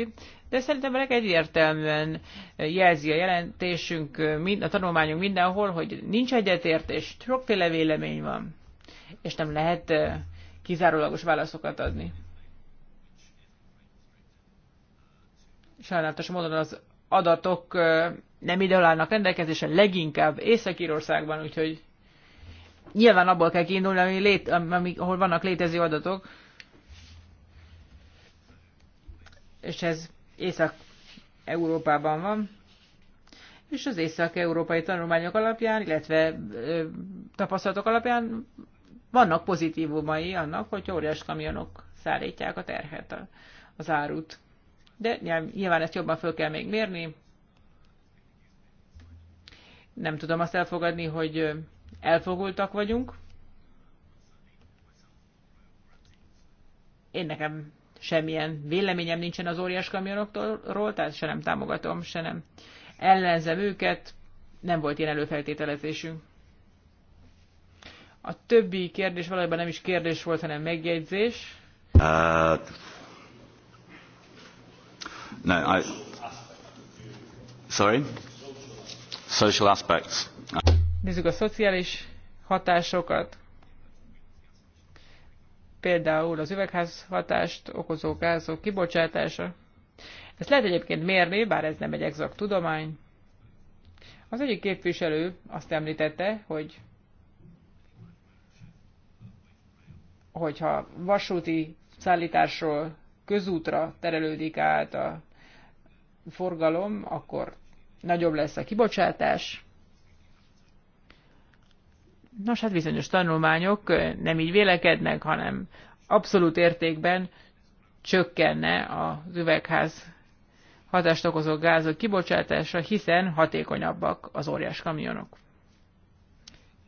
Speaker 4: De szerintem a egyértelműen jelzi a jelentésünk, a tanulmányunk mindenhol, hogy nincs egyetértés, sokféle vélemény van, és nem lehet kizárólagos válaszokat adni. Sajnálatos módon az adatok nem ide állnak rendelkezésre, leginkább Észak-Írországban, úgyhogy nyilván abból kell kiindulni, ami lét, ami, ahol vannak létező adatok, és ez Észak-Európában van, és az észak-európai tanulmányok alapján, illetve ö, tapasztalatok alapján vannak pozitívumai annak, hogy óriás kamionok szállítják a terhet, a, az árut. De nyilván ezt jobban föl kell még mérni. Nem tudom azt elfogadni, hogy elfogultak vagyunk. Én nekem semmilyen véleményem nincsen az óriás kamionokról, tehát se nem támogatom, se nem ellenzem őket, nem volt ilyen előfeltételezésünk. A többi kérdés valójában nem is kérdés volt, hanem megjegyzés.
Speaker 2: Uh,
Speaker 3: no, I... Sorry? Social aspects.
Speaker 4: Nézzük a szociális hatásokat például az üvegházhatást okozó gázok kibocsátása. Ezt lehet egyébként mérni, bár ez nem egy exakt tudomány. Az egyik képviselő azt említette, hogy hogyha vasúti szállításról közútra terelődik át a forgalom, akkor nagyobb lesz a kibocsátás. Nos, hát bizonyos tanulmányok nem így vélekednek, hanem abszolút értékben csökkenne az üvegház hatást okozó gázok kibocsátása, hiszen hatékonyabbak az óriás kamionok.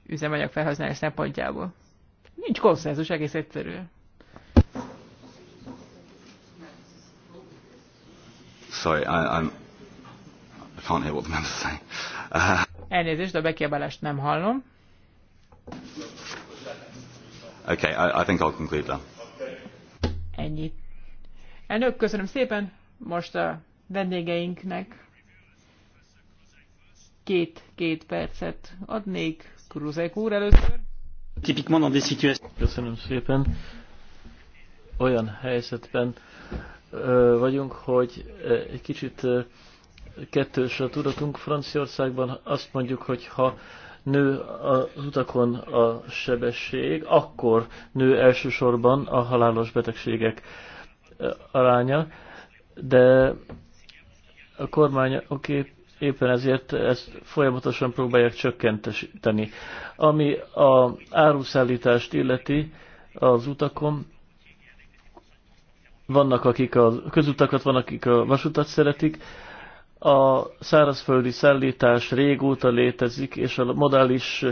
Speaker 4: Üzemanyag felhasználás szempontjából. Nincs konszenzus, egész egyszerű.
Speaker 3: Sorry, I, I'm, I can't hear what the man's saying. Uh...
Speaker 4: Elnézést, de a bekiabálást nem hallom.
Speaker 3: Okay, I, I think I'll conclude now.
Speaker 4: Ennyit. Elnök, köszönöm szépen. Most a vendégeinknek két-két percet adnék. Kruzek úr először.
Speaker 2: Tipik dans de Köszönöm szépen. Olyan helyzetben ö, vagyunk, hogy egy kicsit ö, kettős a tudatunk. Franciaországban azt mondjuk, hogy ha nő az utakon a sebesség, akkor nő elsősorban a halálos betegségek aránya, de a kormány, oké, éppen ezért ezt folyamatosan próbálják csökkenteni. Ami a áruszállítást illeti az utakon, vannak akik a közutakat, vannak akik a vasutat szeretik, a szárazföldi szállítás régóta létezik, és a modális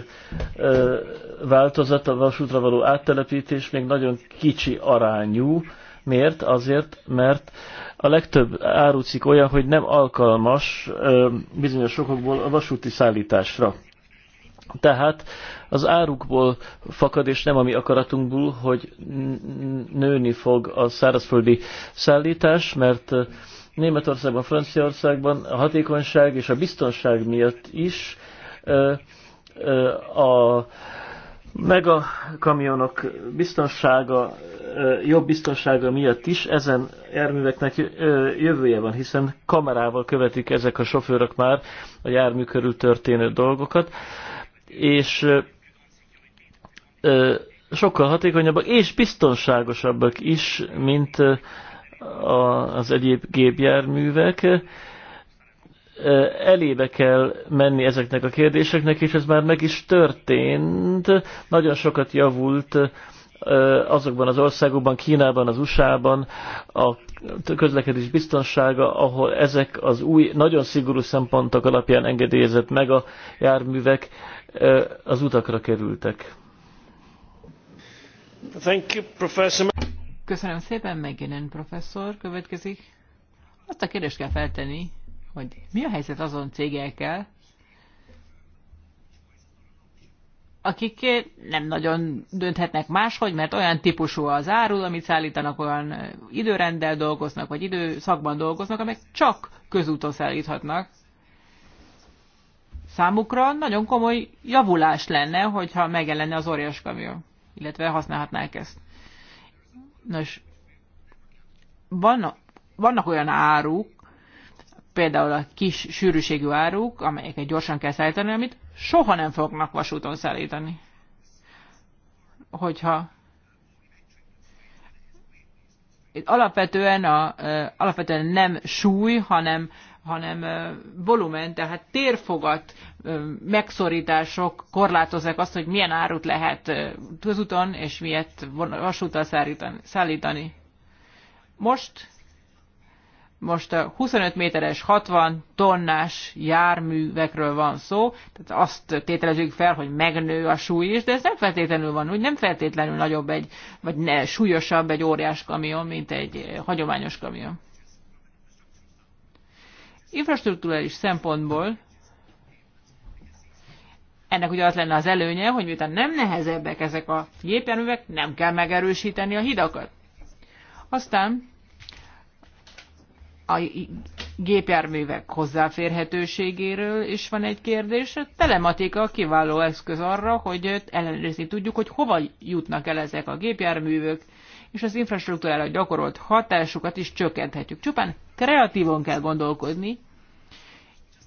Speaker 2: változat, a vasútra való áttelepítés még nagyon kicsi arányú. Miért? Azért, mert a legtöbb árucik olyan, hogy nem alkalmas bizonyos sokokból a vasúti szállításra. Tehát az árukból fakad, és nem a mi akaratunkból, hogy nőni fog a szárazföldi szállítás, mert Németországban, Franciaországban a hatékonyság és a biztonság miatt is a a kamionok biztonsága, jobb biztonsága miatt is ezen járműveknek jövője van, hiszen kamerával követik ezek a sofőrök már a jármű körül történő dolgokat, és sokkal hatékonyabbak és biztonságosabbak is, mint az egyéb gépjárművek. Elébe kell menni ezeknek a kérdéseknek, és ez már meg is történt. Nagyon sokat javult azokban az országokban, Kínában, az USA-ban a közlekedés biztonsága, ahol ezek az új, nagyon szigorú szempontok alapján engedélyezett meg a járművek az utakra kerültek.
Speaker 4: Thank you, professor. Köszönöm szépen, megjelen professzor következik. Azt a kérdést kell feltenni, hogy mi a helyzet azon cégekkel, akik nem nagyon dönthetnek máshogy, mert olyan típusú az árul, amit szállítanak, olyan időrenddel dolgoznak, vagy időszakban dolgoznak, amelyek csak közúton szállíthatnak. Számukra nagyon komoly javulás lenne, hogyha megjelenne az óriás kamion, illetve használhatnák ezt. Nos, vannak, vannak olyan áruk, például a kis sűrűségű áruk, amelyeket gyorsan kell szállítani, amit soha nem fognak vasúton szállítani. Hogyha itt alapvetően, a, alapvetően nem súly, hanem hanem volumen, tehát térfogat megszorítások korlátozzák azt, hogy milyen árut lehet közúton és milyet vasúttal szállítani. Most most a 25 méteres, 60 tonnás járművekről van szó, tehát azt tételezzük fel, hogy megnő a súly is, de ez nem feltétlenül van úgy, nem feltétlenül nagyobb egy, vagy ne, súlyosabb egy óriás kamion, mint egy hagyományos kamion. Infrastruktúrális szempontból ennek ugye az lenne az előnye, hogy miután nem nehezebbek ezek a gépjárművek, nem kell megerősíteni a hidakat. Aztán a gépjárművek hozzáférhetőségéről is van egy kérdés. A telematika kiváló eszköz arra, hogy ellenőrizni tudjuk, hogy hova jutnak el ezek a gépjárművek, és az infrastruktúrára gyakorolt hatásukat is csökkenthetjük. Csupán kreatívon kell gondolkodni,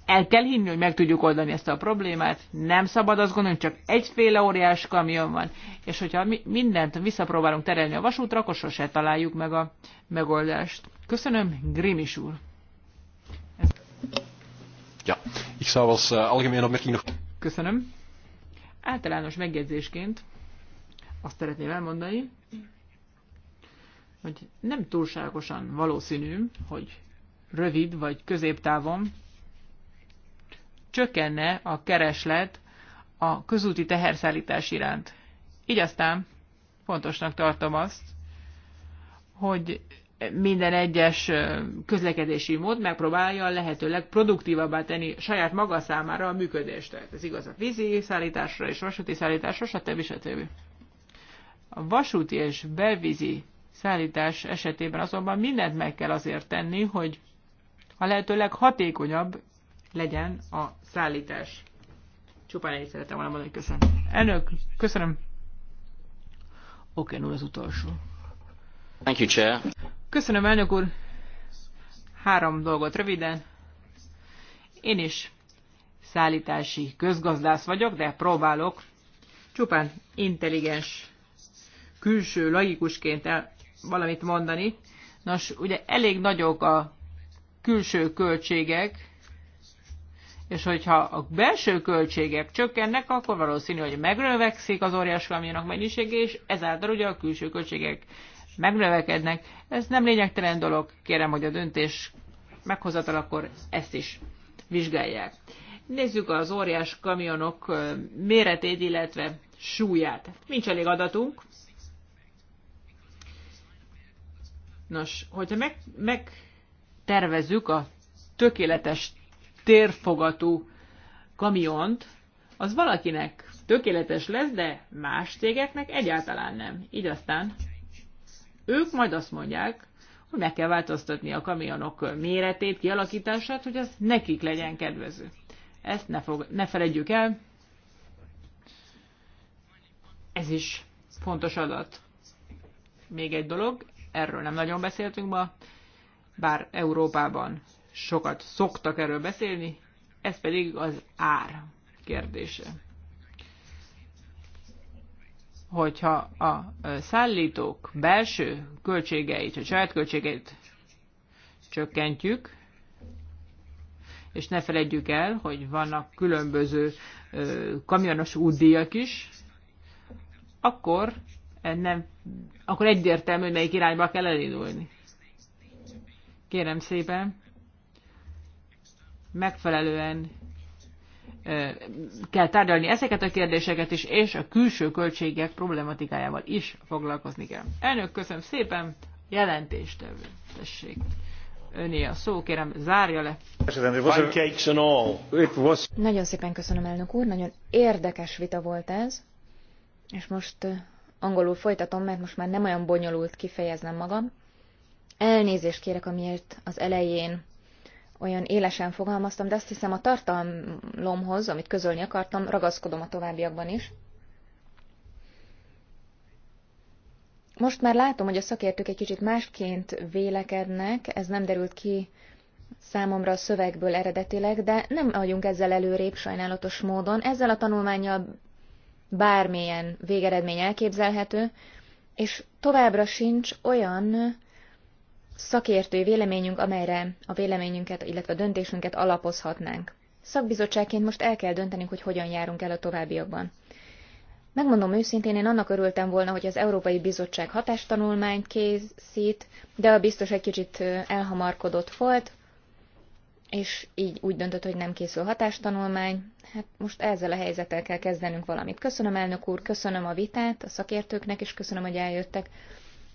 Speaker 4: el kell hinni, hogy meg tudjuk oldani ezt a problémát, nem szabad azt gondolni, csak egyféle óriás kamion van, és hogyha mi mindent visszapróbálunk terelni a vasútra, akkor sose találjuk meg a megoldást. Köszönöm, Grimis úr!
Speaker 3: Ja, ich sah
Speaker 4: was allgemein eh, noch. Köszönöm. Általános megjegyzésként azt szeretném elmondani, hogy nem túlságosan valószínű, hogy rövid vagy középtávon csökkenne a kereslet a közúti teherszállítás iránt. Így aztán fontosnak tartom azt, hogy minden egyes közlekedési mód megpróbálja lehetőleg produktívabbá tenni saját maga számára a működést. Tehát ez igaz a vízi szállításra és vasúti szállításra, stb. stb. A vasúti és belvízi szállítás esetében azonban mindent meg kell azért tenni, hogy a lehető leghatékonyabb legyen a szállítás. Csupán egy szeretem volna mondani, köszönöm. Elnök, köszönöm. Oké, úr az utolsó. Thank you, Chair. Köszönöm, elnök úr. Három dolgot röviden. Én is szállítási közgazdász vagyok, de próbálok csupán intelligens külső laikusként el, valamit mondani. Nos, ugye elég nagyok a külső költségek, és hogyha a belső költségek csökkennek, akkor valószínű, hogy megnövekszik az óriás kamionok mennyisége, és ezáltal ugye a külső költségek megnövekednek. Ez nem lényegtelen dolog, kérem, hogy a döntés meghozatal, akkor ezt is vizsgálják. Nézzük az óriás kamionok méretét, illetve súlyát. Nincs elég adatunk, Nos, hogyha meg, megtervezzük a tökéletes térfogatú kamiont, az valakinek tökéletes lesz, de más cégeknek egyáltalán nem. Így aztán ők majd azt mondják, hogy meg kell változtatni a kamionok méretét, kialakítását, hogy az nekik legyen kedvező. Ezt ne, fog, ne felejtjük el. Ez is fontos adat. Még egy dolog, erről nem nagyon beszéltünk ma, bár Európában sokat szoktak erről beszélni, ez pedig az ár kérdése. Hogyha a szállítók belső költségeit, a saját költségeit csökkentjük, és ne feledjük el, hogy vannak különböző ö, kamionos útdíjak is, akkor nem, akkor egyértelmű, hogy melyik irányba kell elindulni. Kérem szépen, megfelelően kell tárgyalni ezeket a kérdéseket is, és a külső költségek problematikájával is foglalkozni kell. Elnök, köszönöm szépen, jelentést tessék.
Speaker 5: Öné a szó, kérem, zárja le. Nagyon szépen köszönöm, elnök úr, nagyon érdekes vita volt ez, és most angolul folytatom, mert most már nem olyan bonyolult kifejeznem magam. Elnézést kérek, amiért az elején olyan élesen fogalmaztam, de azt hiszem a tartalomhoz, amit közölni akartam, ragaszkodom a továbbiakban is. Most már látom, hogy a szakértők egy kicsit másként vélekednek, ez nem derült ki számomra a szövegből eredetileg, de nem vagyunk ezzel előrébb sajnálatos módon. Ezzel a tanulmányjal bármilyen végeredmény elképzelhető, és továbbra sincs olyan szakértői véleményünk, amelyre a véleményünket, illetve a döntésünket alapozhatnánk. Szakbizottságként most el kell döntenünk, hogy hogyan járunk el a továbbiakban. Megmondom őszintén, én annak örültem volna, hogy az Európai Bizottság hatástanulmányt készít, de a biztos egy kicsit elhamarkodott volt és így úgy döntött, hogy nem készül hatástanulmány. Hát most ezzel a helyzettel kell kezdenünk valamit. Köszönöm, elnök úr, köszönöm a vitát a szakértőknek, és köszönöm, hogy eljöttek.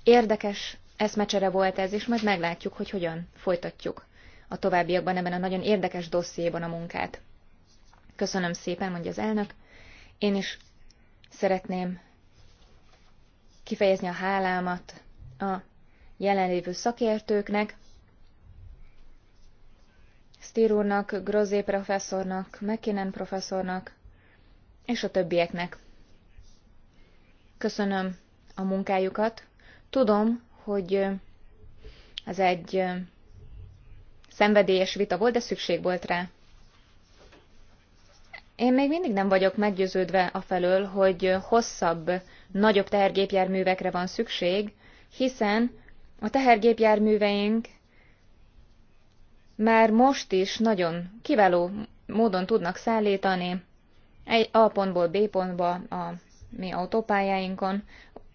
Speaker 5: Érdekes eszmecsere volt ez, és majd meglátjuk, hogy hogyan folytatjuk a továbbiakban ebben a nagyon érdekes dossziéban a munkát. Köszönöm szépen, mondja az elnök. Én is szeretném kifejezni a hálámat a jelenlévő szakértőknek, Stier úrnak, Grozé professzornak, McKinnon professzornak és a többieknek. Köszönöm a munkájukat. Tudom, hogy ez egy szenvedélyes vita volt, de szükség volt rá. Én még mindig nem vagyok meggyőződve a felől, hogy hosszabb, nagyobb tehergépjárművekre van szükség, hiszen a tehergépjárműveink már most is nagyon kiváló módon tudnak szállítani egy A pontból B pontba a mi autópályáinkon.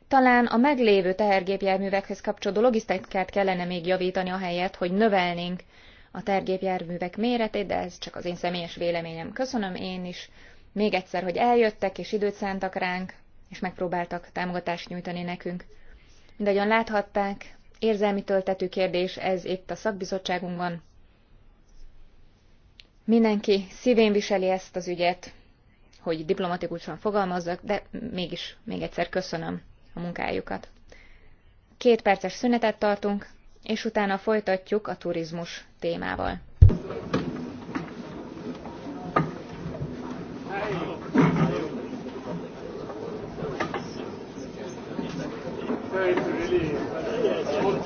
Speaker 5: Talán a meglévő tehergépjárművekhez kapcsolódó logisztikát kellene még javítani a helyet, hogy növelnénk a tergépjárművek méretét, de ez csak az én személyes véleményem. Köszönöm én is még egyszer, hogy eljöttek és időt szántak ránk, és megpróbáltak támogatást nyújtani nekünk. Mindegyan láthatták, érzelmi töltetű kérdés ez itt a szakbizottságunkban. Mindenki szívén viseli ezt az ügyet, hogy diplomatikusan fogalmazzak, de mégis még egyszer köszönöm a munkájukat. Két perces szünetet tartunk, és utána folytatjuk a turizmus témával.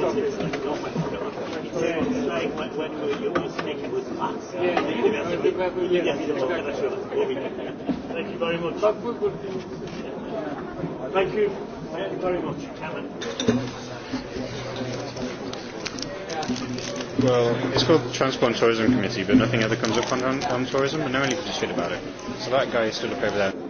Speaker 1: Thank you yeah, it's like the university,
Speaker 3: Well, it's called Transplant Tourism Committee, but nothing ever comes up on, on, on tourism, and no one gives a shit about it. So that guy stood up over there.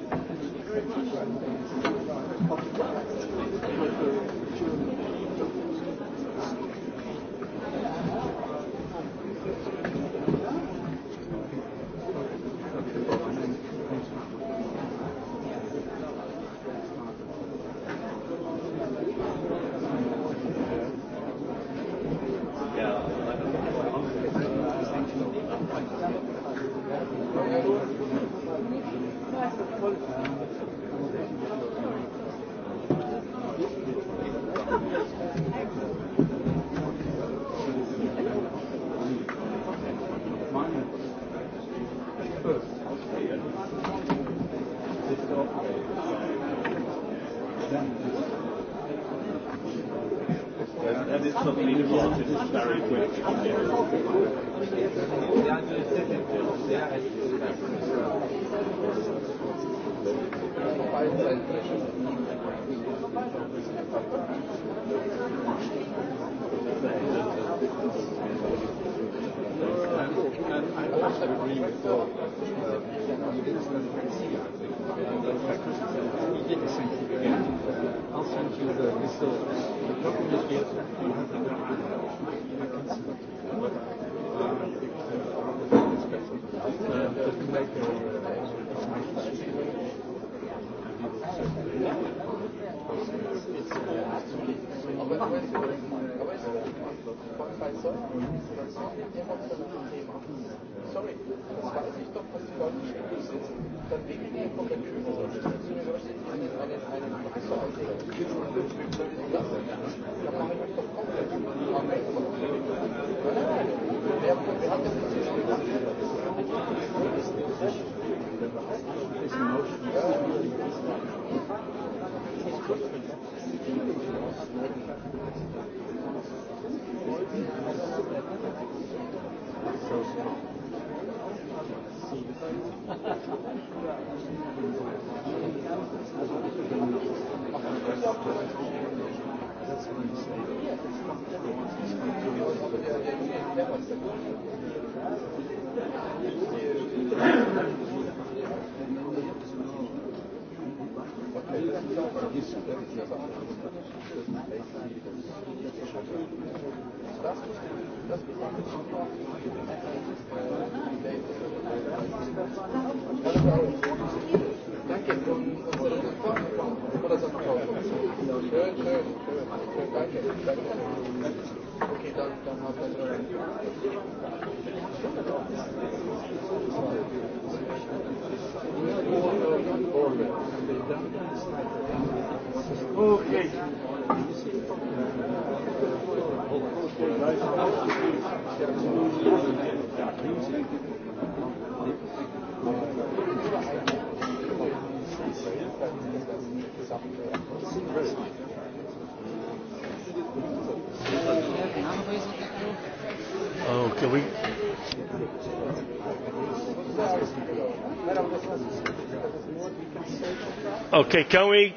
Speaker 1: Okay, can we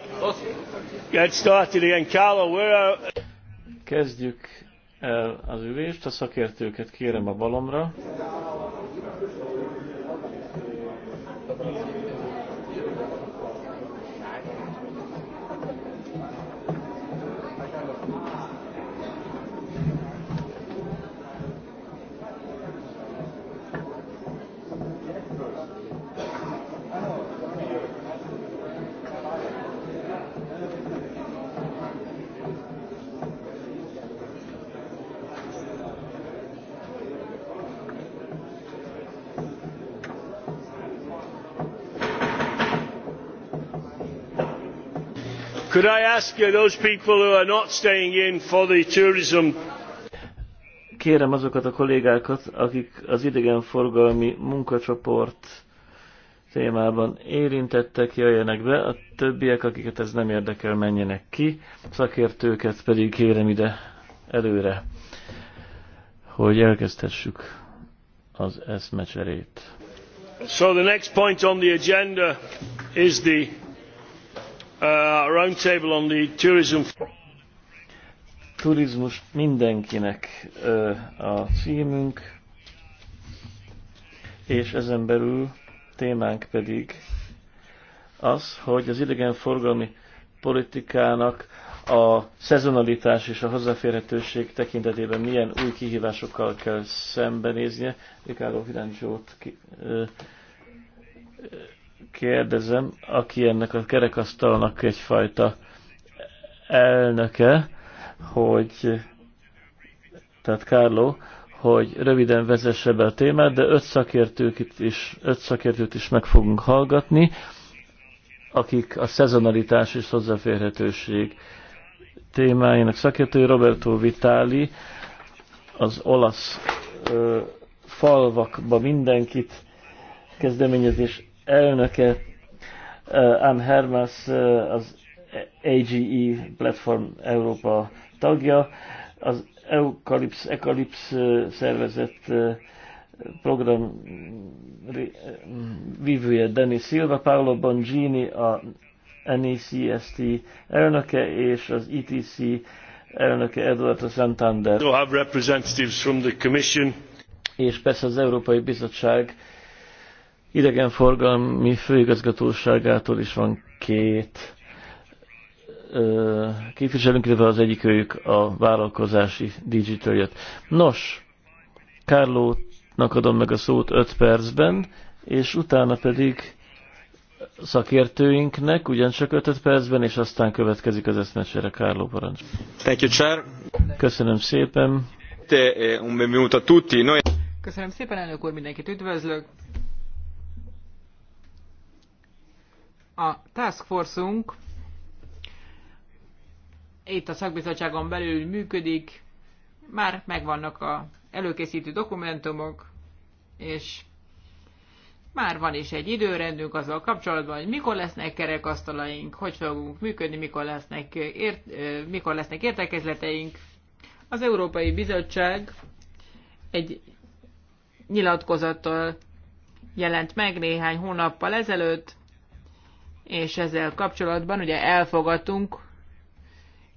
Speaker 2: get started again? Carlo, where are... Kezdjük el az ülést, a szakértőket kérem a balomra.
Speaker 1: Could I ask you, those people who are not staying in for the tourism
Speaker 2: Kérem azokat a kollégákat, akik az idegenforgalmi munkacsoport témában érintettek, jöjjenek be, a többiek, akiket ez nem érdekel, menjenek ki, szakértőket pedig kérem ide előre, hogy elkezdhessük az eszmecserét.
Speaker 1: So the next point on the agenda is the Uh, roundtable on the
Speaker 2: tourism. Turizmus mindenkinek uh, a címünk, és ezen belül témánk pedig az, hogy az idegenforgalmi politikának a szezonalitás és a hozzáférhetőség tekintetében milyen új kihívásokkal kell szembenéznie. Ricardo Firancsót ki, ö, uh, ö, kérdezem, aki ennek a kerekasztalnak egyfajta elnöke, hogy tehát Kárló, hogy röviden vezesse be a témát, de öt szakértőt is, öt szakértőt is meg fogunk hallgatni, akik a szezonalitás és hozzáférhetőség témájának szakértői Roberto Vitali, az olasz ö, falvakba mindenkit kezdeményezés elnöke, eh, Ann Hermas, eh, az AGE Platform Európa tagja, az Eukalypsz, Ekalipsz eh, szervezett program vívője Denis Silva, Paolo Bongini a NECST elnöke és az ETC elnöke Eduardo Santander.
Speaker 1: We'll have representatives from
Speaker 2: the commission. És persze az Európai Bizottság idegenforgalmi főigazgatóságától is van két képviselünk, illetve az egyik őjük a vállalkozási digital jött. Nos, Kárlónak adom meg a szót 5 percben, és utána pedig szakértőinknek, ugyancsak 5 percben, és aztán következik az eszmecsere Kárló parancs. Thank you, Chair. Köszönöm szépen.
Speaker 3: Eh,
Speaker 4: Köszönöm szépen, elnök úr, mindenkit üdvözlök. A Task Force-unk itt a szakbizottságon belül működik, már megvannak a előkészítő dokumentumok, és már van is egy időrendünk azzal kapcsolatban, hogy mikor lesznek kerekasztalaink, hogy fogunk működni, mikor lesznek, ért, mikor lesznek értekezleteink. Az Európai Bizottság egy nyilatkozattal jelent meg néhány hónappal ezelőtt, és ezzel kapcsolatban ugye elfogadtunk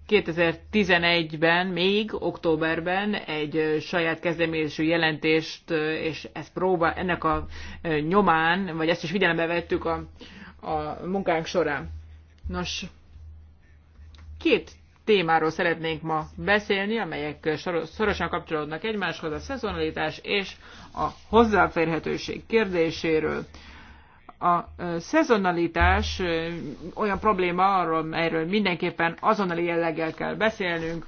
Speaker 4: 2011-ben, még októberben egy saját kezdeményezésű jelentést, és ezt próba, ennek a nyomán, vagy ezt is figyelembe vettük a, a munkánk során. Nos, két témáról szeretnénk ma beszélni, amelyek szorosan kapcsolódnak egymáshoz, a szezonalitás és a hozzáférhetőség kérdéséről a szezonalitás olyan probléma, arról, erről mindenképpen azonnali jelleggel kell beszélnünk.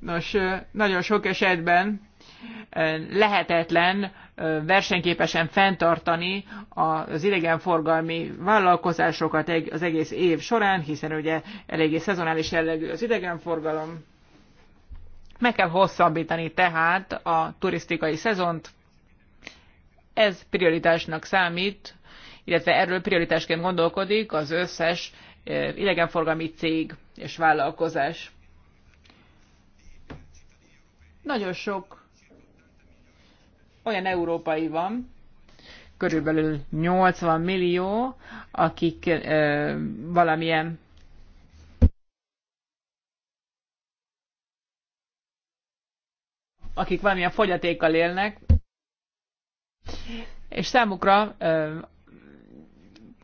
Speaker 4: Nos, nagyon sok esetben lehetetlen versenyképesen fenntartani az idegenforgalmi vállalkozásokat az egész év során, hiszen ugye eléggé szezonális jellegű az idegenforgalom. Meg kell hosszabbítani tehát a turisztikai szezont. Ez prioritásnak számít, illetve erről prioritásként gondolkodik az összes eh, idegenforgalmi cég és vállalkozás. Nagyon sok olyan európai van, körülbelül 80 millió, akik ö, eh, valamilyen akik valamilyen fogyatékkal élnek, és számukra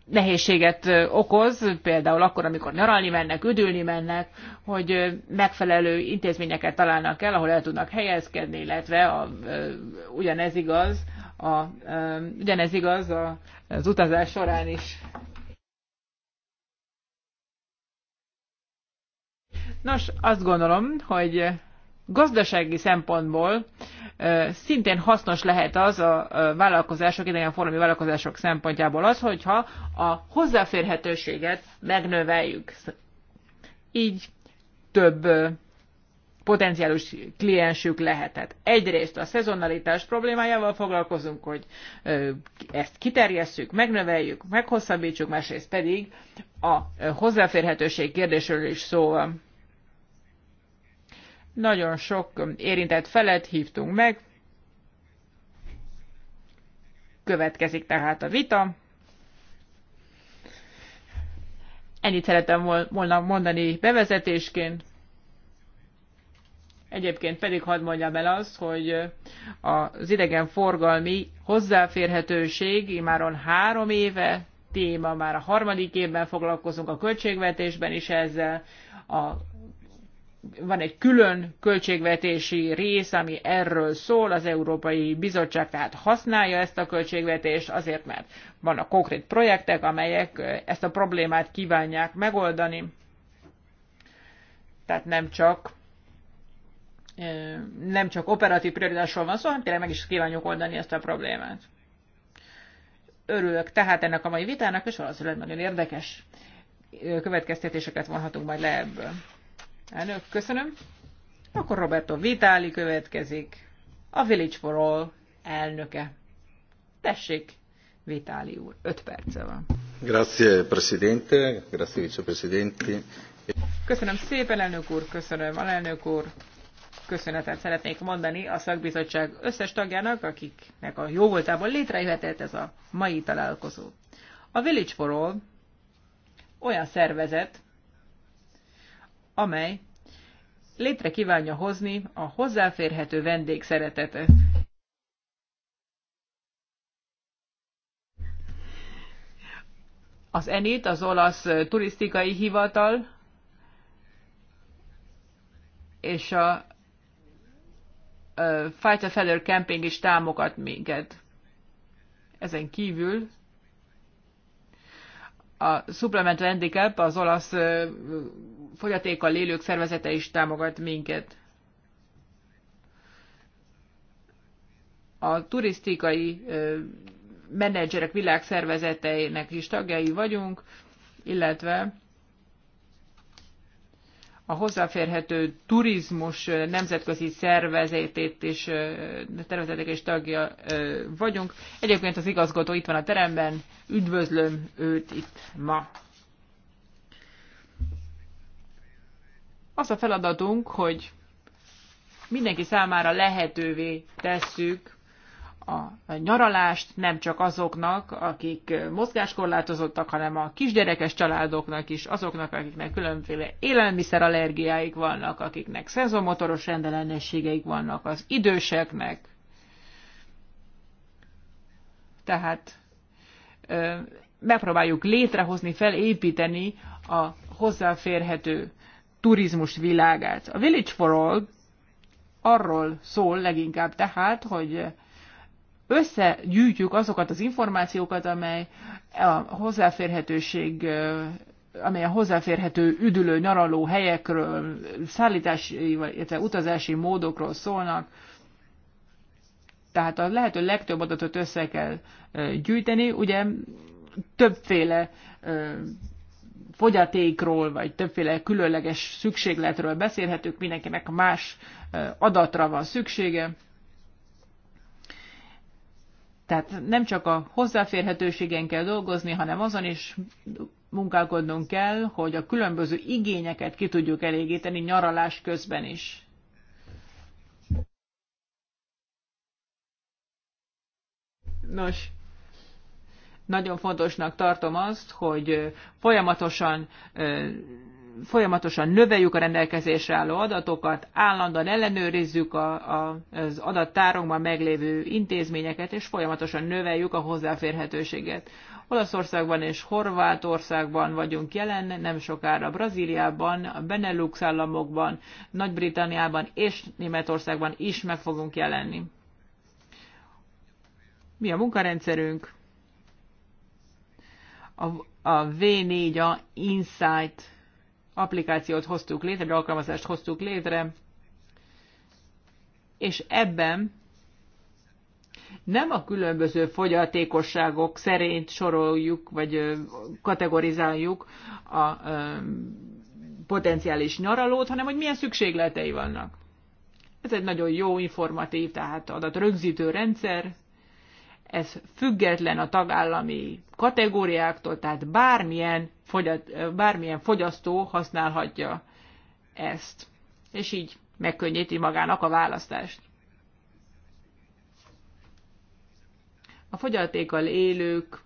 Speaker 4: nehézséget okoz, például akkor, amikor nyaralni mennek, üdülni mennek, hogy megfelelő intézményeket találnak el, ahol el tudnak helyezkedni, illetve a, ugyanez igaz, a, ugyanez igaz a, az utazás során is. Nos, azt gondolom, hogy gazdasági szempontból szintén hasznos lehet az a vállalkozások, idegenforgalmi vállalkozások szempontjából az, hogyha a hozzáférhetőséget megnöveljük. Így több potenciális kliensük lehetett. Egyrészt a szezonalitás problémájával foglalkozunk, hogy ezt kiterjesszük, megnöveljük, meghosszabbítsuk, másrészt pedig a hozzáférhetőség kérdésről is szó van. Nagyon sok érintett felet hívtunk meg. Következik tehát a vita. Ennyit szeretem volna mondani bevezetésként. Egyébként pedig hadd mondjam el azt, hogy az idegenforgalmi hozzáférhetőség imáron három éve téma, már a harmadik évben foglalkozunk a költségvetésben is ezzel, a van egy külön költségvetési rész, ami erről szól, az Európai Bizottság tehát használja ezt a költségvetést azért, mert vannak konkrét projektek, amelyek ezt a problémát kívánják megoldani. Tehát nem csak nem csak operatív prioritásról van szó, hanem tényleg meg is kívánjuk oldani ezt a problémát. Örülök tehát ennek a mai vitának, és valószínűleg nagyon érdekes következtetéseket vonhatunk majd le ebből. Elnök, köszönöm. Akkor Roberto Vitali következik, a Village for All elnöke. Tessék, Vitali úr, öt perce van.
Speaker 3: Grazie, Presidente, grazie, vicepresidente.
Speaker 4: Köszönöm szépen, elnök úr, köszönöm, alelnök úr. Köszönetet szeretnék mondani a szakbizottság összes tagjának, akiknek a jó voltából létrejöhetett ez a mai találkozó. A Village for All olyan szervezet, amely létre kívánja hozni a hozzáférhető vendégszeretetet. Az ENIT, az olasz turisztikai hivatal, és a Fight a Feather Camping is támogat minket. Ezen kívül a Supplement Handicap, az olasz fogyatékkal élők szervezete is támogat minket. A turisztikai menedzserek világszervezeteinek is tagjai vagyunk, illetve a hozzáférhető turizmus nemzetközi szervezetét és tervezetek és tagja vagyunk. Egyébként az igazgató itt van a teremben, üdvözlöm őt itt ma. Az a feladatunk, hogy mindenki számára lehetővé tesszük a nyaralást, nem csak azoknak, akik mozgáskorlátozottak, hanem a kisgyerekes családoknak is, azoknak, akiknek különféle élelmiszerallergiáik vannak, akiknek szenzomotoros rendellenességeik vannak, az időseknek. Tehát megpróbáljuk létrehozni, felépíteni a hozzáférhető turizmus világát. A Village for All arról szól leginkább tehát, hogy összegyűjtjük azokat az információkat, amely a hozzáférhetőség amely a hozzáférhető üdülő, nyaraló helyekről, szállítási, illetve utazási módokról szólnak. Tehát a lehető legtöbb adatot össze kell gyűjteni. Ugye többféle fogyatékról, vagy többféle különleges szükségletről beszélhetünk, mindenkinek más adatra van szüksége. Tehát nem csak a hozzáférhetőségen kell dolgozni, hanem azon is munkálkodnunk kell, hogy a különböző igényeket ki tudjuk elégíteni nyaralás közben is. Nos, nagyon fontosnak tartom azt, hogy folyamatosan folyamatosan növeljük a rendelkezésre álló adatokat, állandóan ellenőrizzük a, a, az adattárunkban meglévő intézményeket, és folyamatosan növeljük a hozzáférhetőséget. Olaszországban és Horvátországban vagyunk jelen, nem sokára Brazíliában, a Benelux államokban, Nagy-Britanniában és Németországban is meg fogunk jelenni. Mi a munkarendszerünk? a, a V4A Insight applikációt hoztuk létre, vagy alkalmazást hoztuk létre, és ebben nem a különböző fogyatékosságok szerint soroljuk, vagy kategorizáljuk a potenciális nyaralót, hanem hogy milyen szükségletei vannak. Ez egy nagyon jó informatív, tehát adatrögzítő rendszer, ez független a tagállami kategóriáktól, tehát bármilyen, fogyat, bármilyen fogyasztó használhatja ezt, és így megkönnyíti magának a választást. A fogyatékkal élők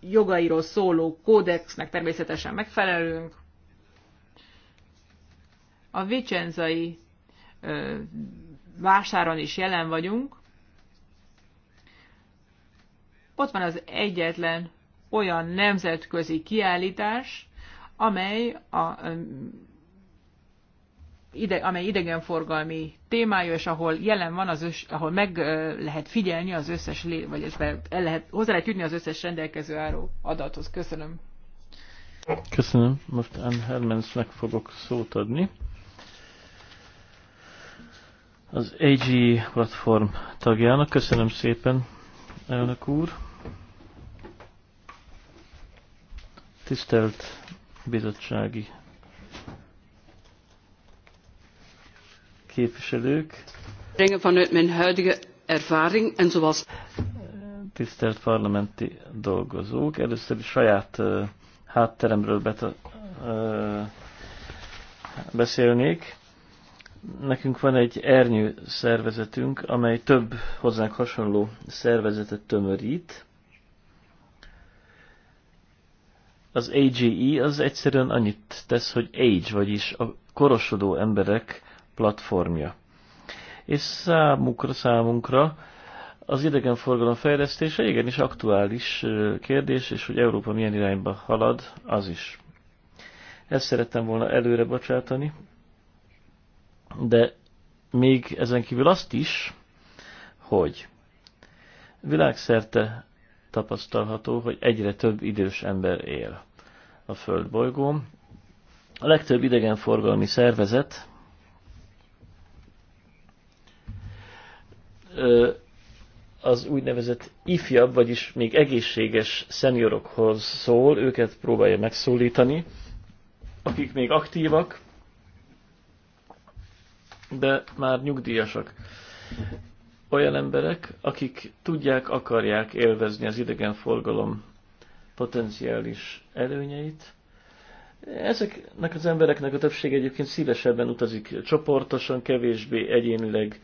Speaker 4: jogairól szóló kódexnek természetesen megfelelünk. A vicenzai vásáron is jelen vagyunk, ott van az egyetlen olyan nemzetközi kiállítás, amely a ide, amely idegenforgalmi témája, és ahol jelen van, az ös, ahol meg lehet figyelni az összes, vagy ez el lehet, hozzá lehet jutni az összes rendelkező áró adathoz. Köszönöm.
Speaker 2: Köszönöm. Most Anne Hermansnek fogok szót adni. Az AG platform tagjának. Köszönöm szépen, elnök úr. Tisztelt bizottsági képviselők, tisztelt parlamenti dolgozók, először is saját uh, hátteremről beta, uh, beszélnék. Nekünk van egy ernyő szervezetünk, amely több hozzánk hasonló szervezetet tömörít, Az AGE az egyszerűen annyit tesz, hogy age, vagyis a korosodó emberek platformja. És számukra, számunkra az idegenforgalom fejlesztése igenis aktuális kérdés, és hogy Európa milyen irányba halad, az is. Ezt szerettem volna előre bocsátani, de még ezen kívül azt is, hogy világszerte tapasztalható, hogy egyre több idős ember él a földbolygón. A legtöbb idegenforgalmi szervezet az úgynevezett ifjabb, vagyis még egészséges szeniorokhoz szól, őket próbálja megszólítani, akik még aktívak, de már nyugdíjasak olyan emberek, akik tudják, akarják élvezni az idegenforgalom potenciális előnyeit. Ezeknek az embereknek a többség egyébként szívesebben utazik csoportosan, kevésbé egyénileg,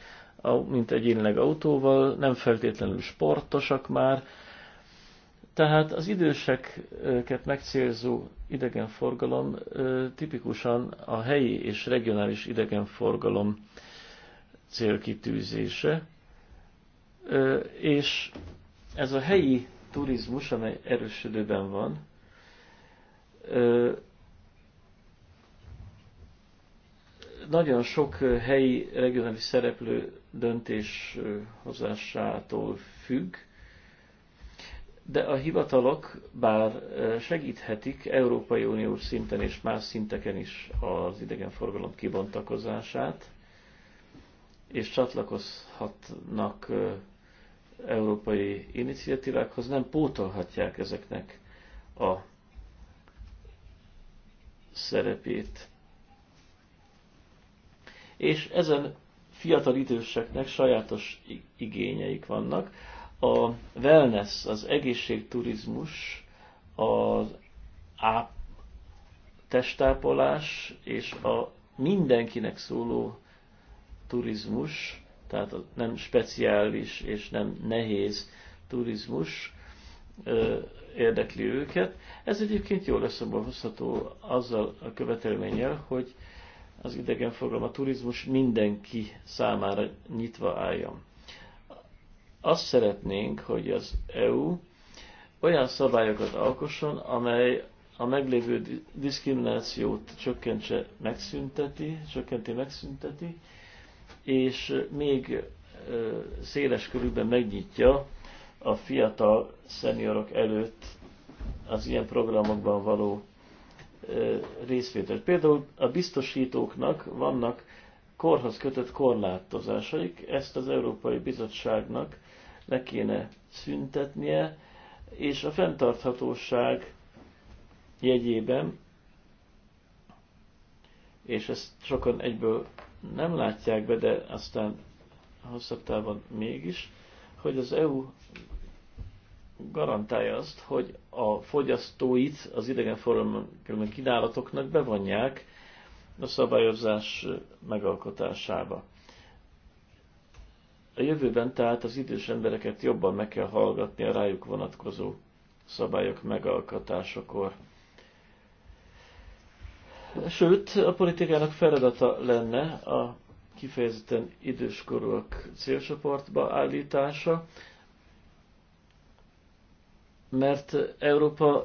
Speaker 2: mint egyénileg autóval, nem feltétlenül sportosak már. Tehát az időseket megcélzó idegenforgalom tipikusan a helyi és regionális idegenforgalom célkitűzése és ez a helyi turizmus, amely erősödőben van, nagyon sok helyi regionális szereplő döntéshozásától függ, de a hivatalok bár segíthetik Európai Unió szinten és más szinteken is az idegenforgalom kibontakozását, és csatlakozhatnak európai iniciatívákhoz, nem pótolhatják ezeknek a szerepét. És ezen fiatal időseknek sajátos igényeik vannak. A wellness, az egészségturizmus, az áp, testápolás és a mindenkinek szóló turizmus, tehát a nem speciális és nem nehéz turizmus ö, érdekli őket. Ez egyébként jól összeborhozható azzal a követelménnyel, hogy az idegenforgalom, a turizmus mindenki számára nyitva álljon. Azt szeretnénk, hogy az EU olyan szabályokat alkosson, amely a meglévő diszkriminációt csökkentse, megszünteti, csökkenti, megszünteti, és még széles körülben megnyitja a fiatal szeniorok előtt az ilyen programokban való részvételt. Például a biztosítóknak vannak korhoz kötött korlátozásaik, ezt az Európai Bizottságnak le kéne szüntetnie, és a fenntarthatóság jegyében, és ezt sokan egyből nem látják be, de aztán hosszabb távon mégis, hogy az EU garantálja azt, hogy a fogyasztóit az idegenforgalmi kínálatoknak bevonják a szabályozás megalkotásába. A jövőben tehát az idős embereket jobban meg kell hallgatni a rájuk vonatkozó szabályok megalkotásakor. Sőt, a politikának feladata lenne a kifejezetten időskorúak célcsoportba állítása, mert Európa,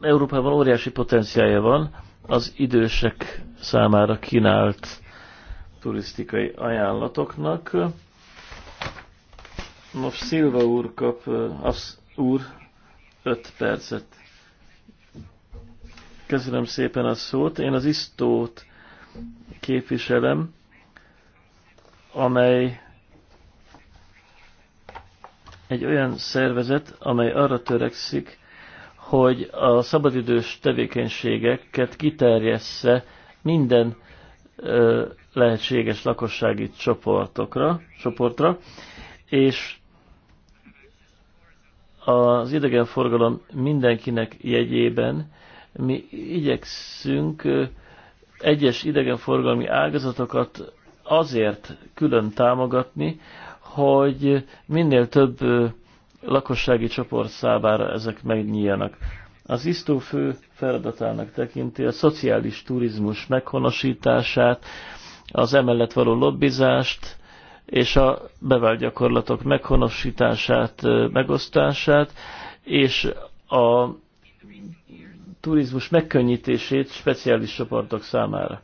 Speaker 2: Európában óriási potenciálja van az idősek számára kínált turisztikai ajánlatoknak. Most Szilva úr kap, eh, az úr 5 percet. Köszönöm szépen a szót. Én az isztót képviselem, amely egy olyan szervezet, amely arra törekszik, hogy a szabadidős tevékenységeket kiterjessze minden ö, lehetséges lakossági csoportokra, csoportra, és az idegenforgalom mindenkinek jegyében mi igyekszünk egyes idegenforgalmi ágazatokat azért külön támogatni, hogy minél több lakossági csoport számára ezek megnyíljanak. Az ISZTÓ fő feladatának tekinti a szociális turizmus meghonosítását, az emellett való lobbizást és a bevált gyakorlatok meghonosítását, megosztását, és a turizmus megkönnyítését speciális csoportok számára.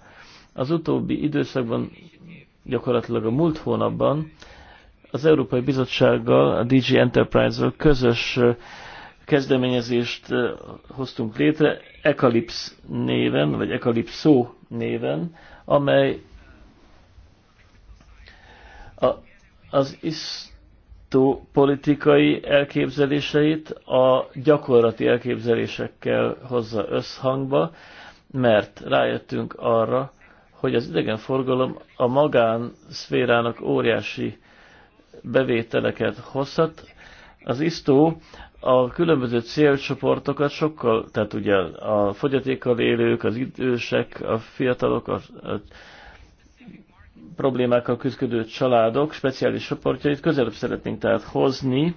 Speaker 2: Az utóbbi időszakban, gyakorlatilag a múlt hónapban az Európai Bizottsággal, a DG Enterprise-val közös kezdeményezést hoztunk létre, Eclipse néven, vagy szó néven, amely a, az is nettó politikai elképzeléseit a gyakorlati elképzelésekkel hozza összhangba, mert rájöttünk arra, hogy az idegenforgalom a magán szférának óriási bevételeket hozhat. Az ISTO a különböző célcsoportokat sokkal, tehát ugye a fogyatékkal élők, az idősek, a fiatalok, a, a problémákkal küzdő családok speciális csoportjait közelebb szeretnénk tehát hozni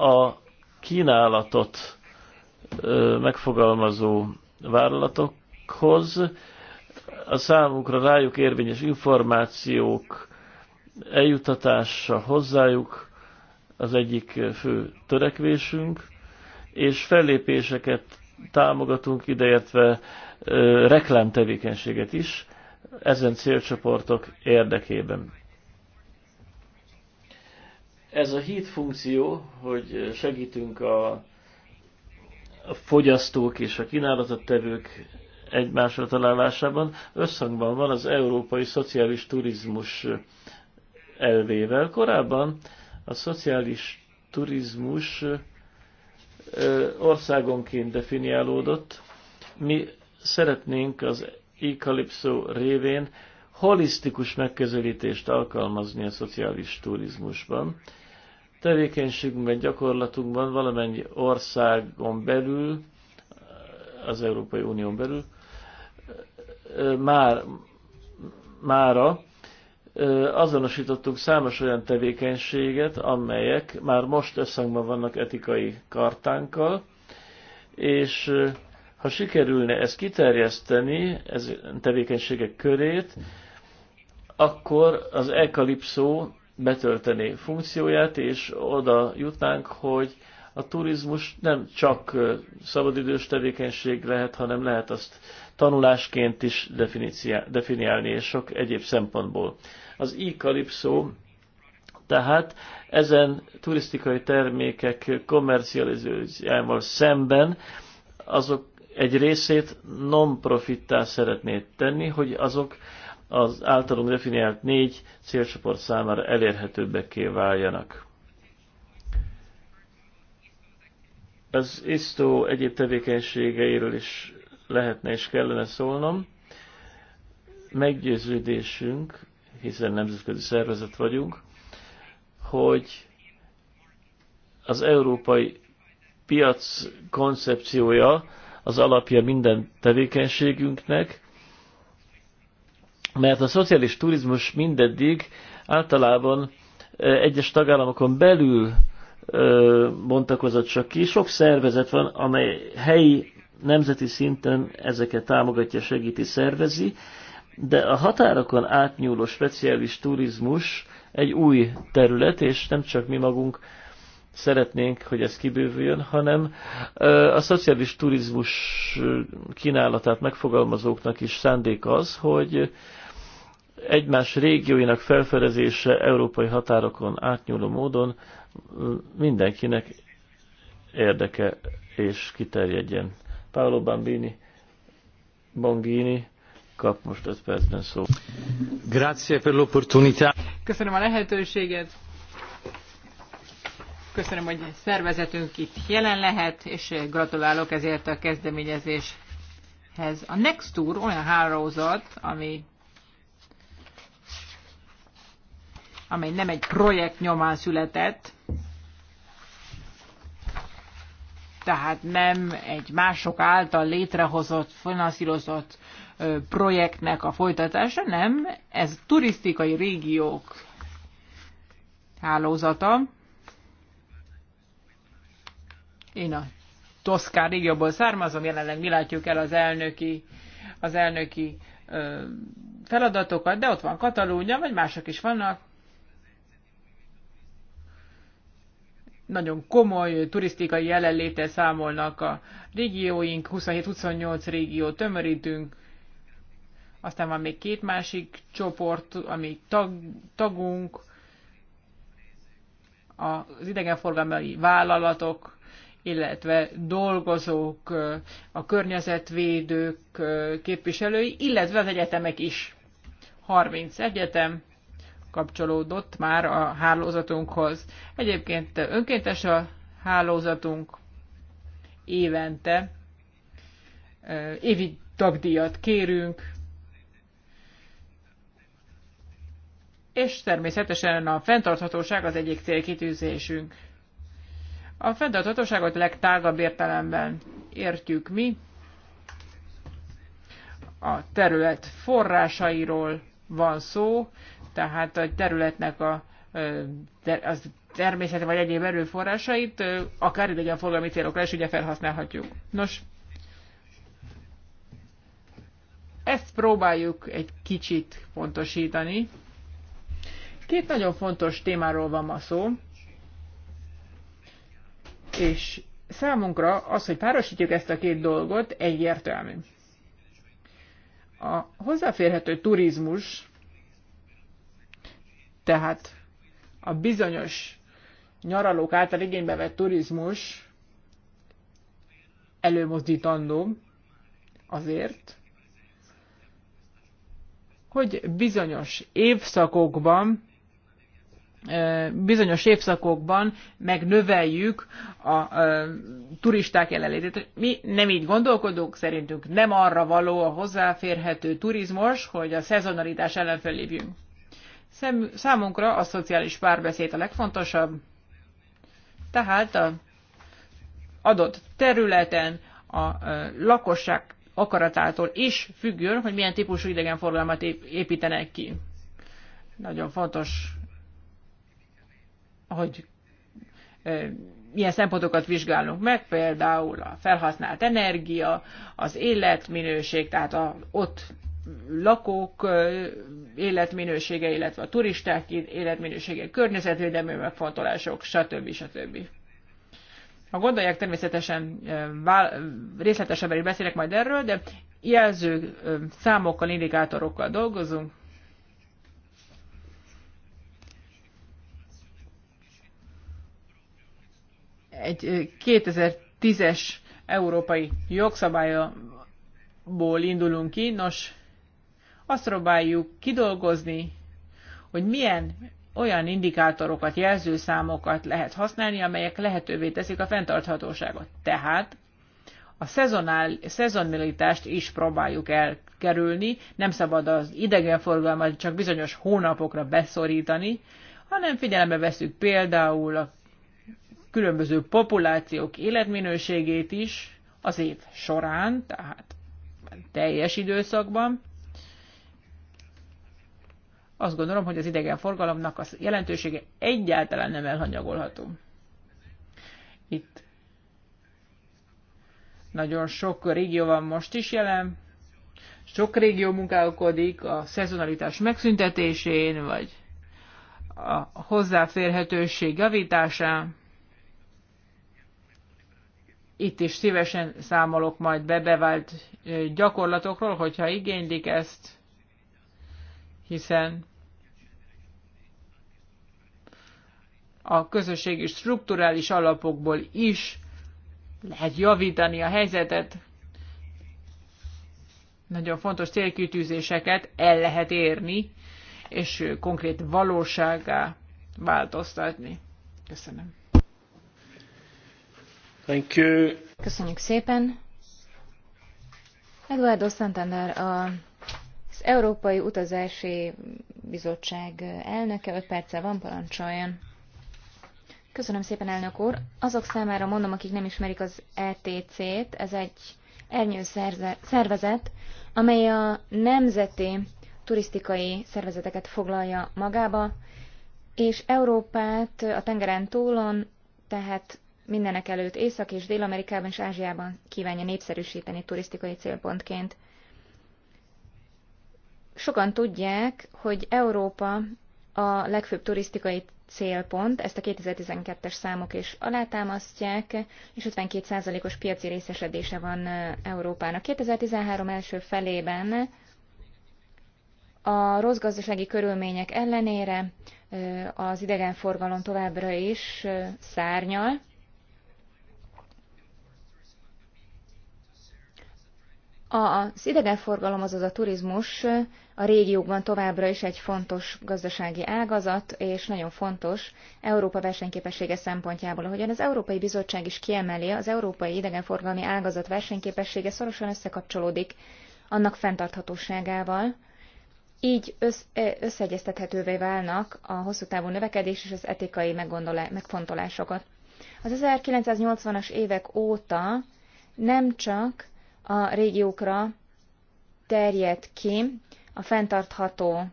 Speaker 2: a kínálatot megfogalmazó vállalatokhoz, a számukra rájuk érvényes információk eljutatása hozzájuk az egyik fő törekvésünk, és fellépéseket támogatunk, ideértve reklámtevékenységet is, ezen célcsoportok érdekében. Ez a híd funkció, hogy segítünk a, a fogyasztók és a kínálatot tevők egymásra találásában, összhangban van az európai szociális turizmus elvével. Korábban a szociális turizmus országonként definiálódott. Mi szeretnénk az e révén holisztikus megközelítést alkalmazni a szociális turizmusban. Tevékenységünkben, gyakorlatunkban valamennyi országon belül, az Európai Unión belül, már, mára azonosítottunk számos olyan tevékenységet, amelyek már most összhangban vannak etikai kartánkkal, és ha sikerülne ezt kiterjeszteni, ez tevékenységek körét, akkor az ekalipszó betölteni funkcióját, és oda jutnánk, hogy a turizmus nem csak szabadidős tevékenység lehet, hanem lehet azt tanulásként is definiálni, és sok egyéb szempontból. Az e-kalipszó tehát ezen turisztikai termékek komercializációjával szemben azok egy részét non-profittá szeretné tenni, hogy azok az általunk definiált négy célcsoport számára elérhetőbbeké váljanak. Az ISTO egyéb tevékenységeiről is lehetne és kellene szólnom. Meggyőződésünk, hiszen nemzetközi szervezet vagyunk, hogy az európai piac koncepciója az alapja minden tevékenységünknek, mert a szociális turizmus mindeddig általában egyes tagállamokon belül bontakozott csak ki. Sok szervezet van, amely helyi, nemzeti szinten ezeket támogatja, segíti, szervezi, de a határokon átnyúló speciális turizmus egy új terület, és nem csak mi magunk szeretnénk, hogy ez kibővüljön, hanem a szociális turizmus kínálatát megfogalmazóknak is szándék az, hogy egymás régióinak felfedezése európai határokon átnyúló módon mindenkinek érdeke és kiterjedjen. Paolo Bambini, Bongini kap most 5 percben szó. Grazie per l'opportunità.
Speaker 4: Köszönöm a lehetőséget Köszönöm, hogy szervezetünk itt jelen lehet, és gratulálok ezért a kezdeményezéshez. A Next Tour olyan hálózat, ami amely nem egy projekt nyomán született, tehát nem egy mások által létrehozott, finanszírozott projektnek a folytatása, nem, ez turisztikai régiók hálózata, én a Toszkán régióból származom, jelenleg mi látjuk el az elnöki, az elnöki ö, feladatokat, de ott van Katalónia, vagy mások is vannak. Nagyon komoly turisztikai jelenléte számolnak a régióink, 27-28 régió tömörítünk, aztán van még két másik csoport, ami tag, tagunk, az idegenforgalmi vállalatok, illetve dolgozók, a környezetvédők képviselői, illetve az egyetemek is. 30 egyetem kapcsolódott már a hálózatunkhoz. Egyébként önkéntes a hálózatunk évente, évi tagdíjat kérünk, és természetesen a fenntarthatóság az egyik célkitűzésünk. A fenntarthatóságot legtágabb értelemben értjük mi, a terület forrásairól van szó, tehát a területnek a, az természet vagy egyéb erőforrásait akár idegenforgalmi célokra is ugye felhasználhatjuk. Nos, ezt próbáljuk egy kicsit pontosítani. Két nagyon fontos témáról van ma szó. És számunkra az, hogy párosítjuk ezt a két dolgot, egyértelmű. A hozzáférhető turizmus, tehát a bizonyos nyaralók által igénybe vett turizmus előmozdítandó azért, hogy bizonyos évszakokban bizonyos évszakokban megnöveljük a turisták jelenlétét. Mi nem így gondolkodunk, szerintünk nem arra való a hozzáférhető turizmus, hogy a szezonalitás ellen fölépjünk. Számunkra a szociális párbeszéd a legfontosabb, tehát a adott területen a lakosság akaratától is függő, hogy milyen típusú idegenforgalmat építenek ki. Nagyon fontos hogy milyen szempontokat vizsgálunk meg, például a felhasznált energia, az életminőség, tehát a, ott lakók életminősége, illetve a turisták életminősége, környezetvédelmi megfontolások, stb. stb. Ha gondolják, természetesen részletesebben is beszélek majd erről, de jelző számokkal, indikátorokkal dolgozunk, egy 2010-es európai jogszabályból indulunk ki, nos, azt próbáljuk kidolgozni, hogy milyen olyan indikátorokat, jelzőszámokat lehet használni, amelyek lehetővé teszik a fenntarthatóságot. Tehát a szezonál, szezonalitást is próbáljuk elkerülni, nem szabad az idegenforgalmat csak bizonyos hónapokra beszorítani, hanem figyelembe veszük például a különböző populációk életminőségét is az év során, tehát teljes időszakban. Azt gondolom, hogy az idegenforgalomnak a jelentősége egyáltalán nem elhanyagolható. Itt nagyon sok régió van most is jelen, sok régió munkálkodik a szezonalitás megszüntetésén, vagy a hozzáférhetőség javításán. Itt is szívesen számolok majd be bevált gyakorlatokról, hogyha igénylik ezt, hiszen a közösségi strukturális alapokból is lehet javítani a helyzetet. Nagyon fontos célkütűzéseket el lehet érni, és konkrét valóságá változtatni. Köszönöm.
Speaker 1: Thank you.
Speaker 5: Köszönjük szépen. Eduardo Santander, az Európai Utazási Bizottság elnöke, 5 perce van, parancsoljon. Köszönöm szépen, elnök úr. Azok számára mondom, akik nem ismerik az ETC-t, ez egy ernyő szervezet, amely a nemzeti turisztikai szervezeteket foglalja magába, és Európát a tengeren túlon, tehát mindenek előtt Észak- és Dél-Amerikában és Ázsiában kívánja népszerűsíteni turisztikai célpontként. Sokan tudják, hogy Európa a legfőbb turisztikai célpont, ezt a 2012-es számok is alátámasztják, és 52%-os piaci részesedése van Európának. 2013 első felében a rossz gazdasági körülmények ellenére az idegenforgalom továbbra is szárnyal, Az idegenforgalom, azaz a turizmus a régióban továbbra is egy fontos gazdasági ágazat, és nagyon fontos Európa versenyképessége szempontjából. Ahogyan az Európai Bizottság is kiemeli, az Európai Idegenforgalmi Ágazat versenyképessége szorosan összekapcsolódik annak fenntarthatóságával, így összeegyeztethetővé válnak a hosszú távú növekedés és az etikai megfontolásokat. Az 1980-as évek óta nem csak a régiókra terjed ki a fenntartható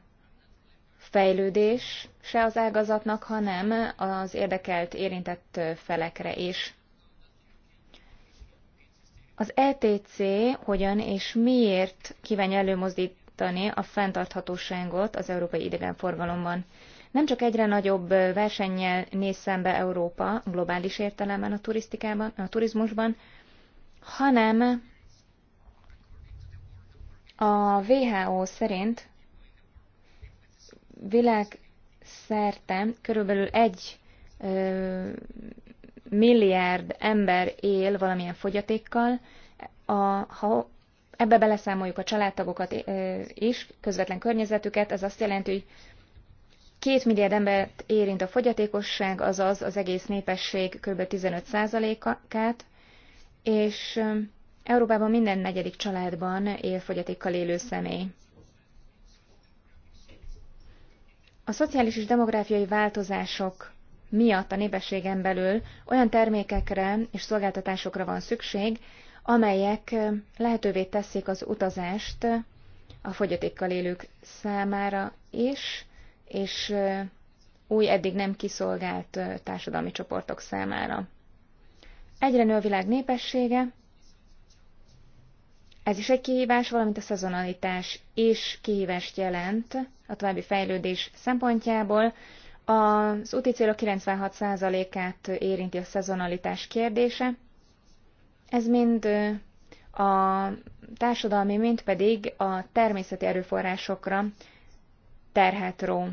Speaker 5: fejlődés se az ágazatnak, hanem az érdekelt, érintett felekre is. Az ETC hogyan és miért kívánja előmozdítani a fenntarthatóságot az európai idegenforgalomban? Nem csak egyre nagyobb versennyel néz szembe Európa globális értelemben a, turisztikában, a turizmusban, hanem a WHO szerint világszerte körülbelül egy ö, milliárd ember él valamilyen fogyatékkal. A, ha ebbe beleszámoljuk a családtagokat ö, is, közvetlen környezetüket, ez azt jelenti, hogy Két milliárd embert érint a fogyatékosság, azaz az egész népesség kb. 15%-át, és Európában minden negyedik családban él fogyatékkal élő személy. A szociális és demográfiai változások miatt a népességen belül olyan termékekre és szolgáltatásokra van szükség, amelyek lehetővé teszik az utazást a fogyatékkal élők számára is, és új eddig nem kiszolgált társadalmi csoportok számára. Egyre nő a világ népessége, ez is egy kihívás, valamint a szezonalitás is kihívást jelent a további fejlődés szempontjából. Az úti célok 96%-át érinti a szezonalitás kérdése. Ez mind a társadalmi, mind pedig a természeti erőforrásokra terhet ró.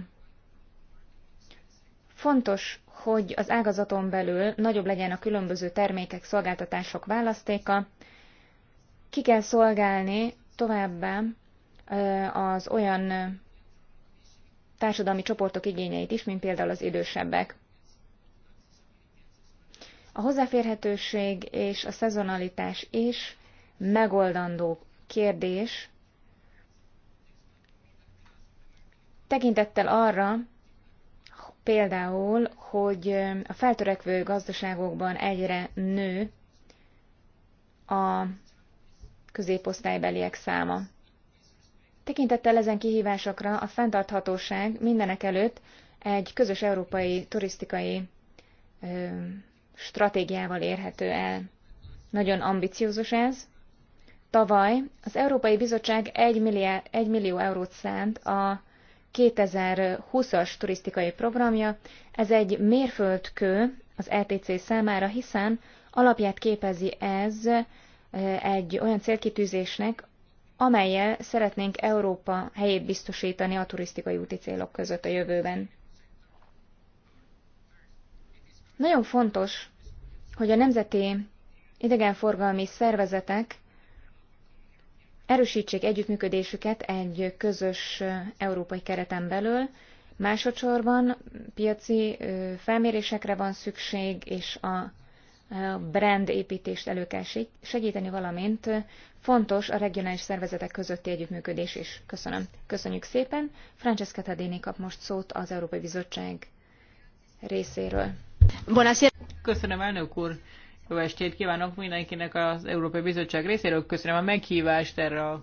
Speaker 5: Fontos, hogy az ágazaton belül nagyobb legyen a különböző termékek, szolgáltatások választéka, ki kell szolgálni továbbá az olyan társadalmi csoportok igényeit is, mint például az idősebbek. A hozzáférhetőség és a szezonalitás is megoldandó kérdés, tekintettel arra, például, hogy a feltörekvő gazdaságokban egyre nő a középosztálybeliek száma. Tekintettel ezen kihívásokra a fenntarthatóság mindenek előtt egy közös európai turisztikai ö, stratégiával érhető el. Nagyon ambiciózus ez. Tavaly az Európai Bizottság 1 millió, 1 millió eurót szánt a 2020-as turisztikai programja. Ez egy mérföldkő az ETC számára, hiszen alapját képezi ez egy olyan célkitűzésnek, amelyel szeretnénk Európa helyét biztosítani a turisztikai úti célok között a jövőben. Nagyon fontos, hogy a nemzeti idegenforgalmi szervezetek erősítsék együttműködésüket egy közös európai kereten belül, másodszorban piaci felmérésekre van szükség, és a a brand építést elő kell segíteni, valamint fontos a regionális szervezetek közötti együttműködés is. Köszönöm. Köszönjük szépen. Francesca Tadini kap most szót az Európai Bizottság részéről.
Speaker 4: Köszönöm, elnök úr. Jó estét kívánok mindenkinek az Európai Bizottság részéről. Köszönöm a meghívást erre a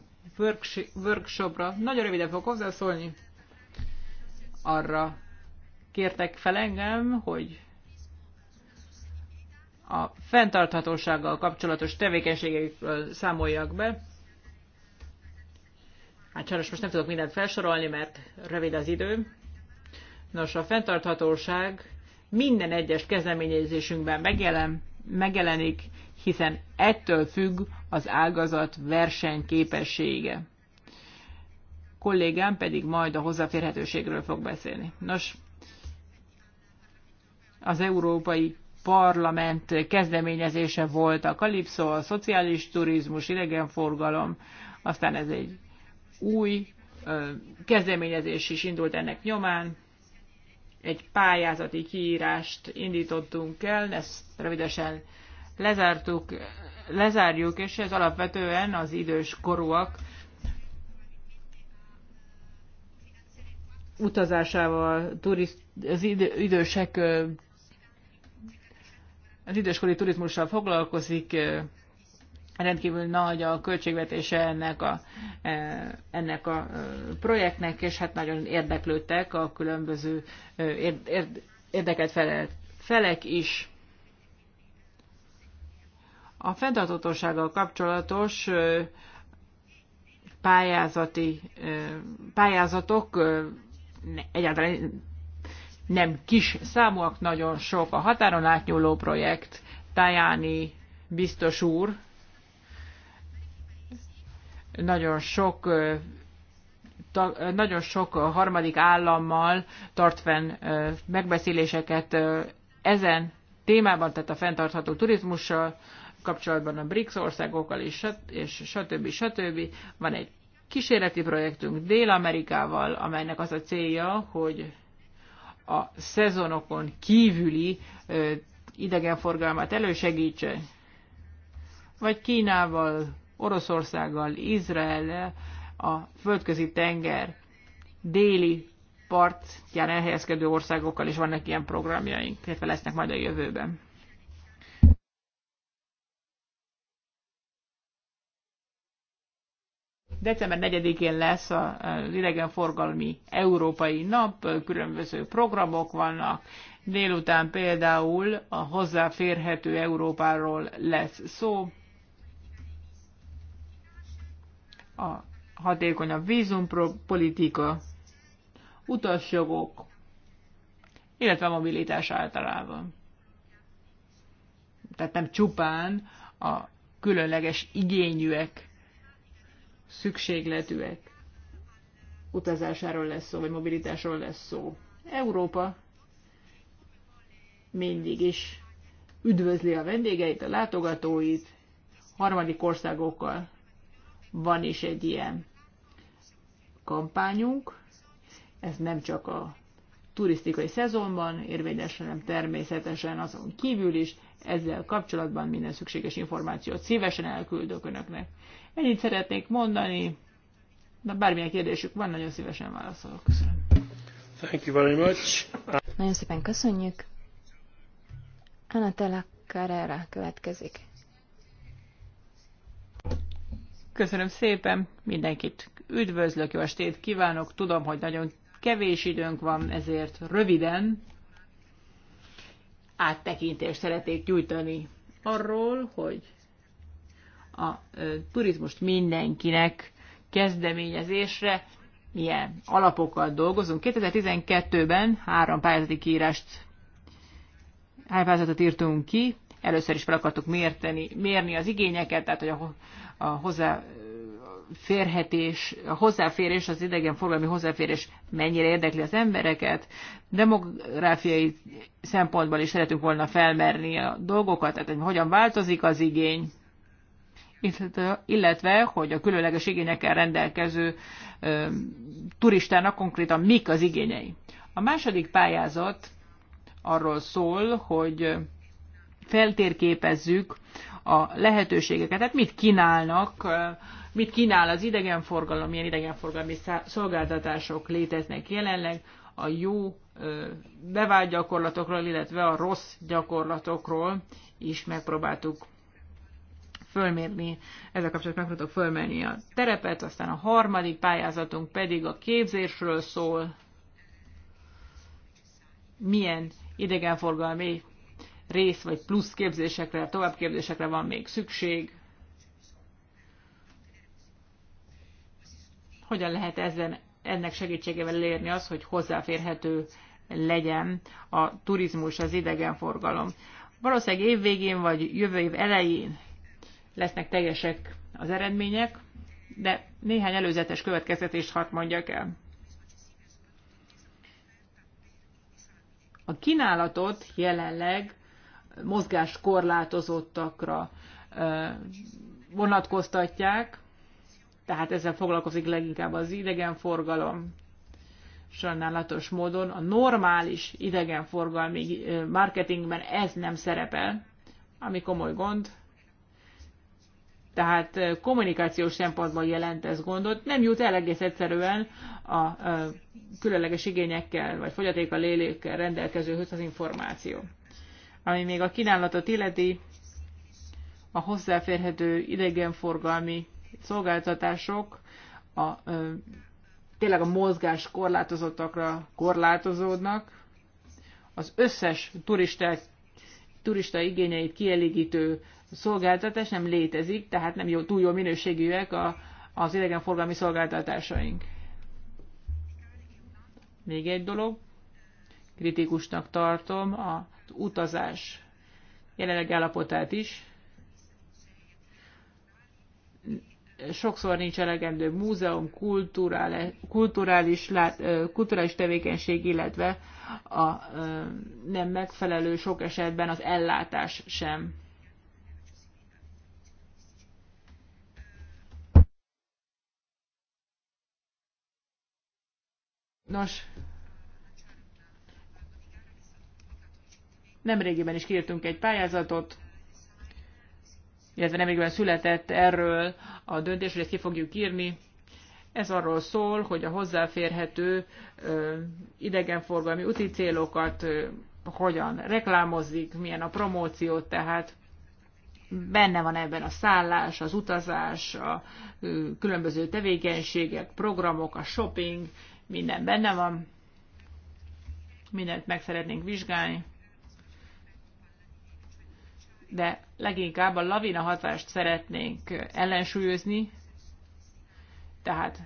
Speaker 4: workshopra. Nagyon röviden fogok hozzászólni. Arra kértek fel engem, hogy a fenntarthatósággal kapcsolatos tevékenységekről számoljak be. Hát sajnos most nem tudok mindent felsorolni, mert rövid az idő. Nos, a fenntarthatóság minden egyes kezdeményezésünkben megjelen, megjelenik, hiszen ettől függ az ágazat versenyképessége. Kollégám pedig majd a hozzáférhetőségről fog beszélni. Nos, az európai parlament kezdeményezése volt a Kalipszó, a szociális turizmus, idegenforgalom, aztán ez egy új kezdeményezés is indult ennek nyomán. Egy pályázati kiírást indítottunk el, ezt rövidesen lezártuk, lezárjuk, és ez alapvetően az idős korúak utazásával, turiszt, az idősek az időskori turizmussal foglalkozik, rendkívül nagy a költségvetése ennek a, ennek a projektnek, és hát nagyon érdeklődtek a különböző érdekelt felek is. A fenntartatósággal kapcsolatos pályázati pályázatok egyáltalán nem kis számúak, nagyon sok a határon átnyúló projekt. Tajáni biztos úr nagyon sok nagyon sok harmadik állammal tart fenn megbeszéléseket ezen témában, tehát a fenntartható turizmussal kapcsolatban a BRICS országokkal is, és stb. stb. Van egy kísérleti projektünk Dél-Amerikával, amelynek az a célja, hogy a szezonokon kívüli idegenforgalmát elősegítse, vagy Kínával, Oroszországgal, Izrael, a földközi tenger déli partján elhelyezkedő országokkal is vannak ilyen programjaink, illetve lesznek majd a jövőben. December 4-én lesz az idegenforgalmi európai nap, különböző programok vannak, délután például a hozzáférhető Európáról lesz szó, a hatékonyabb vízumpolitika, utasjogok, illetve a mobilitás általában. Tehát nem csupán a különleges igényűek szükségletűek. Utazásáról lesz szó, vagy mobilitásról lesz szó. Európa mindig is üdvözli a vendégeit, a látogatóit, harmadik országokkal van is egy ilyen kampányunk. Ez nem csak a turisztikai szezonban érvényes, hanem természetesen azon kívül is. Ezzel kapcsolatban minden szükséges információt szívesen elküldök Önöknek. Ennyit szeretnék mondani, de bármilyen kérdésük van, nagyon szívesen válaszolok. Köszönöm.
Speaker 1: Thank you very much.
Speaker 5: Nagyon szépen köszönjük. Anatella Carrera következik.
Speaker 4: Köszönöm szépen, mindenkit üdvözlök, jó estét kívánok. Tudom, hogy nagyon kevés időnk van, ezért röviden áttekintést szeretnék gyújtani arról, hogy a turizmust mindenkinek kezdeményezésre milyen alapokkal dolgozunk. 2012-ben három pályázati kiírást, három pályázatot írtunk ki, először is fel akartuk mérteni, mérni az igényeket, tehát hogy a, a hozzá férhetés, a hozzáférés, az idegenforgalmi hozzáférés mennyire érdekli az embereket. Demográfiai szempontból is szeretünk volna felmerni a dolgokat, tehát hogy hogyan változik az igény, illetve hogy a különleges igényekkel rendelkező ö, turistának konkrétan mik az igényei. A második pályázat arról szól, hogy feltérképezzük a lehetőségeket, tehát mit kínálnak, mit kínál az idegenforgalom, milyen idegenforgalmi szolgáltatások léteznek jelenleg, a jó bevált gyakorlatokról, illetve a rossz gyakorlatokról is megpróbáltuk fölmérni, ezzel kapcsolatban meg tudok fölmérni a terepet, aztán a harmadik pályázatunk pedig a képzésről szól, milyen idegenforgalmi rész vagy plusz képzésekre, továbbképzésekre van még szükség, hogyan lehet ezen, ennek segítségével elérni az, hogy hozzáférhető legyen a turizmus, az idegenforgalom. Valószínűleg évvégén vagy jövő év elején lesznek teljesek az eredmények, de néhány előzetes következtetést hat mondjak el. A kínálatot jelenleg mozgás korlátozottakra vonatkoztatják, tehát ezzel foglalkozik leginkább az idegenforgalom. Sajnálatos módon a normális idegenforgalmi marketingben ez nem szerepel, ami komoly gond, tehát kommunikációs szempontból jelent ez gondot, nem jut el egész egyszerűen a különleges igényekkel vagy fogyatékkal élékkel rendelkezőhöz az információ. Ami még a kínálatot illeti, a hozzáférhető idegenforgalmi szolgáltatások a, ö, tényleg a mozgás korlátozottakra korlátozódnak. Az összes turista, turista igényeit kielégítő szolgáltatás nem létezik, tehát nem jó, túl jó minőségűek a, az idegenforgalmi szolgáltatásaink. Még egy dolog, kritikusnak tartom az utazás jelenleg állapotát is. Sokszor nincs elegendő múzeum, kulturális, kulturális tevékenység, illetve a nem megfelelő sok esetben az ellátás sem. Nos, nemrégiben is kiírtunk egy pályázatot, illetve nemrégiben született erről a döntés, hogy ezt ki fogjuk írni. Ez arról szól, hogy a hozzáférhető ö, idegenforgalmi úti célokat ö, hogyan reklámozik, milyen a promóció, tehát benne van ebben a szállás, az utazás, a különböző tevékenységek, programok, a shopping, minden benne van, mindent meg szeretnénk vizsgálni, de leginkább a lavina hatást szeretnénk ellensúlyozni, tehát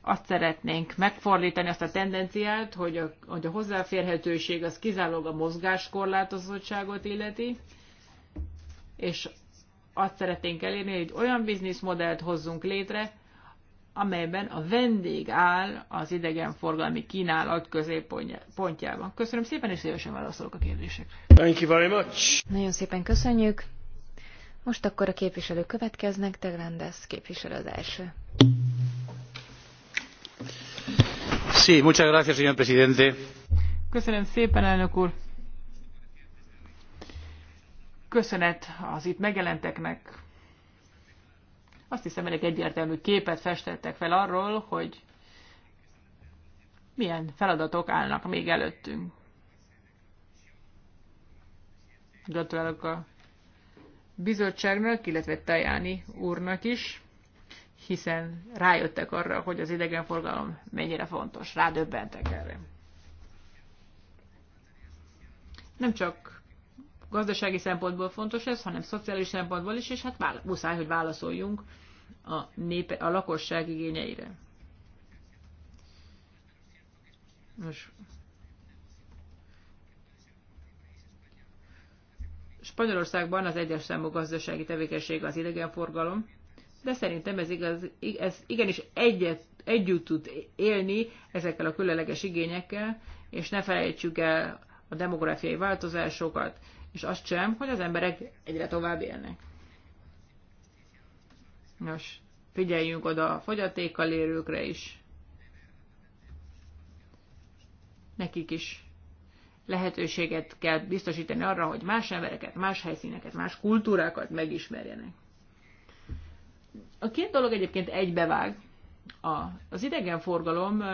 Speaker 4: azt szeretnénk megfordítani azt a tendenciát, hogy a, hogy a hozzáférhetőség az kizárólag a mozgáskorlátozottságot illeti, és azt szeretnénk elérni, hogy olyan bizniszmodellt hozzunk létre, amelyben a vendég áll az idegenforgalmi kínálat középpontjában. Köszönöm szépen, és szívesen válaszolok a kérdésekre.
Speaker 5: Thank you very much. Nagyon szépen köszönjük. Most akkor a képviselők következnek, te Rendez képviselő az első.
Speaker 3: Sí, muchas gracias, señor presidente.
Speaker 4: Köszönöm szépen, elnök úr. Köszönet az itt megjelenteknek, azt hiszem, elég egyértelmű képet festettek fel arról, hogy milyen feladatok állnak még előttünk. Gratulálok a bizottságnak, illetve Tajáni úrnak is, hiszen rájöttek arra, hogy az idegenforgalom mennyire fontos, rádöbbentek erre. Nem csak gazdasági szempontból fontos ez, hanem szociális szempontból is, és hát muszáj, hogy válaszoljunk a, népe, a lakosság igényeire. Most. Spanyolországban az egyes számú gazdasági tevékenység az idegenforgalom, de szerintem ez, igaz, ez igenis egyet, együtt tud élni ezekkel a különleges igényekkel, és ne felejtsük el a demográfiai változásokat, és azt sem, hogy az emberek egyre tovább élnek. Nos, figyeljünk oda a fogyatékkal élőkre is. Nekik is lehetőséget kell biztosítani arra, hogy más embereket, más helyszíneket, más kultúrákat megismerjenek. A két dolog egyébként egybevág. A, az idegenforgalom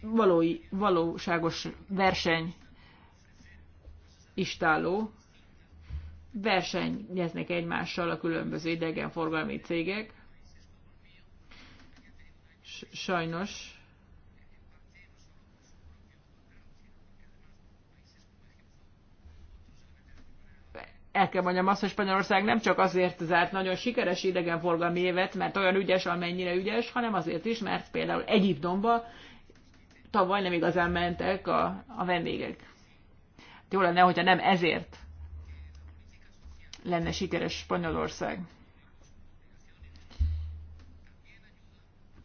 Speaker 4: valói, valóságos verseny istáló, versenyeznek egymással a különböző idegenforgalmi cégek. Sajnos el kell mondjam azt, hogy Spanyolország nem csak azért zárt nagyon sikeres idegenforgalmi évet, mert olyan ügyes, amennyire ügyes, hanem azért is, mert például Egyiptomba tavaly nem igazán mentek a, a vendégek. Jó lenne, hogyha nem ezért lenne sikeres Spanyolország.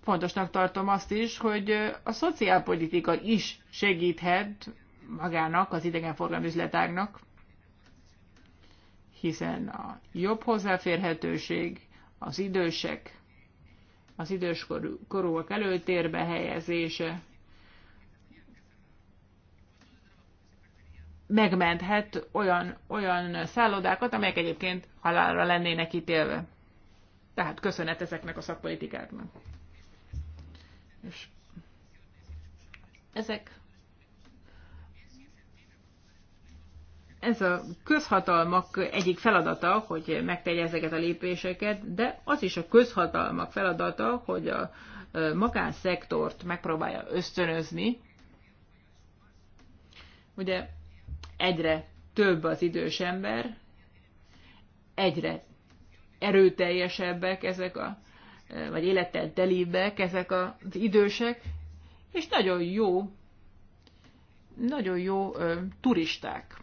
Speaker 4: Fontosnak tartom azt is, hogy a szociálpolitika is segíthet magának, az idegenforgalmi üzletágnak, hiszen a jobb hozzáférhetőség, az idősek, az időskorúak előtérbe helyezése, megmenthet olyan, olyan szállodákat, amelyek egyébként halálra lennének ítélve. Tehát köszönet ezeknek a szakpolitikáknak. És ezek ez a közhatalmak egyik feladata, hogy megtegye ezeket a lépéseket, de az is a közhatalmak feladata, hogy a magánszektort megpróbálja ösztönözni. Ugye egyre több az idős ember, egyre erőteljesebbek ezek a, vagy élettel telibbek ezek az idősek, és nagyon jó, nagyon jó ö, turisták.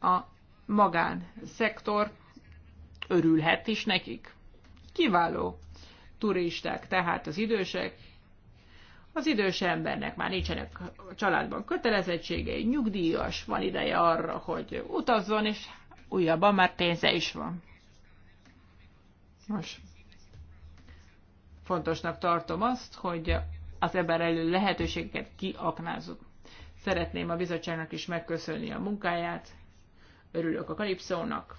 Speaker 4: A magán szektor örülhet is nekik. Kiváló turisták, tehát az idősek, az idős embernek már nincsenek a családban kötelezettségei, nyugdíjas, van ideje arra, hogy utazzon, és újabban már pénze is van. Most fontosnak tartom azt, hogy az ember elő lehetőségeket kiaknázunk. Szeretném a bizottságnak is megköszönni a munkáját. Örülök a Kalipszónak,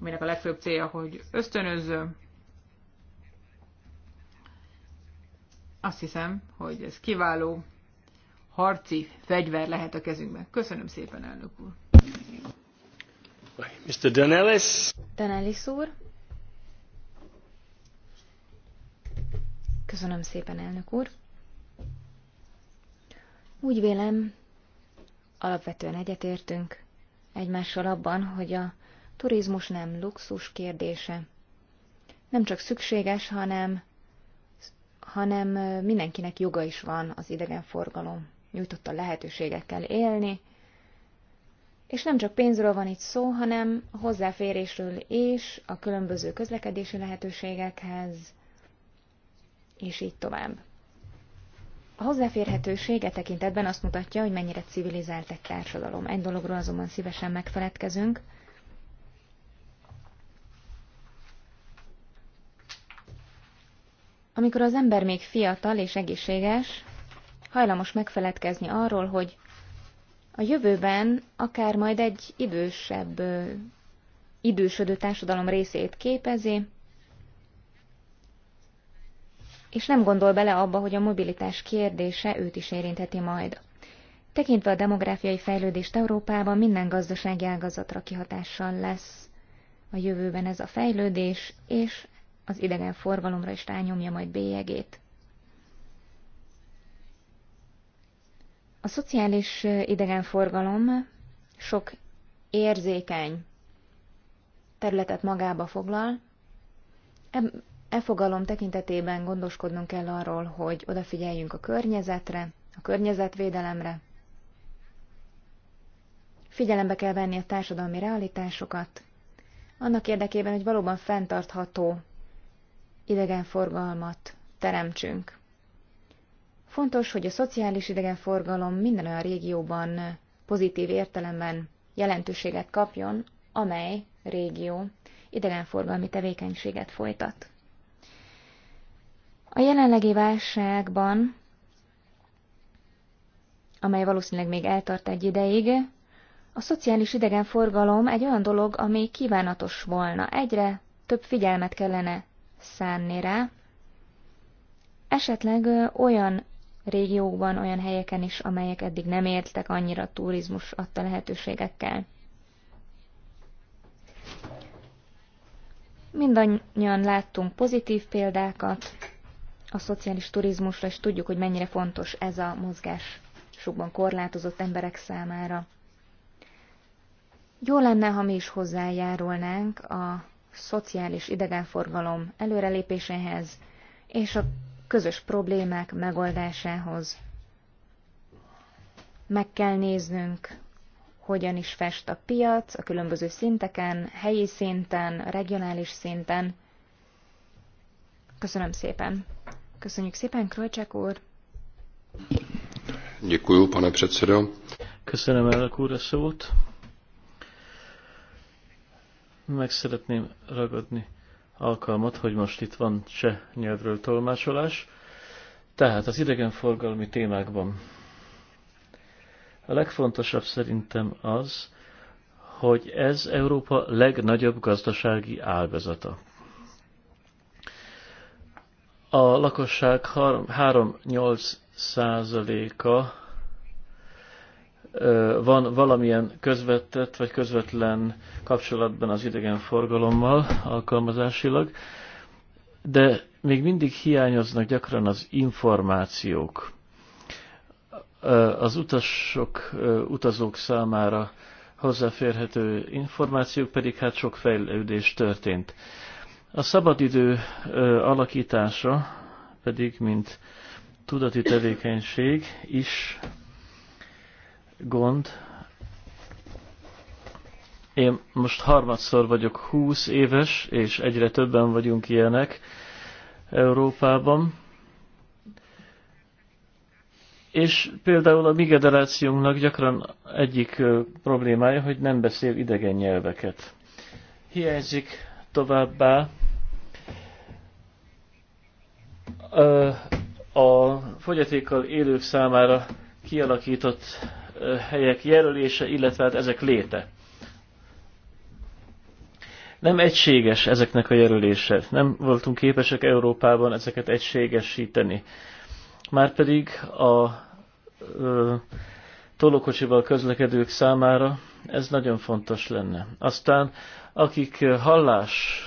Speaker 4: aminek a legfőbb célja, hogy ösztönözzön. Azt hiszem, hogy ez kiváló harci fegyver lehet a kezünkben. Köszönöm szépen, elnök úr.
Speaker 1: Mr. Danelis.
Speaker 5: Danelis úr. Köszönöm szépen, elnök úr. Úgy vélem, alapvetően egyetértünk egymással abban, hogy a turizmus nem luxus kérdése. Nem csak szükséges, hanem hanem mindenkinek joga is van az idegenforgalom nyújtotta lehetőségekkel élni, és nem csak pénzről van itt szó, hanem a hozzáférésről és a különböző közlekedési lehetőségekhez, és így tovább. A hozzáférhetőség tekintetben azt mutatja, hogy mennyire civilizált egy társadalom. Egy dologról azonban szívesen megfeledkezünk, Amikor az ember még fiatal és egészséges, hajlamos megfeledkezni arról, hogy a jövőben akár majd egy idősebb, idősödő társadalom részét képezi, és nem gondol bele abba, hogy a mobilitás kérdése őt is érintheti majd. Tekintve a demográfiai fejlődést Európában minden gazdasági ágazatra kihatással lesz a jövőben ez a fejlődés, és az idegen forgalomra is rányomja majd bélyegét. A szociális idegenforgalom sok érzékeny területet magába foglal. E, e fogalom tekintetében gondoskodnunk kell arról, hogy odafigyeljünk a környezetre, a környezetvédelemre. Figyelembe kell venni a társadalmi realitásokat, annak érdekében, hogy valóban fenntartható idegenforgalmat teremtsünk. Fontos, hogy a szociális idegenforgalom minden olyan régióban pozitív értelemben jelentőséget kapjon, amely régió idegenforgalmi tevékenységet folytat. A jelenlegi válságban, amely valószínűleg még eltart egy ideig, a szociális idegenforgalom egy olyan dolog, ami kívánatos volna. Egyre több figyelmet kellene szánni rá. Esetleg olyan régiókban, olyan helyeken is, amelyek eddig nem értek annyira a turizmus adta lehetőségekkel. Mindannyian láttunk pozitív példákat a szociális turizmusra, és tudjuk, hogy mennyire fontos ez a mozgás sokban korlátozott emberek számára. Jó lenne, ha mi is hozzájárulnánk a szociális idegenforgalom előrelépéséhez és a közös problémák megoldásához. Meg kell néznünk, hogyan is fest a piac a különböző szinteken, helyi szinten, regionális szinten. Köszönöm szépen. Köszönjük szépen, Krojcsák úr.
Speaker 2: Děkuju, pane předsedo. Köszönöm, el úr, a szót meg szeretném ragadni alkalmat, hogy most itt van cseh nyelvről tolmácsolás. Tehát az idegenforgalmi témákban. A legfontosabb szerintem az, hogy ez Európa legnagyobb gazdasági ágazata. A lakosság 3-8 százaléka van valamilyen közvetett vagy közvetlen kapcsolatban az idegenforgalommal alkalmazásilag, de még mindig hiányoznak gyakran az információk. Az utasok, utazók számára hozzáférhető információk pedig hát sok fejlődés történt. A szabadidő alakítása pedig, mint tudati tevékenység is gond. Én most harmadszor vagyok 20 éves, és egyre többen vagyunk ilyenek Európában. És például a mi generációnknak gyakran egyik problémája, hogy nem beszél idegen nyelveket. Hiányzik továbbá a fogyatékkal élők számára kialakított helyek jelölése, illetve hát ezek léte. Nem egységes ezeknek a jelölése. Nem voltunk képesek Európában ezeket egységesíteni. Márpedig a ö, tolókocsival közlekedők számára ez nagyon fontos lenne. Aztán akik hallás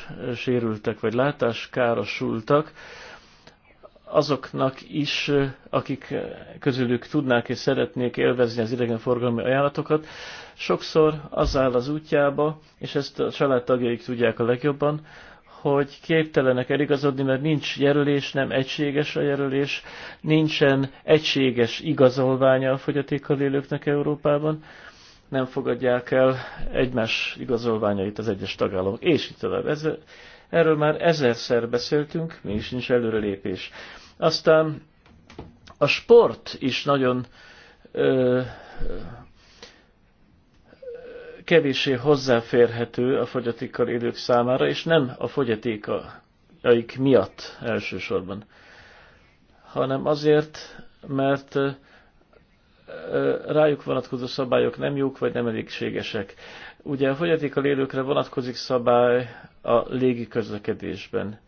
Speaker 2: vagy látáskárosultak, azoknak is, akik közülük tudnák és szeretnék élvezni az idegenforgalmi ajánlatokat, sokszor az áll az útjába, és ezt a családtagjaik tudják a legjobban, hogy képtelenek eligazodni, mert nincs jelölés, nem egységes a jelölés, nincsen egységes igazolványa a fogyatékkal élőknek Európában, nem fogadják el egymás igazolványait az egyes tagállamok, és így tovább. Ez, erről már ezerszer beszéltünk, mégis nincs előrelépés. Aztán a sport is nagyon ö, kevésé hozzáférhető a fogyatékkal élők számára, és nem a fogyatékaik miatt elsősorban, hanem azért, mert rájuk vonatkozó szabályok nem jók, vagy nem elégségesek. Ugye a fogyatékkal élőkre vonatkozik szabály a légi közlekedésben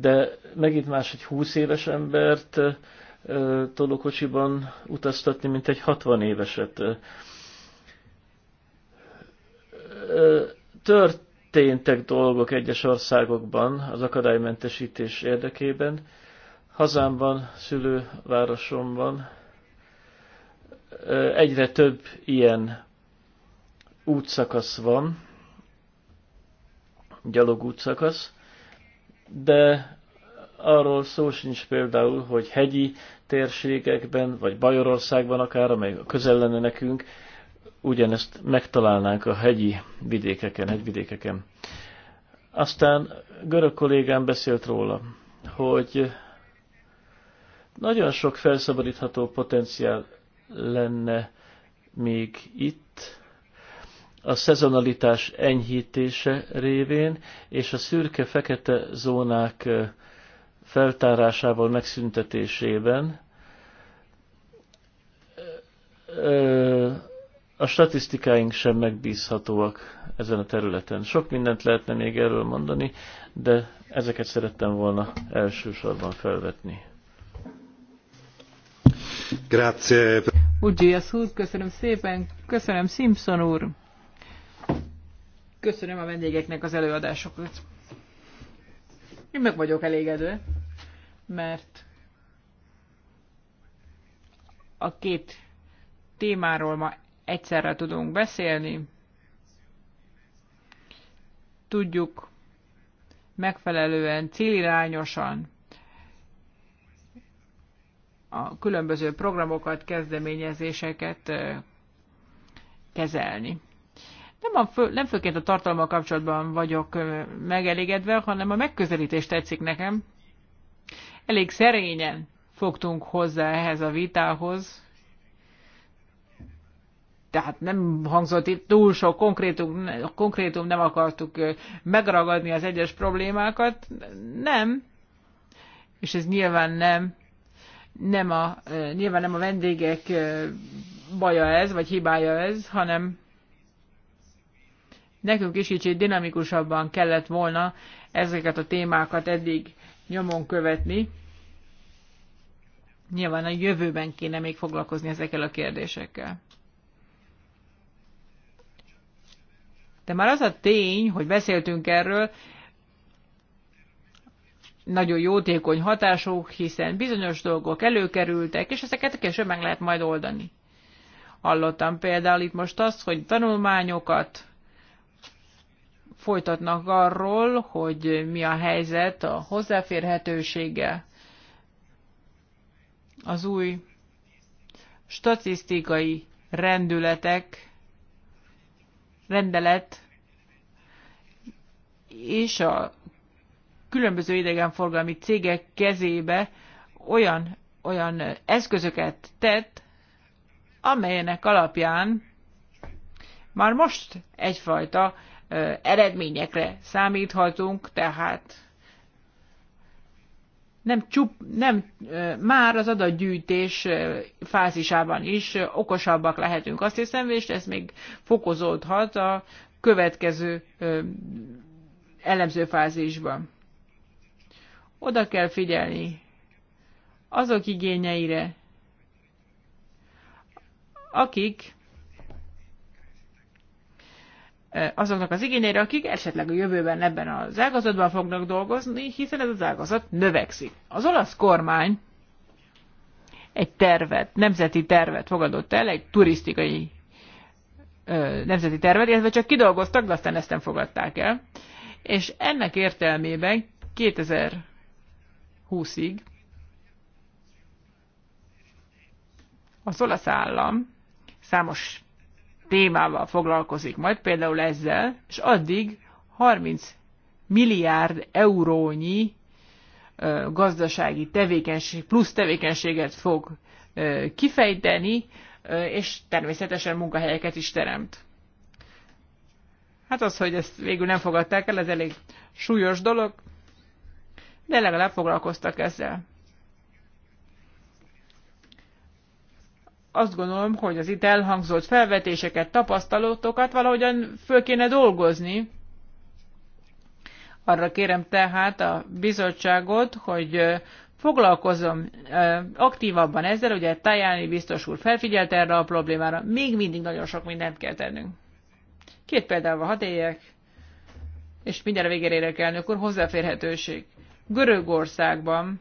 Speaker 2: de megint más egy 20 éves embert tolókocsiban utaztatni, mint egy 60 éveset. Történtek dolgok egyes országokban az akadálymentesítés érdekében. Hazámban, szülővárosomban egyre több ilyen útszakasz van, gyalogútszakasz, de arról szó sincs például, hogy hegyi térségekben, vagy Bajorországban akár, amely közel lenne nekünk, ugyanezt megtalálnánk a hegyi vidékeken, hegyvidékeken. Aztán görög kollégám beszélt róla, hogy nagyon sok felszabadítható potenciál lenne még itt, a szezonalitás enyhítése révén és a szürke-fekete zónák feltárásával, megszüntetésében a statisztikáink sem megbízhatóak ezen a területen. Sok mindent lehetne még erről mondani, de ezeket szerettem volna elsősorban felvetni. Grazie.
Speaker 4: Ugyi, úr, köszönöm szépen. Köszönöm, Simpson úr. Köszönöm a vendégeknek az előadásokat. Én meg vagyok elégedve, mert a két témáról ma egyszerre tudunk beszélni. Tudjuk megfelelően, célirányosan a különböző programokat, kezdeményezéseket eh, kezelni nem, a fő, nem főként a tartalommal kapcsolatban vagyok megelégedve, hanem a megközelítés tetszik nekem. Elég szerényen fogtunk hozzá ehhez a vitához, tehát nem hangzott itt túl sok konkrétum, konkrétum nem akartuk megragadni az egyes problémákat, nem, és ez nyilván nem, nem a, nyilván nem a vendégek baja ez, vagy hibája ez, hanem Nekünk is kicsit dinamikusabban kellett volna ezeket a témákat eddig nyomon követni. Nyilván a jövőben kéne még foglalkozni ezekkel a kérdésekkel. De már az a tény, hogy beszéltünk erről, nagyon jótékony hatások, hiszen bizonyos dolgok előkerültek, és ezeket később meg lehet majd oldani. Hallottam például itt most azt, hogy tanulmányokat folytatnak arról, hogy mi a helyzet a hozzáférhetősége, Az új statisztikai rendületek, rendelet és a különböző idegenforgalmi cégek kezébe olyan, olyan eszközöket tett, amelyenek alapján már most egyfajta eredményekre számíthatunk, tehát nem csup, nem, már az adatgyűjtés fázisában is okosabbak lehetünk. Azt hiszem, és ez még fokozódhat a következő elemző fázisban. Oda kell figyelni azok igényeire, akik azoknak az igényeire, akik esetleg a jövőben ebben az ágazatban fognak dolgozni, hiszen ez az ágazat növekszik. Az olasz kormány egy tervet, nemzeti tervet fogadott el, egy turisztikai ö, nemzeti tervet, illetve csak kidolgoztak, de aztán ezt nem fogadták el. És ennek értelmében 2020-ig az olasz állam számos témával foglalkozik majd, például ezzel, és addig 30 milliárd eurónyi gazdasági tevékenység, plusz tevékenységet fog kifejteni, és természetesen munkahelyeket is teremt. Hát az, hogy ezt végül nem fogadták el, ez elég súlyos dolog, de legalább foglalkoztak ezzel. azt gondolom, hogy az itt elhangzott felvetéseket, tapasztalatokat valahogyan föl kéne dolgozni. Arra kérem tehát a bizottságot, hogy foglalkozom aktívabban ezzel, ugye Tajáni biztos úr felfigyelt erre a problémára, még mindig nagyon sok mindent kell tennünk. Két példával hat éjek, és mindjárt végére érek el, akkor hozzáférhetőség. Görögországban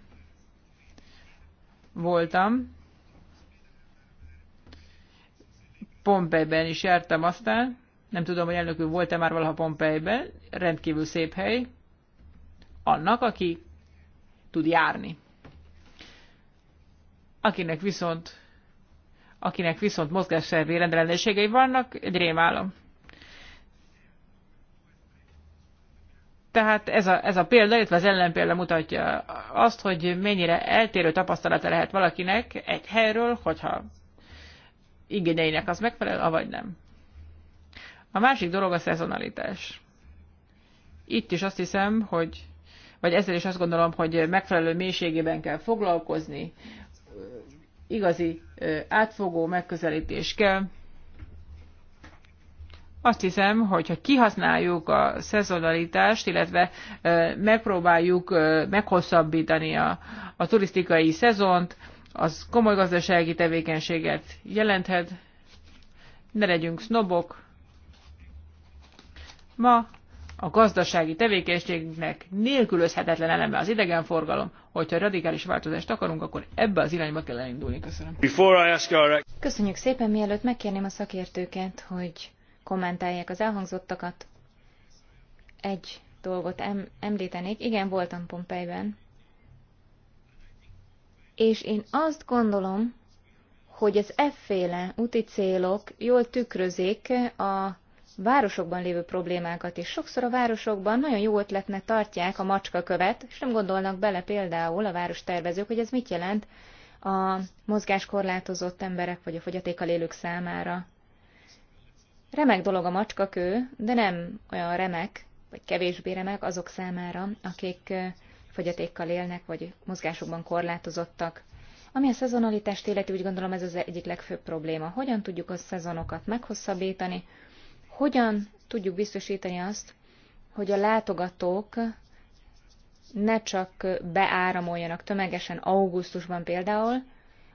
Speaker 4: voltam, Pompejben is jártam aztán, nem tudom, hogy elnök volt-e már valaha Pompejben, rendkívül szép hely, annak, aki tud járni. Akinek viszont, akinek viszont mozgásszervi rendellenességei vannak, egy rémálom. Tehát ez a, ez a példa, illetve az ellenpélda mutatja azt, hogy mennyire eltérő tapasztalata lehet valakinek egy helyről, hogyha igényeinek az megfelel, avagy nem. A másik dolog a szezonalitás. Itt is azt hiszem, hogy, vagy ezzel is azt gondolom, hogy megfelelő mélységében kell foglalkozni, igazi átfogó megközelítés kell. Azt hiszem, hogy ha kihasználjuk a szezonalitást, illetve megpróbáljuk meghosszabbítani a, a turisztikai szezont, az komoly gazdasági tevékenységet jelenthet. Ne legyünk sznobok. Ma a gazdasági tevékenységnek nélkülözhetetlen eleme az idegenforgalom. Hogyha radikális változást akarunk, akkor ebbe az irányba kell
Speaker 1: elindulni. Köszönöm. Our...
Speaker 5: Köszönjük szépen, mielőtt megkérném a szakértőket, hogy kommentálják az elhangzottakat. Egy dolgot em- említenék. Igen, voltam Pompejben és én azt gondolom, hogy az efféle úti célok jól tükrözik a városokban lévő problémákat, és sokszor a városokban nagyon jó ötletnek tartják a macskakövet, és nem gondolnak bele például a tervezők, hogy ez mit jelent a mozgáskorlátozott emberek vagy a fogyatékkal élők számára. Remek dolog a macskakő, de nem olyan remek, vagy kevésbé remek azok számára, akik fogyatékkal élnek, vagy mozgásukban korlátozottak. Ami a szezonalitást illeti, úgy gondolom ez az egyik legfőbb probléma. Hogyan tudjuk a szezonokat meghosszabbítani? Hogyan tudjuk biztosítani azt, hogy a látogatók ne csak beáramoljanak tömegesen augusztusban például.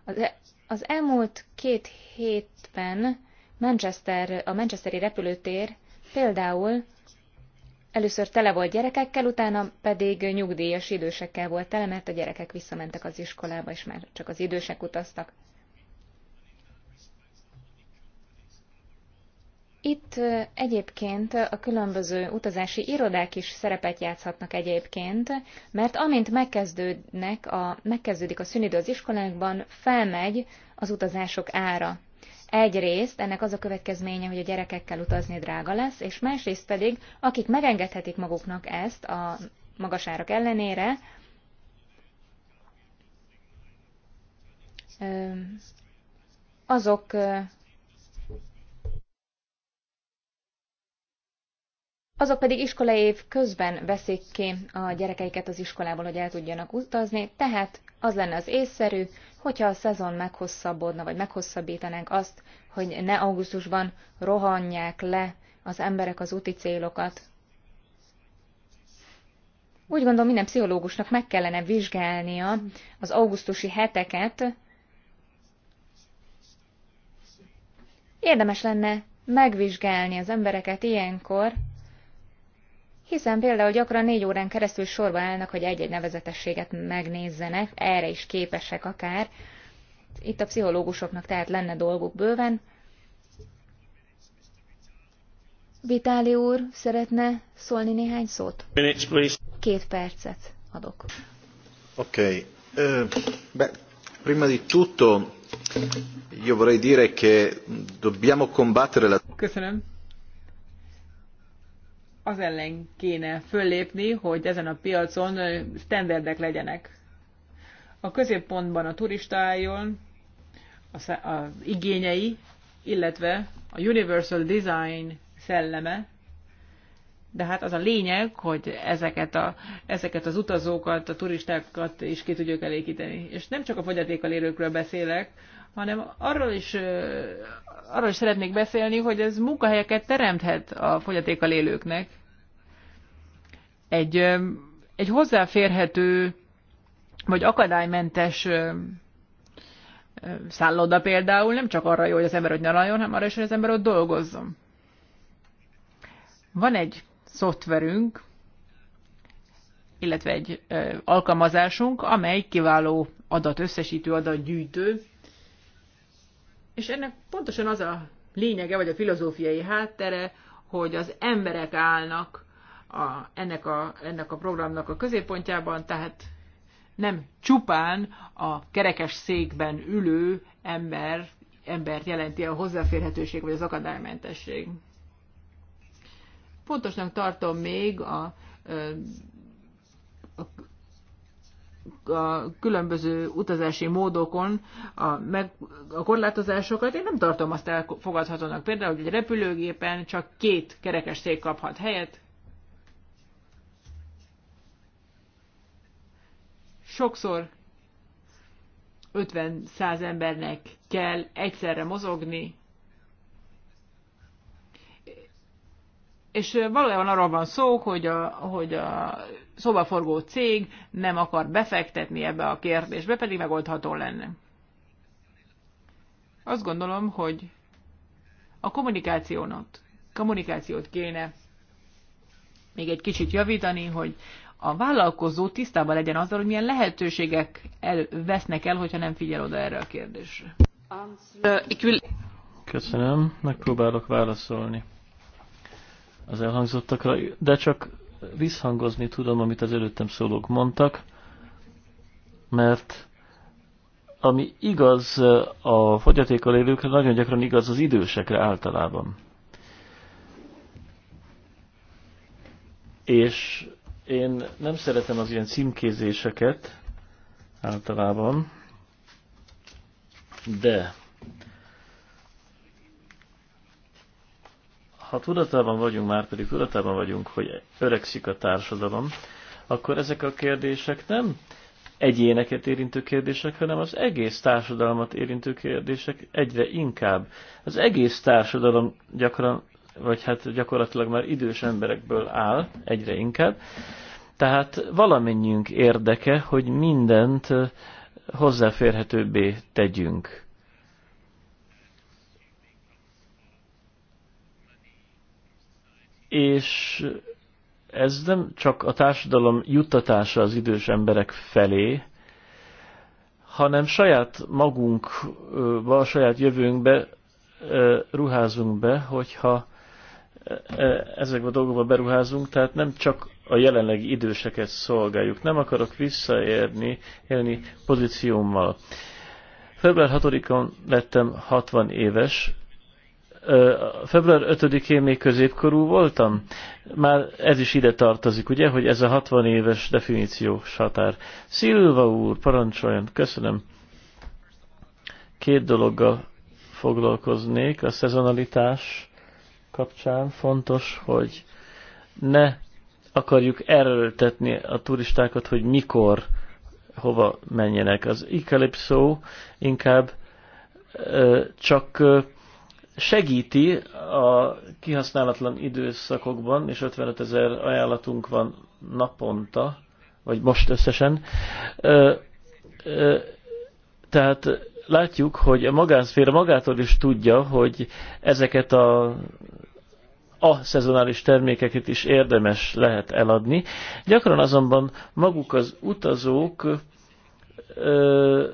Speaker 5: Az, e- az elmúlt két hétben Manchester, a Manchesteri repülőtér például először tele volt gyerekekkel, utána pedig nyugdíjas idősekkel volt tele, mert a gyerekek visszamentek az iskolába, és már csak az idősek utaztak. Itt egyébként a különböző utazási irodák is szerepet játszhatnak egyébként, mert amint megkezdődnek a, megkezdődik a szünidő az iskolákban, felmegy az utazások ára. Egyrészt ennek az a következménye, hogy a gyerekekkel utazni drága lesz, és másrészt pedig, akik megengedhetik maguknak ezt a magas árak ellenére, azok azok pedig iskolai év közben veszik ki a gyerekeiket az iskolából, hogy el tudjanak utazni, tehát az lenne az észszerű, hogyha a szezon meghosszabbodna, vagy meghosszabbítanánk azt, hogy ne augusztusban rohanják le az emberek az úti célokat. Úgy gondolom, minden pszichológusnak meg kellene vizsgálnia az augusztusi heteket. Érdemes lenne megvizsgálni az embereket ilyenkor, hiszen például gyakran négy órán keresztül sorba állnak, hogy egy-egy nevezetességet megnézzenek, erre is képesek akár. Itt a pszichológusoknak tehát lenne dolguk bőven. Vitáli úr szeretne szólni néhány szót? Két percet adok.
Speaker 3: Oké. Okay. Uh, prima di tutto, io vorrei dire che dobbiamo combattere la...
Speaker 5: Köszönöm
Speaker 4: az ellen kéne föllépni, hogy ezen a piacon standardek legyenek. A középpontban a turista álljon, az, igényei, illetve a Universal Design szelleme, de hát az a lényeg, hogy ezeket, a, ezeket az utazókat, a turistákat is ki tudjuk elégíteni. És nem csak a fogyatékkal élőkről beszélek, hanem arról is, arról is szeretnék beszélni, hogy ez munkahelyeket teremthet a fogyatékkal élőknek egy, egy hozzáférhető vagy akadálymentes szálloda például nem csak arra jó, hogy az ember ott nyaraljon, hanem arra is, hogy az ember ott dolgozzon. Van egy szoftverünk, illetve egy ö, alkalmazásunk, amely kiváló adatösszesítő, adatgyűjtő, és ennek pontosan az a lényege, vagy a filozófiai háttere, hogy az emberek állnak a, ennek, a, ennek a programnak a középpontjában, tehát nem csupán a kerekes székben ülő ember, embert jelenti a hozzáférhetőség vagy az akadálymentesség. Fontosnak tartom még a, a, a különböző utazási módokon a, meg, a korlátozásokat. Én nem tartom azt elfogadhatónak például, hogy egy repülőgépen csak két kerekes szék kaphat helyet, sokszor 50-100 embernek kell egyszerre mozogni, és valójában arról van szó, hogy a, hogy a szobaforgó cég nem akar befektetni ebbe a kérdésbe, pedig megoldható lenne. Azt gondolom, hogy a kommunikációnak, kommunikációt kéne még egy kicsit javítani, hogy a vállalkozó tisztában legyen azzal, hogy milyen lehetőségek el, vesznek el, hogyha nem figyel oda erre a kérdésre.
Speaker 2: Köszönöm, megpróbálok válaszolni az elhangzottakra, de csak visszhangozni tudom, amit az előttem szólók mondtak, mert ami igaz a fogyatékkal élőkre, nagyon gyakran igaz az idősekre általában. És én nem szeretem az ilyen címkézéseket általában, de ha tudatában vagyunk, már pedig tudatában vagyunk, hogy öregszik a társadalom, akkor ezek a kérdések nem egyéneket érintő kérdések, hanem az egész társadalmat érintő kérdések egyre inkább. Az egész társadalom gyakran vagy hát gyakorlatilag már idős emberekből áll egyre inkább. Tehát valamennyiünk érdeke, hogy mindent hozzáférhetőbbé tegyünk. És ez nem csak a társadalom juttatása az idős emberek felé, hanem saját magunkba, a saját jövőnkbe ruházunk be, hogyha E, ezekbe a dolgokba beruházunk, tehát nem csak a jelenlegi időseket szolgáljuk. Nem akarok visszaérni, élni pozíciómmal. Február 6-on lettem 60 éves. E, február 5-én még középkorú voltam. Már ez is ide tartozik, ugye, hogy ez a 60 éves definíciós határ. Szilva úr, parancsoljon, köszönöm. Két dologgal foglalkoznék, a szezonalitás kapcsán fontos, hogy ne akarjuk erőltetni a turistákat, hogy mikor, hova menjenek. Az Ikalypszó inkább ö, csak ö, segíti a kihasználatlan időszakokban, és 55 ezer ajánlatunk van naponta, vagy most összesen. Ö, ö, tehát látjuk, hogy a magánszféra magától is tudja, hogy ezeket a a szezonális termékeket is érdemes lehet eladni. Gyakran azonban maguk az utazók ö,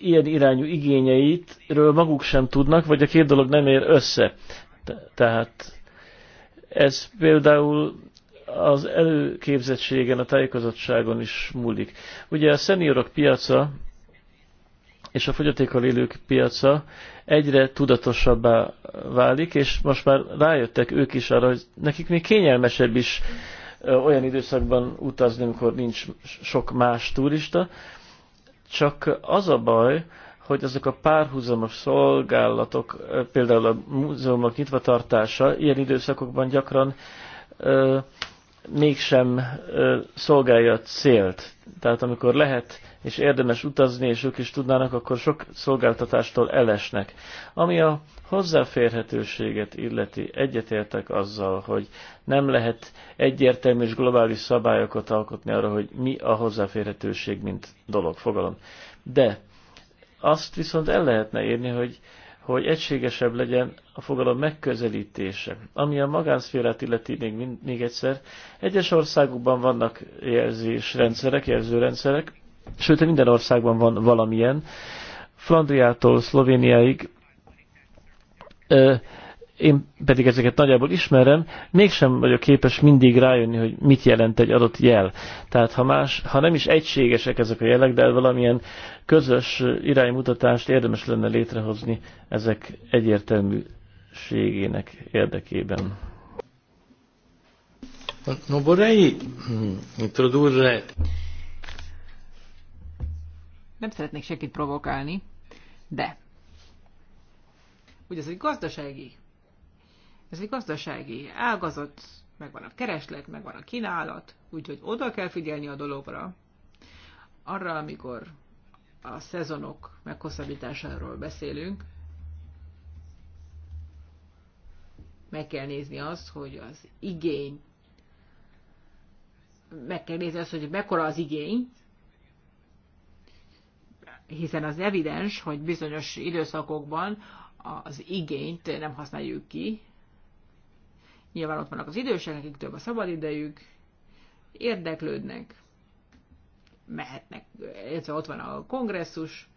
Speaker 2: ilyen irányú igényeitről maguk sem tudnak, vagy a két dolog nem ér össze. Tehát ez például az előképzettségen, a tájékozottságon is múlik. Ugye a szeniorok piaca és a fogyatékkal élők piaca egyre tudatosabbá válik, és most már rájöttek ők is arra, hogy nekik még kényelmesebb is olyan időszakban utazni, amikor nincs sok más turista. Csak az a baj, hogy azok a párhuzamos szolgálatok, például a múzeumok nyitvatartása ilyen időszakokban gyakran ö, mégsem ö, szolgálja a célt. Tehát amikor lehet és érdemes utazni, és ők is tudnának, akkor sok szolgáltatástól elesnek. Ami a hozzáférhetőséget illeti, egyetértek azzal, hogy nem lehet egyértelmű és globális szabályokat alkotni arra, hogy mi a hozzáférhetőség, mint dolog, fogalom. De azt viszont el lehetne érni, hogy hogy egységesebb legyen a fogalom megközelítése. Ami a magánszférát illeti még, még egyszer, egyes országokban vannak jelzésrendszerek, jelzőrendszerek, sőt minden országban van valamilyen, Flandriától Szlovéniáig, én pedig ezeket nagyjából ismerem, mégsem vagyok képes mindig rájönni, hogy mit jelent egy adott jel. Tehát ha, más, ha nem is egységesek ezek a jelek, de valamilyen közös iránymutatást érdemes lenne létrehozni ezek egyértelműségének érdekében. Non vorrei introdurre
Speaker 4: nem szeretnék senkit provokálni, de ugye ez egy gazdasági, ez egy gazdasági ágazat, megvan a kereslet, megvan a kínálat, úgyhogy oda kell figyelni a dologra, arra, amikor a szezonok meghosszabbításáról beszélünk, meg kell nézni azt, hogy az igény, meg kell nézni azt, hogy mekkora az igény, hiszen az evidens, hogy bizonyos időszakokban az igényt nem használjuk ki. Nyilván ott vannak az idősek, akik több a szabadidejük, érdeklődnek, mehetnek, illetve ott van a kongresszus,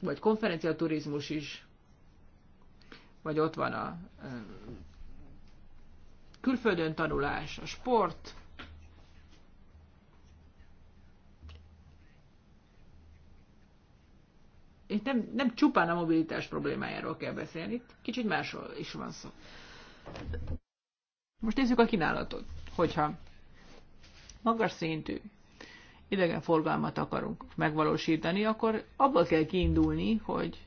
Speaker 4: vagy konferenciaturizmus is, vagy ott van a külföldön tanulás, a sport, itt nem, nem csupán a mobilitás problémájáról kell beszélni, itt kicsit másról is van szó. Most nézzük a kínálatot. Hogyha magas szintű idegenforgalmat akarunk megvalósítani, akkor abból kell kiindulni, hogy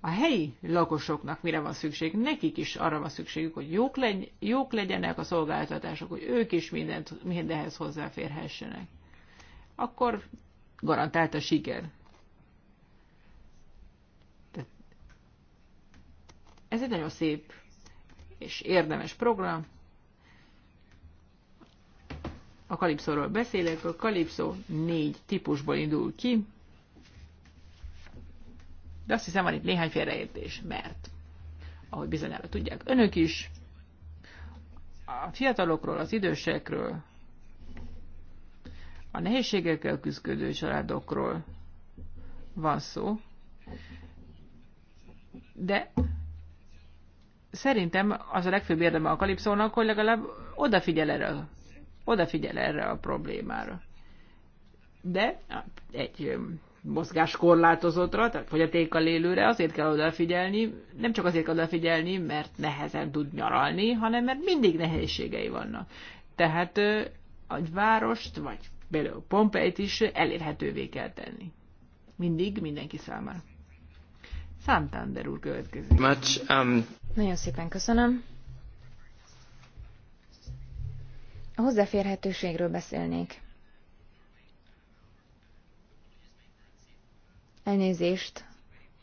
Speaker 4: a helyi lakosoknak mire van szükség, nekik is arra van szükségük, hogy jók, legy- jók legyenek a szolgáltatások, hogy ők is mindent, mindenhez hozzáférhessenek. Akkor garantált a siker. Ez egy nagyon szép és érdemes program. A kalipszóról beszélek, a kalipszó négy típusból indul ki, de azt hiszem van itt néhány félreértés, mert, ahogy bizonyára tudják önök is, a fiatalokról, az idősekről, a nehézségekkel küzdő családokról van szó, de Szerintem az a legfőbb érdeme a kalipszónak, hogy legalább odafigyel erre, odafigyel erre a problémára. De egy mozgáskorlátozottra, tehát fogyatékkal élőre azért kell odafigyelni, nem csak azért kell odafigyelni, mert nehezen tud nyaralni, hanem mert mindig nehézségei vannak. Tehát a várost, vagy például Pompeit is elérhetővé kell tenni. Mindig, mindenki számára. Santander úr következik.
Speaker 1: Much, um...
Speaker 5: Nagyon szépen köszönöm. A hozzáférhetőségről beszélnék. Elnézést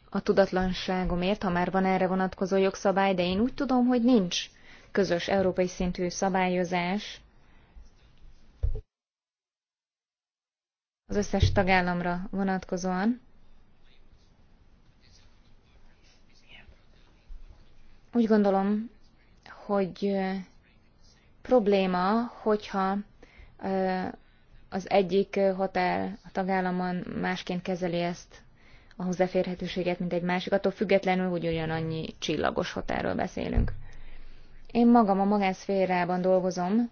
Speaker 5: a tudatlanságomért, ha már van erre vonatkozó jogszabály, de én úgy tudom, hogy nincs közös európai szintű szabályozás az összes tagállamra vonatkozóan. Úgy gondolom, hogy probléma, hogyha az egyik hotel a tagállamon másként kezeli ezt a hozzáférhetőséget, mint egy másik, attól függetlenül, hogy ugyanannyi csillagos hotelről beszélünk. Én magam a magánszférában dolgozom,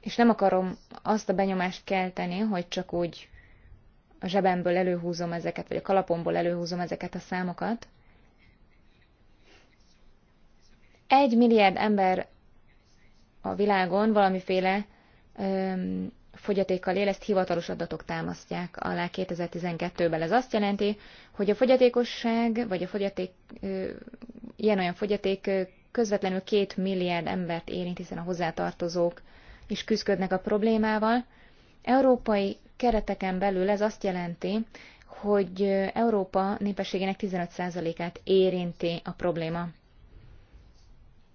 Speaker 5: és nem akarom azt a benyomást kelteni, hogy csak úgy a zsebemből előhúzom ezeket, vagy a kalapomból előhúzom ezeket a számokat, Egy milliárd ember a világon valamiféle öm, fogyatékkal él, ezt hivatalos adatok támasztják alá 2012-ben. Ez azt jelenti, hogy a fogyatékosság, vagy a fogyaték, ilyen-olyan fogyaték közvetlenül két milliárd embert érint, hiszen a hozzátartozók is küzdködnek a problémával. Európai kereteken belül ez azt jelenti, hogy Európa népességének 15%-át érinti a probléma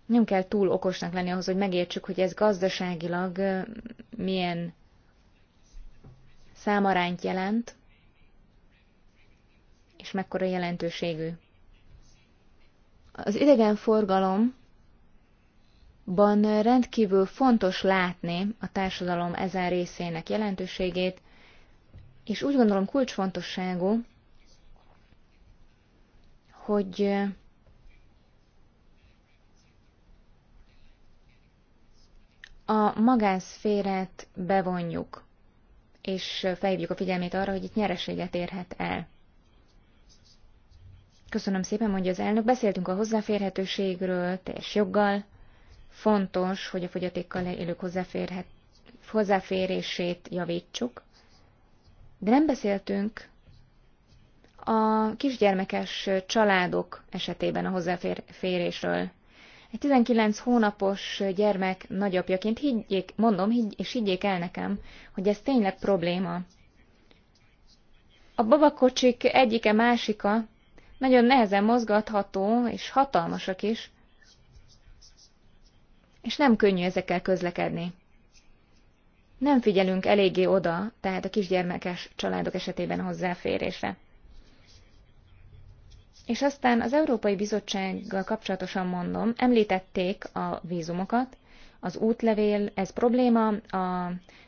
Speaker 5: nem kell túl okosnak lenni ahhoz, hogy megértsük, hogy ez gazdaságilag milyen számarányt jelent, és mekkora jelentőségű. Az idegenforgalomban rendkívül fontos látni a társadalom ezen részének jelentőségét, és úgy gondolom kulcsfontosságú, hogy a magánszférát bevonjuk, és felhívjuk a figyelmét arra, hogy itt nyereséget érhet el. Köszönöm szépen, mondja az elnök. Beszéltünk a hozzáférhetőségről, teljes joggal. Fontos, hogy a fogyatékkal élők hozzáférhet, hozzáférését javítsuk. De nem beszéltünk a kisgyermekes családok esetében a hozzáférésről. Egy 19 hónapos gyermek nagyapjaként higgyék, mondom, higgy, és higgyék el nekem, hogy ez tényleg probléma. A babakocsik egyike másika nagyon nehezen mozgatható, és hatalmasak is, és nem könnyű ezekkel közlekedni. Nem figyelünk eléggé oda, tehát a kisgyermekes családok esetében hozzáférésre. És aztán az Európai Bizottsággal kapcsolatosan mondom, említették a vízumokat, az útlevél, ez probléma,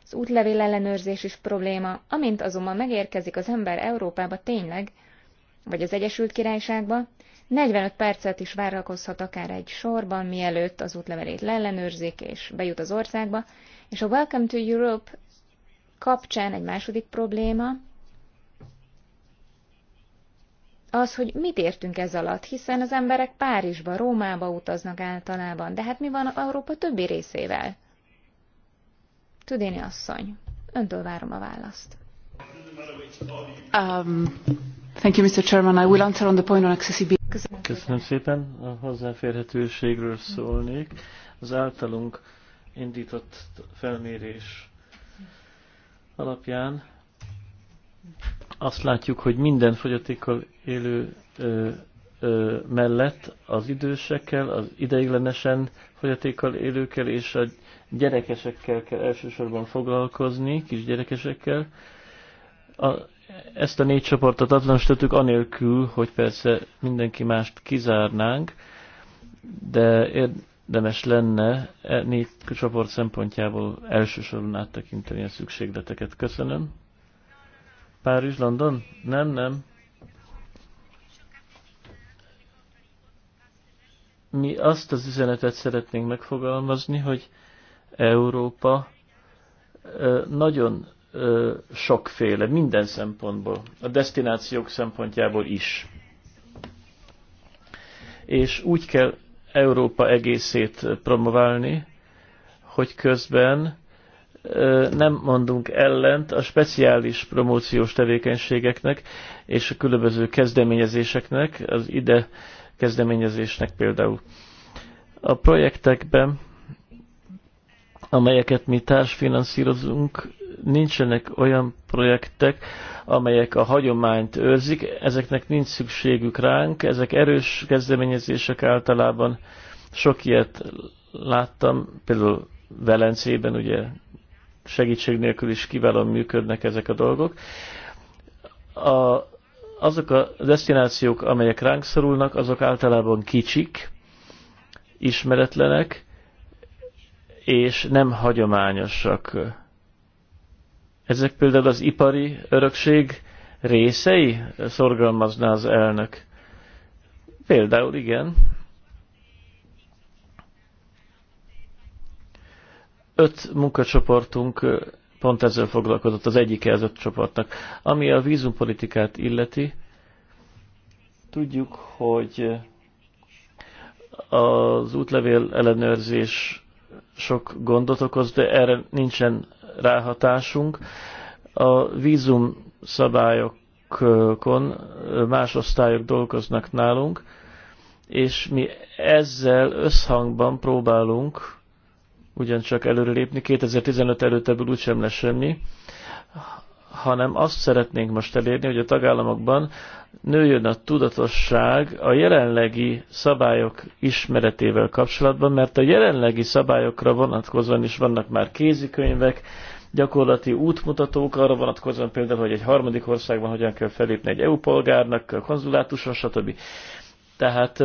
Speaker 5: az útlevél ellenőrzés is probléma, amint azonban megérkezik az ember Európába tényleg, vagy az Egyesült Királyságba, 45 percet is várakozhat akár egy sorban, mielőtt az útlevelét leellenőrzik és bejut az országba, és a Welcome to Europe kapcsán egy második probléma, az, hogy mit értünk ez alatt, hiszen az emberek Párizsba, Rómába utaznak általában, de hát mi van Európa többi részével? Tudéni asszony, öntől várom a választ. Um,
Speaker 4: thank you, Mr. Chairman. I will answer on the point on accessibility.
Speaker 2: Köszönöm, szépen. A hozzáférhetőségről szólnék. Az általunk indított felmérés alapján azt látjuk, hogy minden fogyatékkal élő ö, ö, mellett az idősekkel, az ideiglenesen fogyatékkal élőkkel és a gyerekesekkel kell elsősorban foglalkozni, kisgyerekesekkel. A, ezt a négy csoportot azonosítottuk anélkül, hogy persze mindenki mást kizárnánk, de érdemes lenne e négy csoport szempontjából elsősorban áttekinteni a szükségleteket. Köszönöm. Párizs, London? Nem, nem. Mi azt az üzenetet szeretnénk megfogalmazni, hogy Európa nagyon sokféle, minden szempontból, a destinációk szempontjából is. És úgy kell Európa egészét promoválni, hogy közben nem mondunk ellent a speciális promóciós tevékenységeknek és a különböző kezdeményezéseknek, az ide kezdeményezésnek például. A projektekben, amelyeket mi társfinanszírozunk, nincsenek olyan projektek, amelyek a hagyományt őrzik, ezeknek nincs szükségük ránk, ezek erős kezdeményezések általában, sok ilyet láttam, például Velencében ugye segítség nélkül is kiválóan működnek ezek a dolgok. A, azok a destinációk, amelyek ránk szorulnak, azok általában kicsik, ismeretlenek, és nem hagyományosak. Ezek például az ipari örökség részei, szorgalmazná az elnök. Például igen. Öt munkacsoportunk pont ezzel foglalkozott, az egyik az öt csoportnak. Ami a vízumpolitikát illeti, tudjuk, hogy az útlevél ellenőrzés sok gondot okoz, de erre nincsen ráhatásunk. A vízum szabályokon más osztályok dolgoznak nálunk, és mi ezzel összhangban próbálunk ugyancsak előrelépni, 2015 előtt ebből úgysem lesz semmi, hanem azt szeretnénk most elérni, hogy a tagállamokban nőjön a tudatosság a jelenlegi szabályok ismeretével kapcsolatban, mert a jelenlegi szabályokra vonatkozóan is vannak már kézikönyvek, gyakorlati útmutatók arra vonatkozóan például, hogy egy harmadik országban hogyan kell felépni egy EU polgárnak, konzulátuson, stb. Tehát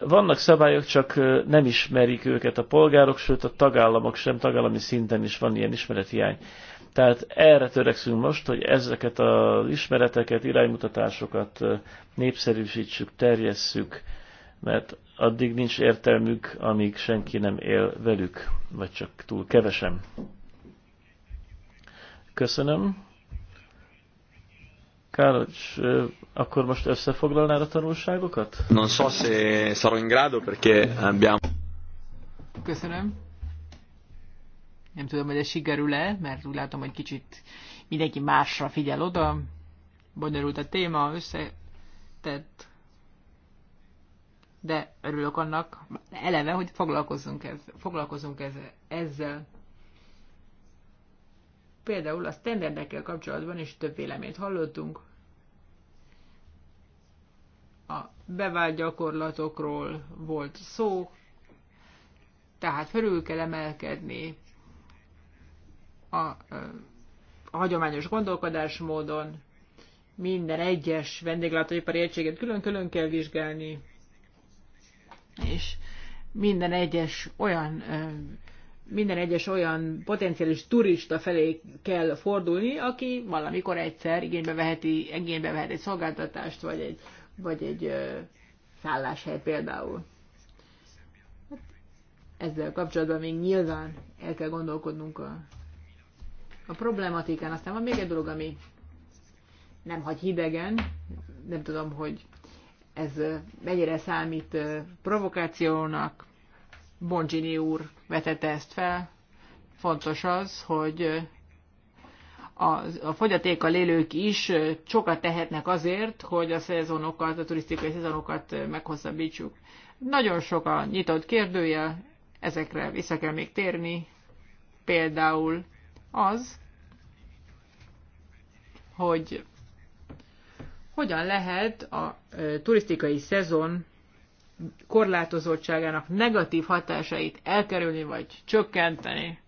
Speaker 2: vannak szabályok, csak nem ismerik őket a polgárok, sőt a tagállamok sem, tagállami szinten is van ilyen ismerethiány. Tehát erre törekszünk most, hogy ezeket az ismereteket, iránymutatásokat népszerűsítsük, terjesszük, mert addig nincs értelmük, amíg senki nem él velük, vagy csak túl kevesen. Köszönöm eh, akkor most összefoglalnád a tanulságokat?
Speaker 3: Non so se sarò in grado perché abbiamo...
Speaker 4: Köszönöm. Nem tudom, hogy ez sikerül-e, mert úgy látom, hogy kicsit mindenki másra figyel oda. Bonyolult a téma, összetett. De örülök annak, eleve, hogy foglalkozzunk, ezzel, foglalkozunk ezzel. ezzel. Például a standardekkel kapcsolatban is több véleményt hallottunk. A bevált gyakorlatokról volt szó, tehát felül kell emelkedni a, a, hagyományos gondolkodásmódon, minden egyes vendéglátóipari egységet külön-külön kell vizsgálni, és minden egyes olyan minden egyes olyan potenciális turista felé kell fordulni, aki valamikor egyszer igénybe, veheti, igénybe vehet egy szolgáltatást, vagy egy, vagy egy ö, szálláshely például. Hát ezzel kapcsolatban még nyilván el kell gondolkodnunk a, a problématikán. Aztán van még egy dolog, ami nem hagy hidegen, nem tudom, hogy ez mennyire számít provokációnak, Bongini úr vetette ezt fel. Fontos az, hogy a, a fogyatéka lélők is sokat tehetnek azért, hogy a szezonokat, a turisztikai szezonokat meghosszabbítsuk. Nagyon sok a nyitott kérdője, ezekre vissza kell még térni. Például az, hogy hogyan lehet a turisztikai szezon korlátozottságának negatív hatásait elkerülni vagy csökkenteni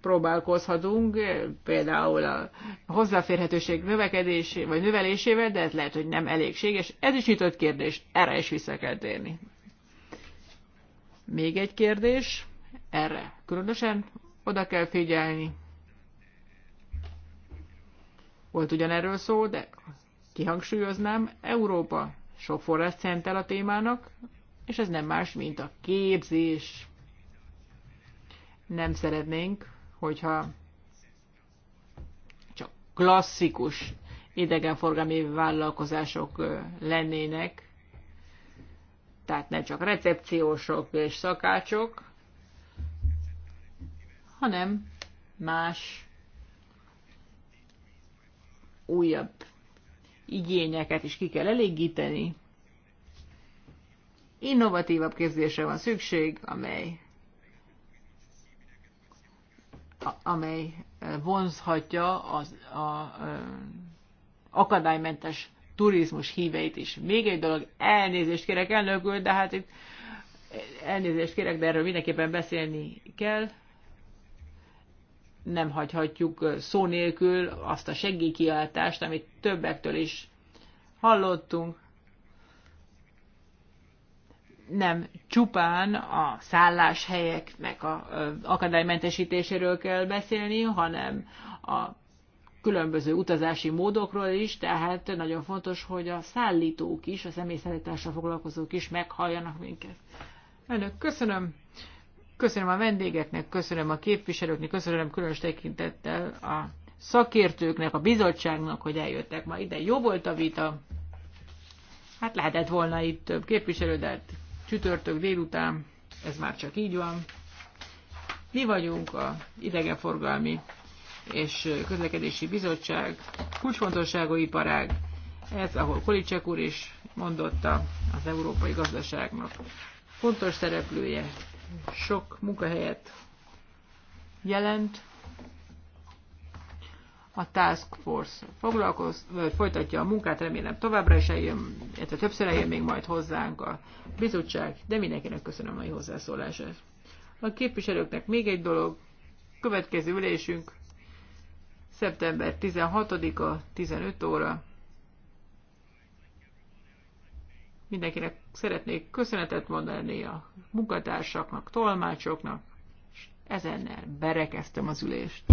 Speaker 4: próbálkozhatunk, eh, például a hozzáférhetőség növekedésé vagy növelésével, de ez lehet, hogy nem elégséges. Ez is nyitott kérdés, erre is vissza kell térni. Még egy kérdés, erre különösen oda kell figyelni. Volt ugyanerről szó, de kihangsúlyoznám, Európa sok forrás szentel a témának, és ez nem más, mint a képzés. Nem szeretnénk, hogyha csak klasszikus idegenforgalmi vállalkozások lennének, tehát nem csak recepciósok és szakácsok, hanem más újabb igényeket is ki kell elégíteni. Innovatívabb képzésre van szükség, amely amely vonzhatja az a, a, akadálymentes turizmus híveit is. Még egy dolog, elnézést kérek elnök de hát itt elnézést kérek, de erről mindenképpen beszélni kell nem hagyhatjuk szó nélkül azt a segélykiáltást, amit többektől is hallottunk. Nem csupán a szálláshelyeknek a akadálymentesítéséről kell beszélni, hanem a különböző utazási módokról is, tehát nagyon fontos, hogy a szállítók is, a személyszállítással foglalkozók is meghalljanak minket. Önök, köszönöm! Köszönöm a vendégeknek, köszönöm a képviselőknek, köszönöm különös tekintettel a szakértőknek, a bizottságnak, hogy eljöttek ma ide. Jó volt a vita. Hát lehetett volna itt több képviselő, de hát csütörtök délután, ez már csak így van. Mi vagyunk a idegenforgalmi és közlekedési bizottság, kulcsfontosságú iparág, ez, ahol Kolicsek úr is mondotta, az európai gazdaságnak fontos szereplője, sok munkahelyet jelent. A Task Force foglalkoz, vagy folytatja a munkát, remélem továbbra is eljön, illetve többször eljön még majd hozzánk a bizottság, de mindenkinek köszönöm a mai hozzászólását. A képviselőknek még egy dolog, következő ülésünk szeptember 16-a 15 óra Mindenkinek szeretnék köszönetet mondani a munkatársaknak, tolmácsoknak, és ezennel berekeztem az ülést.